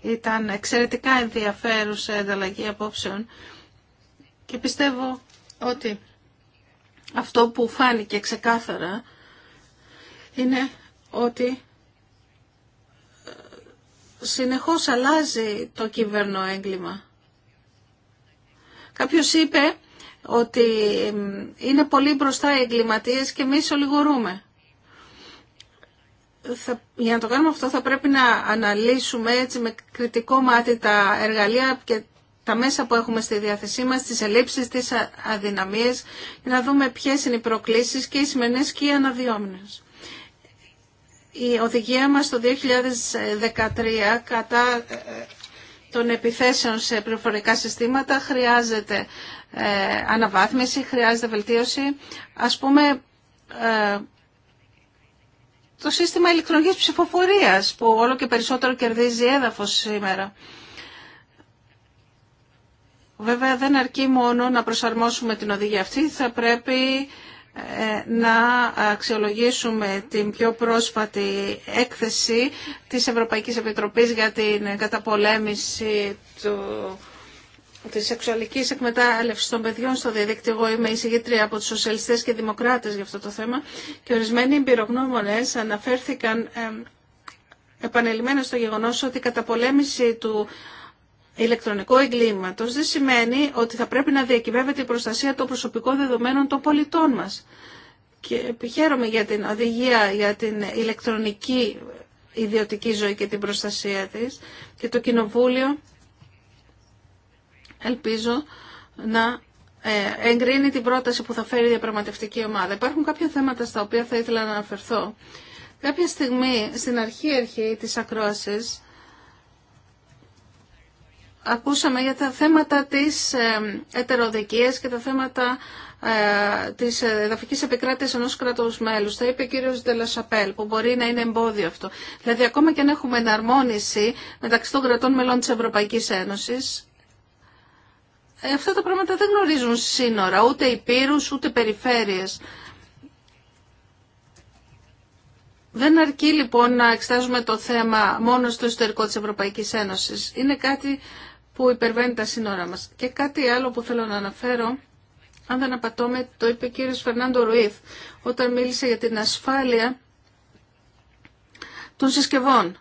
Ήταν εξαιρετικά ενδιαφέρουσα ανταλλαγή απόψεων και πιστεύω ότι αυτό που φάνηκε ξεκάθαρα είναι ότι ε, συνεχώς αλλάζει το κυβερνό έγκλημα. Κάποιος είπε ότι είναι πολύ μπροστά οι εγκληματίες και εμείς ολιγορούμε. Θα, για να το κάνουμε αυτό θα πρέπει να αναλύσουμε έτσι με κριτικό μάτι τα εργαλεία και τα μέσα που έχουμε στη διάθεσή μας, τις ελλείψεις, τις αδυναμίες, να δούμε ποιες είναι οι προκλήσεις και οι σημερινές και οι Η οδηγία μας το 2013 κατά ε, ε, των επιθέσεων σε πληροφορικά συστήματα χρειάζεται ε, αναβάθμιση, χρειάζεται βελτίωση. Ας πούμε, ε, το σύστημα ηλεκτρονικής ψηφοφορίας που όλο και περισσότερο κερδίζει έδαφος σήμερα. Βέβαια δεν αρκεί μόνο να προσαρμόσουμε την οδηγία αυτή, θα πρέπει ε, να αξιολογήσουμε την πιο πρόσφατη έκθεση της Ευρωπαϊκής Επιτροπής για την καταπολέμηση του τη σεξουαλική εκμετάλλευση των παιδιών στο διαδίκτυο. Εγώ είμαι εισηγήτρια από του σοσιαλιστέ και δημοκράτε για αυτό το θέμα. Και ορισμένοι εμπειρογνώμονε αναφέρθηκαν ε, επανελειμμένα στο γεγονό ότι η καταπολέμηση του ηλεκτρονικό εγκλήματος δεν σημαίνει ότι θα πρέπει να διακυβεύεται η προστασία των προσωπικών δεδομένων των πολιτών μας. Και επιχαίρομαι για την οδηγία για την ηλεκτρονική ιδιωτική ζωή και την προστασία της και το Κοινοβούλιο ελπίζω να ε, εγκρίνει την πρόταση που θα φέρει η διαπραγματευτική ομάδα. Υπάρχουν κάποια θέματα στα οποία θα ήθελα να αναφερθώ. Κάποια στιγμή στην αρχή αρχή της ακρόασης ακούσαμε για τα θέματα της ε, ετεροδικίας και τα θέματα ε, της εδαφικής επικράτησης ενός κράτους μέλους. Θα είπε ο κύριος Δελασαπέλ, που μπορεί να είναι εμπόδιο αυτό. Δηλαδή, ακόμα και αν έχουμε εναρμόνιση μεταξύ των κρατών μελών της Ευρωπαϊκής Ένωσης, ε, αυτά τα πράγματα δεν γνωρίζουν σύνορα, ούτε υπήρους, ούτε περιφέρειες. Δεν αρκεί λοιπόν να εξετάζουμε το θέμα μόνο στο ιστορικό της Ευρωπαϊκής Ένωσης. Είναι κάτι που υπερβαίνει τα σύνορά μας. Και κάτι άλλο που θέλω να αναφέρω, αν δεν απατώμε, το είπε ο κύριος Φερνάντο Ρουίθ, όταν μίλησε για την ασφάλεια των συσκευών.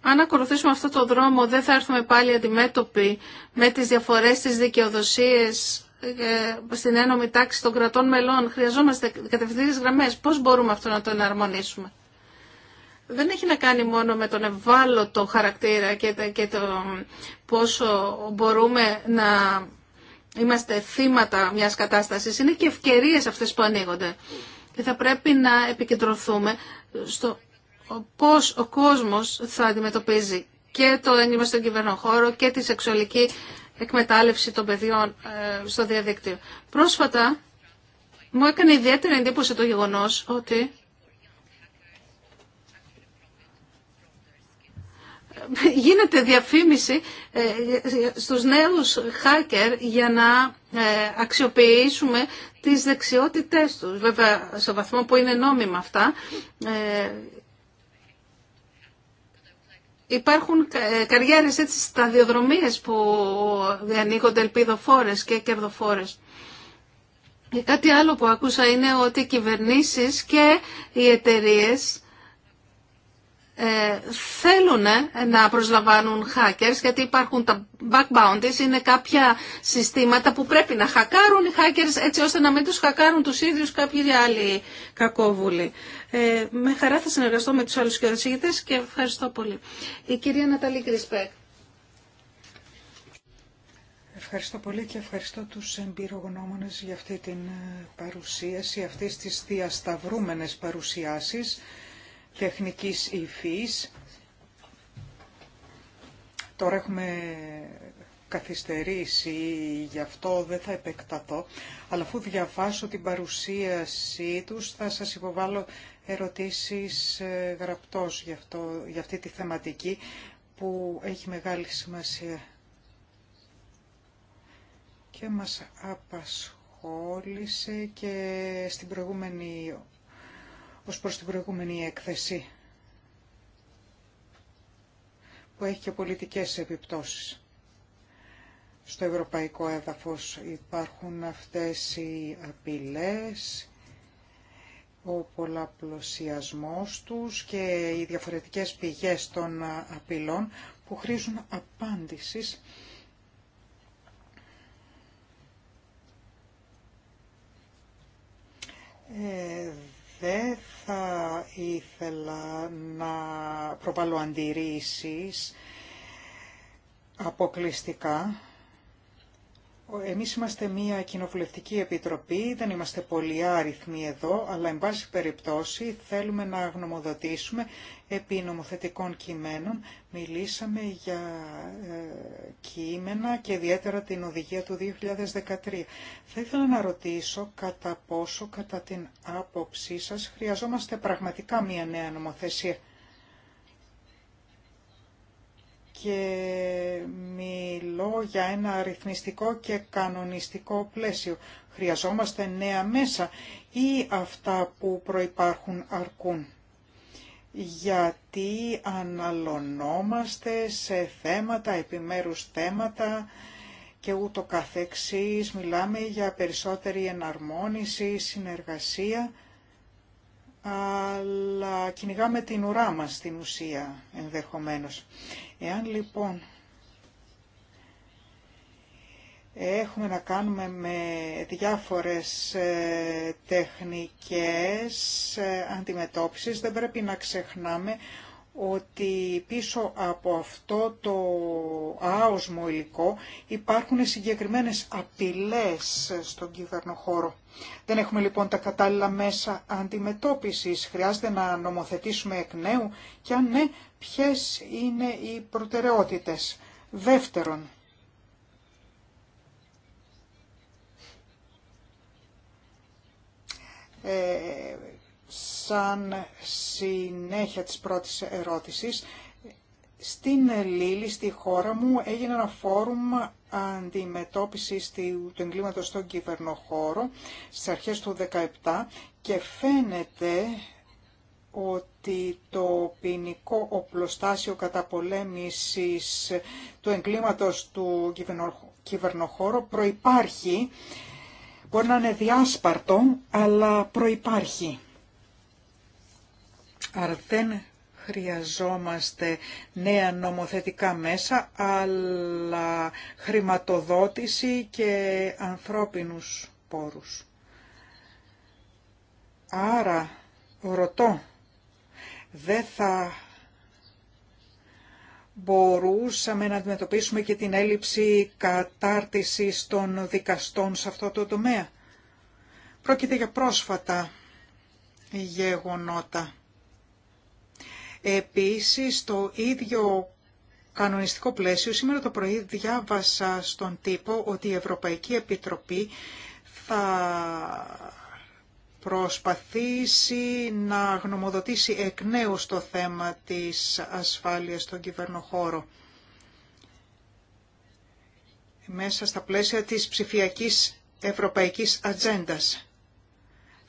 Αν ακολουθήσουμε αυτό το δρόμο, δεν θα έρθουμε πάλι αντιμέτωποι με τις διαφορές, της δικαιοδοσίες ε, στην ένωμη τάξη των κρατών μελών. Χρειαζόμαστε κατευθύνσεις γραμμές. Πώς μπορούμε αυτό να το εναρμονίσουμε δεν έχει να κάνει μόνο με τον ευάλωτο χαρακτήρα και το πόσο μπορούμε να είμαστε θύματα μιας κατάστασης. Είναι και ευκαιρίες αυτές που ανοίγονται. Και θα πρέπει να επικεντρωθούμε στο πώς ο κόσμος θα αντιμετωπίζει και το έγκλημα στον κυβερνοχώρο και τη σεξουαλική εκμετάλλευση των παιδιών ε, στο διαδίκτυο. Πρόσφατα μου έκανε ιδιαίτερη εντύπωση το γεγονός ότι γίνεται διαφήμιση ε, στους νέους hacker για να ε, αξιοποιήσουμε τις δεξιότητές τους. Βέβαια, σε βαθμό που είναι νόμιμα αυτά, ε, υπάρχουν καριέρες έτσι σταδιοδρομίες που ανοίγονται ελπιδοφόρες και κερδοφόρες. κάτι άλλο που άκουσα είναι ότι οι κυβερνήσεις και οι εταιρείες ε, θέλουν να προσλαμβάνουν hackers γιατί υπάρχουν τα bounties, είναι κάποια συστήματα που πρέπει να χακάρουν οι hackers έτσι ώστε να μην τους χακάρουν τους ίδιους κάποιοι άλλοι κακόβουλοι. Ε, με χαρά θα συνεργαστώ με τους άλλους κυριοσυγητές και ευχαριστώ πολύ. Η κυρία Ναταλή Κρισπέκ. Ευχαριστώ πολύ και ευχαριστώ τους εμπειρογνώμονες για αυτή την ε, παρουσίαση, αυτές τις διασταυρούμενες παρουσιάσεις τεχνικής υφής. Τώρα έχουμε καθυστερήσει, γι' αυτό δεν θα επεκταθώ, αλλά αφού διαβάσω την παρουσίασή τους θα σας υποβάλω ερωτήσεις ε, γραπτός για, για αυτή τη θεματική που έχει μεγάλη σημασία και μας απασχόλησε και στην προηγούμενη ως προς την προηγούμενη έκθεση που έχει και πολιτικές επιπτώσεις. Στο ευρωπαϊκό έδαφος υπάρχουν αυτές οι απειλές, ο πολλαπλωσιασμός τους και οι διαφορετικές πηγές των απειλών που χρήζουν απάντησης δεν θα ήθελα να προβάλλω αντιρρήσεις αποκλειστικά εμείς είμαστε μια κοινοβουλευτική επιτροπή, δεν είμαστε πολύ άριθμοι εδώ, αλλά εν πάση περιπτώσει θέλουμε να γνωμοδοτήσουμε επί νομοθετικών κειμένων. Μιλήσαμε για ε, κείμενα και ιδιαίτερα την οδηγία του 2013. Θα ήθελα να ρωτήσω κατά πόσο, κατά την άποψή σας, χρειαζόμαστε πραγματικά μια νέα νομοθεσία και μιλώ για ένα αριθμιστικό και κανονιστικό πλαίσιο. Χρειαζόμαστε νέα μέσα ή αυτά που προϋπάρχουν αρκούν. Γιατί αναλωνόμαστε σε θέματα, επιμέρους θέματα και ούτω καθεξής. Μιλάμε για περισσότερη εναρμόνιση, συνεργασία αλλά κυνηγάμε την ουρά μας στην ουσία ενδεχομένως. Εάν λοιπόν έχουμε να κάνουμε με διάφορες ε, τεχνικές ε, αντιμετώπισης, δεν πρέπει να ξεχνάμε ότι πίσω από αυτό το άοσμο υλικό υπάρχουν συγκεκριμένες απειλές στον χώρο. Δεν έχουμε λοιπόν τα κατάλληλα μέσα αντιμετώπισης. Χρειάζεται να νομοθετήσουμε εκ νέου και αν ναι, ποιες είναι οι προτεραιότητες. Δεύτερον, ε, σαν συνέχεια της πρώτης ερώτησης, στην Λίλη, στη χώρα μου, έγινε ένα φόρουμ αντιμετώπισης του εγκλήματος στον κυβερνοχώρο στις αρχές του 2017 και φαίνεται ότι το ποινικό οπλοστάσιο καταπολέμησης του εγκλήματος του κυβερνοχώρου προϋπάρχει, μπορεί να είναι διάσπαρτο, αλλά προϋπάρχει. Άρα δεν χρειαζόμαστε νέα νομοθετικά μέσα, αλλά χρηματοδότηση και ανθρώπινους πόρους. Άρα, ρωτώ, δεν θα μπορούσαμε να αντιμετωπίσουμε και την έλλειψη κατάρτισης των δικαστών σε αυτό το τομέα. Πρόκειται για πρόσφατα γεγονότα. Επίσης, το ίδιο κανονιστικό πλαίσιο, σήμερα το πρωί διάβασα στον τύπο ότι η Ευρωπαϊκή Επιτροπή θα προσπαθήσει να γνωμοδοτήσει εκ νέου στο θέμα της ασφάλειας στον κυβερνοχώρο μέσα στα πλαίσια της ψηφιακής ευρωπαϊκής ατζέντας.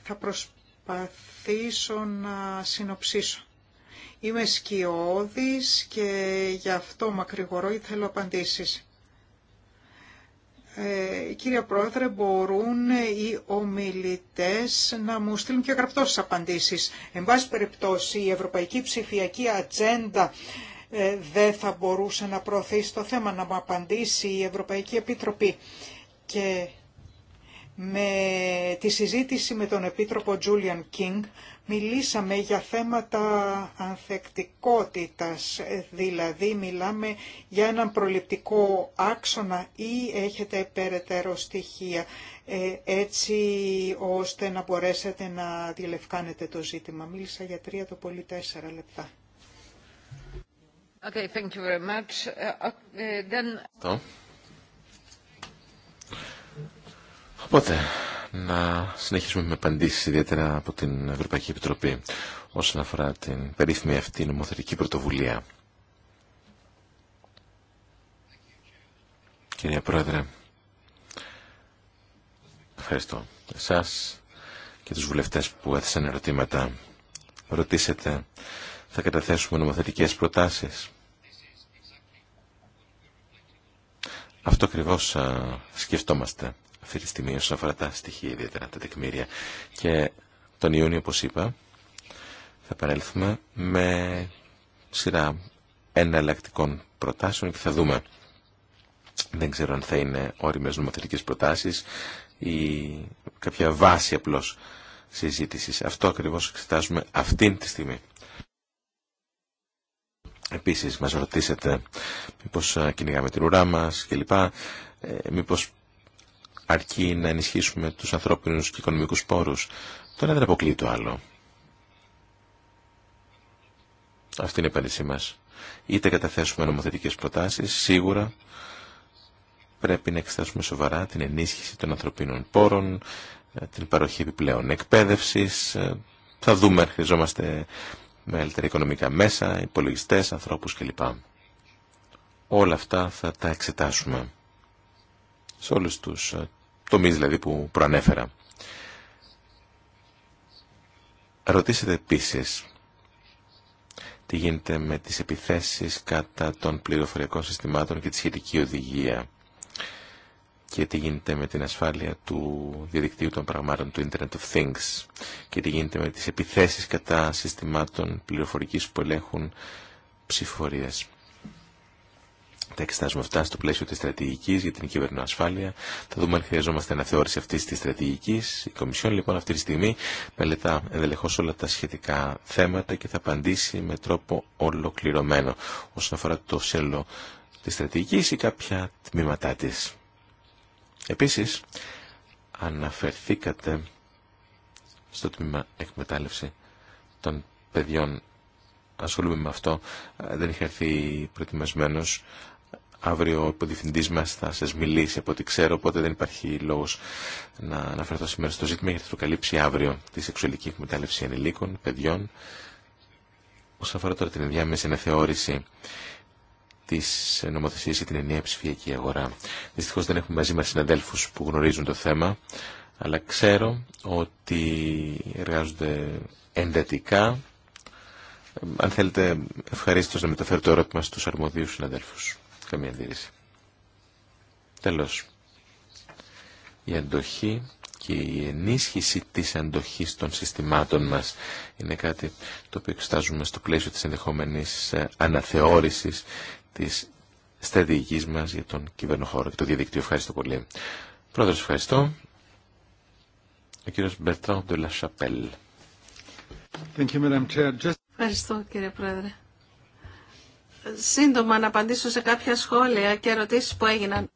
Θα προσπαθήσω να συνοψίσω. Είμαι σκιώδης και γι' αυτό μακρηγορώ ή θέλω απαντήσεις. Ε, κύριε Πρόεδρε, μπορούν οι ομιλητές να μου στείλουν και γραπτώσεις απαντήσεις. Εν πάση περιπτώσει, η Ευρωπαϊκή Ψηφιακή Ατζέντα ε, δεν θα μπορούσε να προωθήσει το θέμα, να μου απαντήσει η Ευρωπαϊκή Επιτροπή. Και με τη συζήτηση με τον Επίτροπο Τζούλιαν Κίνγκ, Μιλήσαμε για θέματα ανθεκτικότητας, δηλαδή μιλάμε για έναν προληπτικό άξονα ή έχετε περαιτέρω στοιχεία ε, έτσι ώστε να μπορέσετε να διελευκάνετε το ζήτημα. Μίλησα για τρία το πολύ τέσσερα λεπτά. Okay, thank you very much. Ε, ε, then... Οπότε, να συνεχίσουμε με απαντήσει ιδιαίτερα από την Ευρωπαϊκή Επιτροπή όσον αφορά την περίφημη αυτή νομοθετική πρωτοβουλία. Κυρία Πρόεδρε, ευχαριστώ εσάς και τους βουλευτές που έθεσαν ερωτήματα. Ρωτήσετε, θα καταθέσουμε νομοθετικές προτάσεις. Αυτό ακριβώ σκεφτόμαστε αυτή τη στιγμή όσον αφορά τα στοιχεία ιδιαίτερα, τα τεκμήρια. Και τον Ιούνιο, όπως είπα, θα παρέλθουμε με σειρά εναλλακτικών προτάσεων και θα δούμε. Δεν ξέρω αν θα είναι όριμες νομοθετικές προτάσεις ή κάποια βάση απλώς συζήτησης. Αυτό ακριβώς εξετάζουμε αυτήν τη στιγμή. Επίσης μας ρωτήσετε μήπως κυνηγάμε την ουρά μας κλπ. Ε, αρκεί να ενισχύσουμε τους ανθρώπινους και οικονομικούς πόρους. Το δεν αποκλείει το άλλο. Αυτή είναι η απάντησή μας. Είτε καταθέσουμε νομοθετικές προτάσεις, σίγουρα πρέπει να εξετάσουμε σοβαρά την ενίσχυση των ανθρωπίνων πόρων, την παροχή επιπλέον εκπαίδευσης. Θα δούμε αν χρειαζόμαστε μεγαλύτερα οικονομικά μέσα, υπολογιστέ, ανθρώπους κλπ. Όλα αυτά θα τα εξετάσουμε σε όλους τους τομείς δηλαδή που προανέφερα. Ρωτήσετε επίσης τι γίνεται με τις επιθέσεις κατά των πληροφοριακών συστημάτων και τη σχετική οδηγία και τι γίνεται με την ασφάλεια του διαδικτύου των πραγμάτων του Internet of Things και τι γίνεται με τις επιθέσεις κατά συστημάτων πληροφορικής που ελέγχουν ψηφορίες τα εξετάζουμε αυτά στο πλαίσιο τη στρατηγική για την κυβερνοασφάλεια. Θα δούμε αν χρειαζόμαστε αναθεώρηση αυτή τη στρατηγική. Η Κομισιόν λοιπόν αυτή τη στιγμή μελετά ενδελεχώ όλα τα σχετικά θέματα και θα απαντήσει με τρόπο ολοκληρωμένο όσον αφορά το σύνολο τη στρατηγική ή κάποια τμήματά τη. Επίση, αναφερθήκατε στο τμήμα εκμετάλλευση των παιδιών ασχολούμαι με αυτό. Ε, δεν είχα έρθει προετοιμασμένο, Αύριο ο υποδιευθυντή μα θα σα μιλήσει από ό,τι ξέρω, οπότε δεν υπάρχει λόγο να αναφερθώ σήμερα στο ζήτημα γιατί θα το καλύψει αύριο τη σεξουαλική εκμετάλλευση ανηλίκων, παιδιών. Όσον αφορά τώρα την ενδιάμεση αναθεώρηση τη νομοθεσία για την ενιαία ψηφιακή αγορά. Δυστυχώ δεν έχουμε μαζί μα συναδέλφου που γνωρίζουν το θέμα, αλλά ξέρω ότι εργάζονται εντατικά. Αν θέλετε, ευχαρίστω να μεταφέρω το ερώτημα στου αρμοδίου συναδέλφου. Καμία αντίρρηση. Τέλος. Η αντοχή και η ενίσχυση της αντοχής των συστημάτων μας είναι κάτι το οποίο εξετάζουμε στο πλαίσιο της ενδεχόμενης ε, αναθεώρησης της στρατηγικής μας για τον κυβερνοχώρο και το διαδικτύο. Ευχαριστώ πολύ. Πρόεδρος, ευχαριστώ. Ο κύριος Μπερτράν Σαπέλ. Ευχαριστώ κύριε Πρόεδρε σύντομα να απαντήσω σε κάποια σχόλια και ερωτήσεις που έγιναν.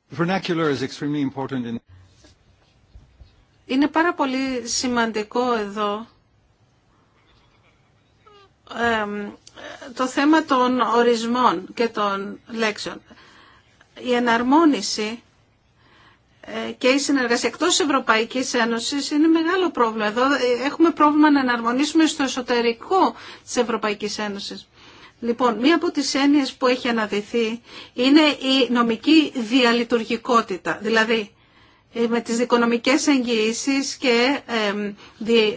Είναι πάρα πολύ σημαντικό εδώ το θέμα των ορισμών και των λέξεων. Η εναρμόνιση ε, και η συνεργασία εκτό Ευρωπαϊκή Ένωση είναι μεγάλο πρόβλημα. Εδώ έχουμε πρόβλημα να εναρμονίσουμε στο εσωτερικό τη Ευρωπαϊκή Ένωση. Λοιπόν, μία από τις έννοιες που έχει αναδειθεί είναι η νομική διαλειτουργικότητα. Δηλαδή, ε, με τις δικονομικές εγγυήσεις και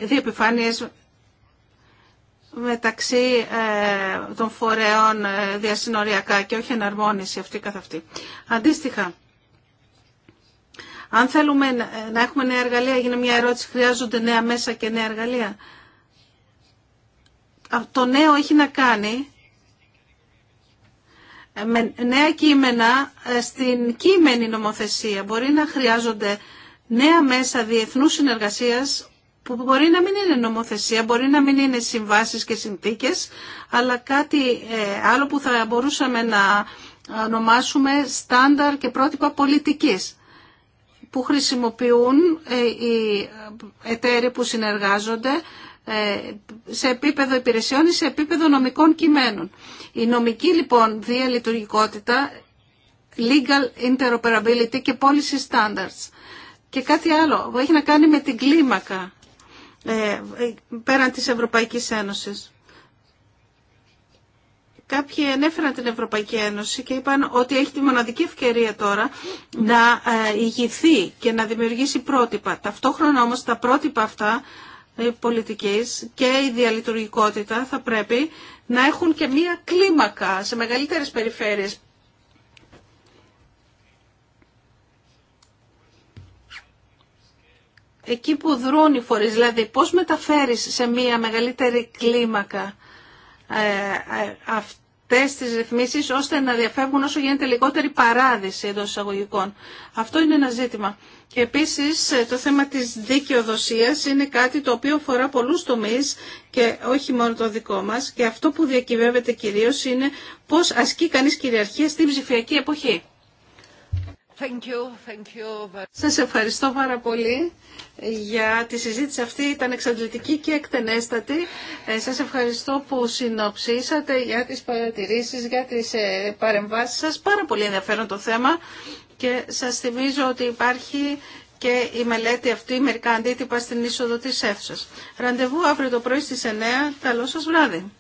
διεπιφάνειες μεταξύ ε, των φορέων ε, διασυνοριακά και όχι εναρμόνιση αυτή καθ' αυτή. Αντίστοιχα, αν θέλουμε να έχουμε νέα εργαλεία, γίνεται μια ερώτηση, χρειάζονται νέα μέσα και νέα εργαλεία. Το νέο έχει να κάνει με νέα κείμενα ε, στην κείμενη νομοθεσία. Μπορεί να χρειάζονται νέα μέσα διεθνούς συνεργασίας που μπορεί να μην είναι νομοθεσία, μπορεί να μην είναι συμβάσεις και συνθήκες, αλλά κάτι ε, άλλο που θα μπορούσαμε να ονομάσουμε στάνταρ και πρότυπα πολιτικής που χρησιμοποιούν ε, οι εταίροι που συνεργάζονται ε, σε επίπεδο υπηρεσιών ή σε επίπεδο νομικών κειμένων. Η νομική λοιπόν διαλειτουργικότητα, legal interoperability και policy standards. Και κάτι άλλο που έχει να κάνει με την κλίμακα ε, πέραν της Ευρωπαϊκής Ένωσης. Κάποιοι ενέφεραν την Ευρωπαϊκή Ένωση και είπαν ότι έχει τη μοναδική ευκαιρία τώρα να ε, ηγηθεί και να δημιουργήσει πρότυπα. Ταυτόχρονα όμως τα πρότυπα αυτά ε, πολιτικής και η διαλειτουργικότητα θα πρέπει να έχουν και μία κλίμακα σε μεγαλύτερες περιφέρειες. Εκεί που δρούν οι φορείς, δηλαδή πώς μεταφέρεις σε μία μεγαλύτερη κλίμακα ε, ε, αυτές τις ρυθμίσεις ώστε να διαφεύγουν όσο γίνεται λιγότερη παράδειση εντός εισαγωγικών. Αυτό είναι ένα ζήτημα. Και επίσης ε, το θέμα της δικαιοδοσίας είναι κάτι το οποίο αφορά πολλούς τομείς και όχι μόνο το δικό μας και αυτό που διακυβεύεται κυρίως είναι πώς ασκεί κανείς κυριαρχία στην ψηφιακή εποχή. Thank Σας ευχαριστώ πάρα πολύ για τη συζήτηση αυτή. Ήταν εξαντλητική και εκτενέστατη. Ε, σας ευχαριστώ που συνοψίσατε για τις παρατηρήσεις, για τις ε, παρεμβάσεις σας. Πάρα πολύ ενδιαφέρον το θέμα και σας θυμίζω ότι υπάρχει και η μελέτη αυτή, μερικά αντίτυπα στην είσοδο της αίθουσας. Ραντεβού αύριο το πρωί στις 9, καλό σας βράδυ.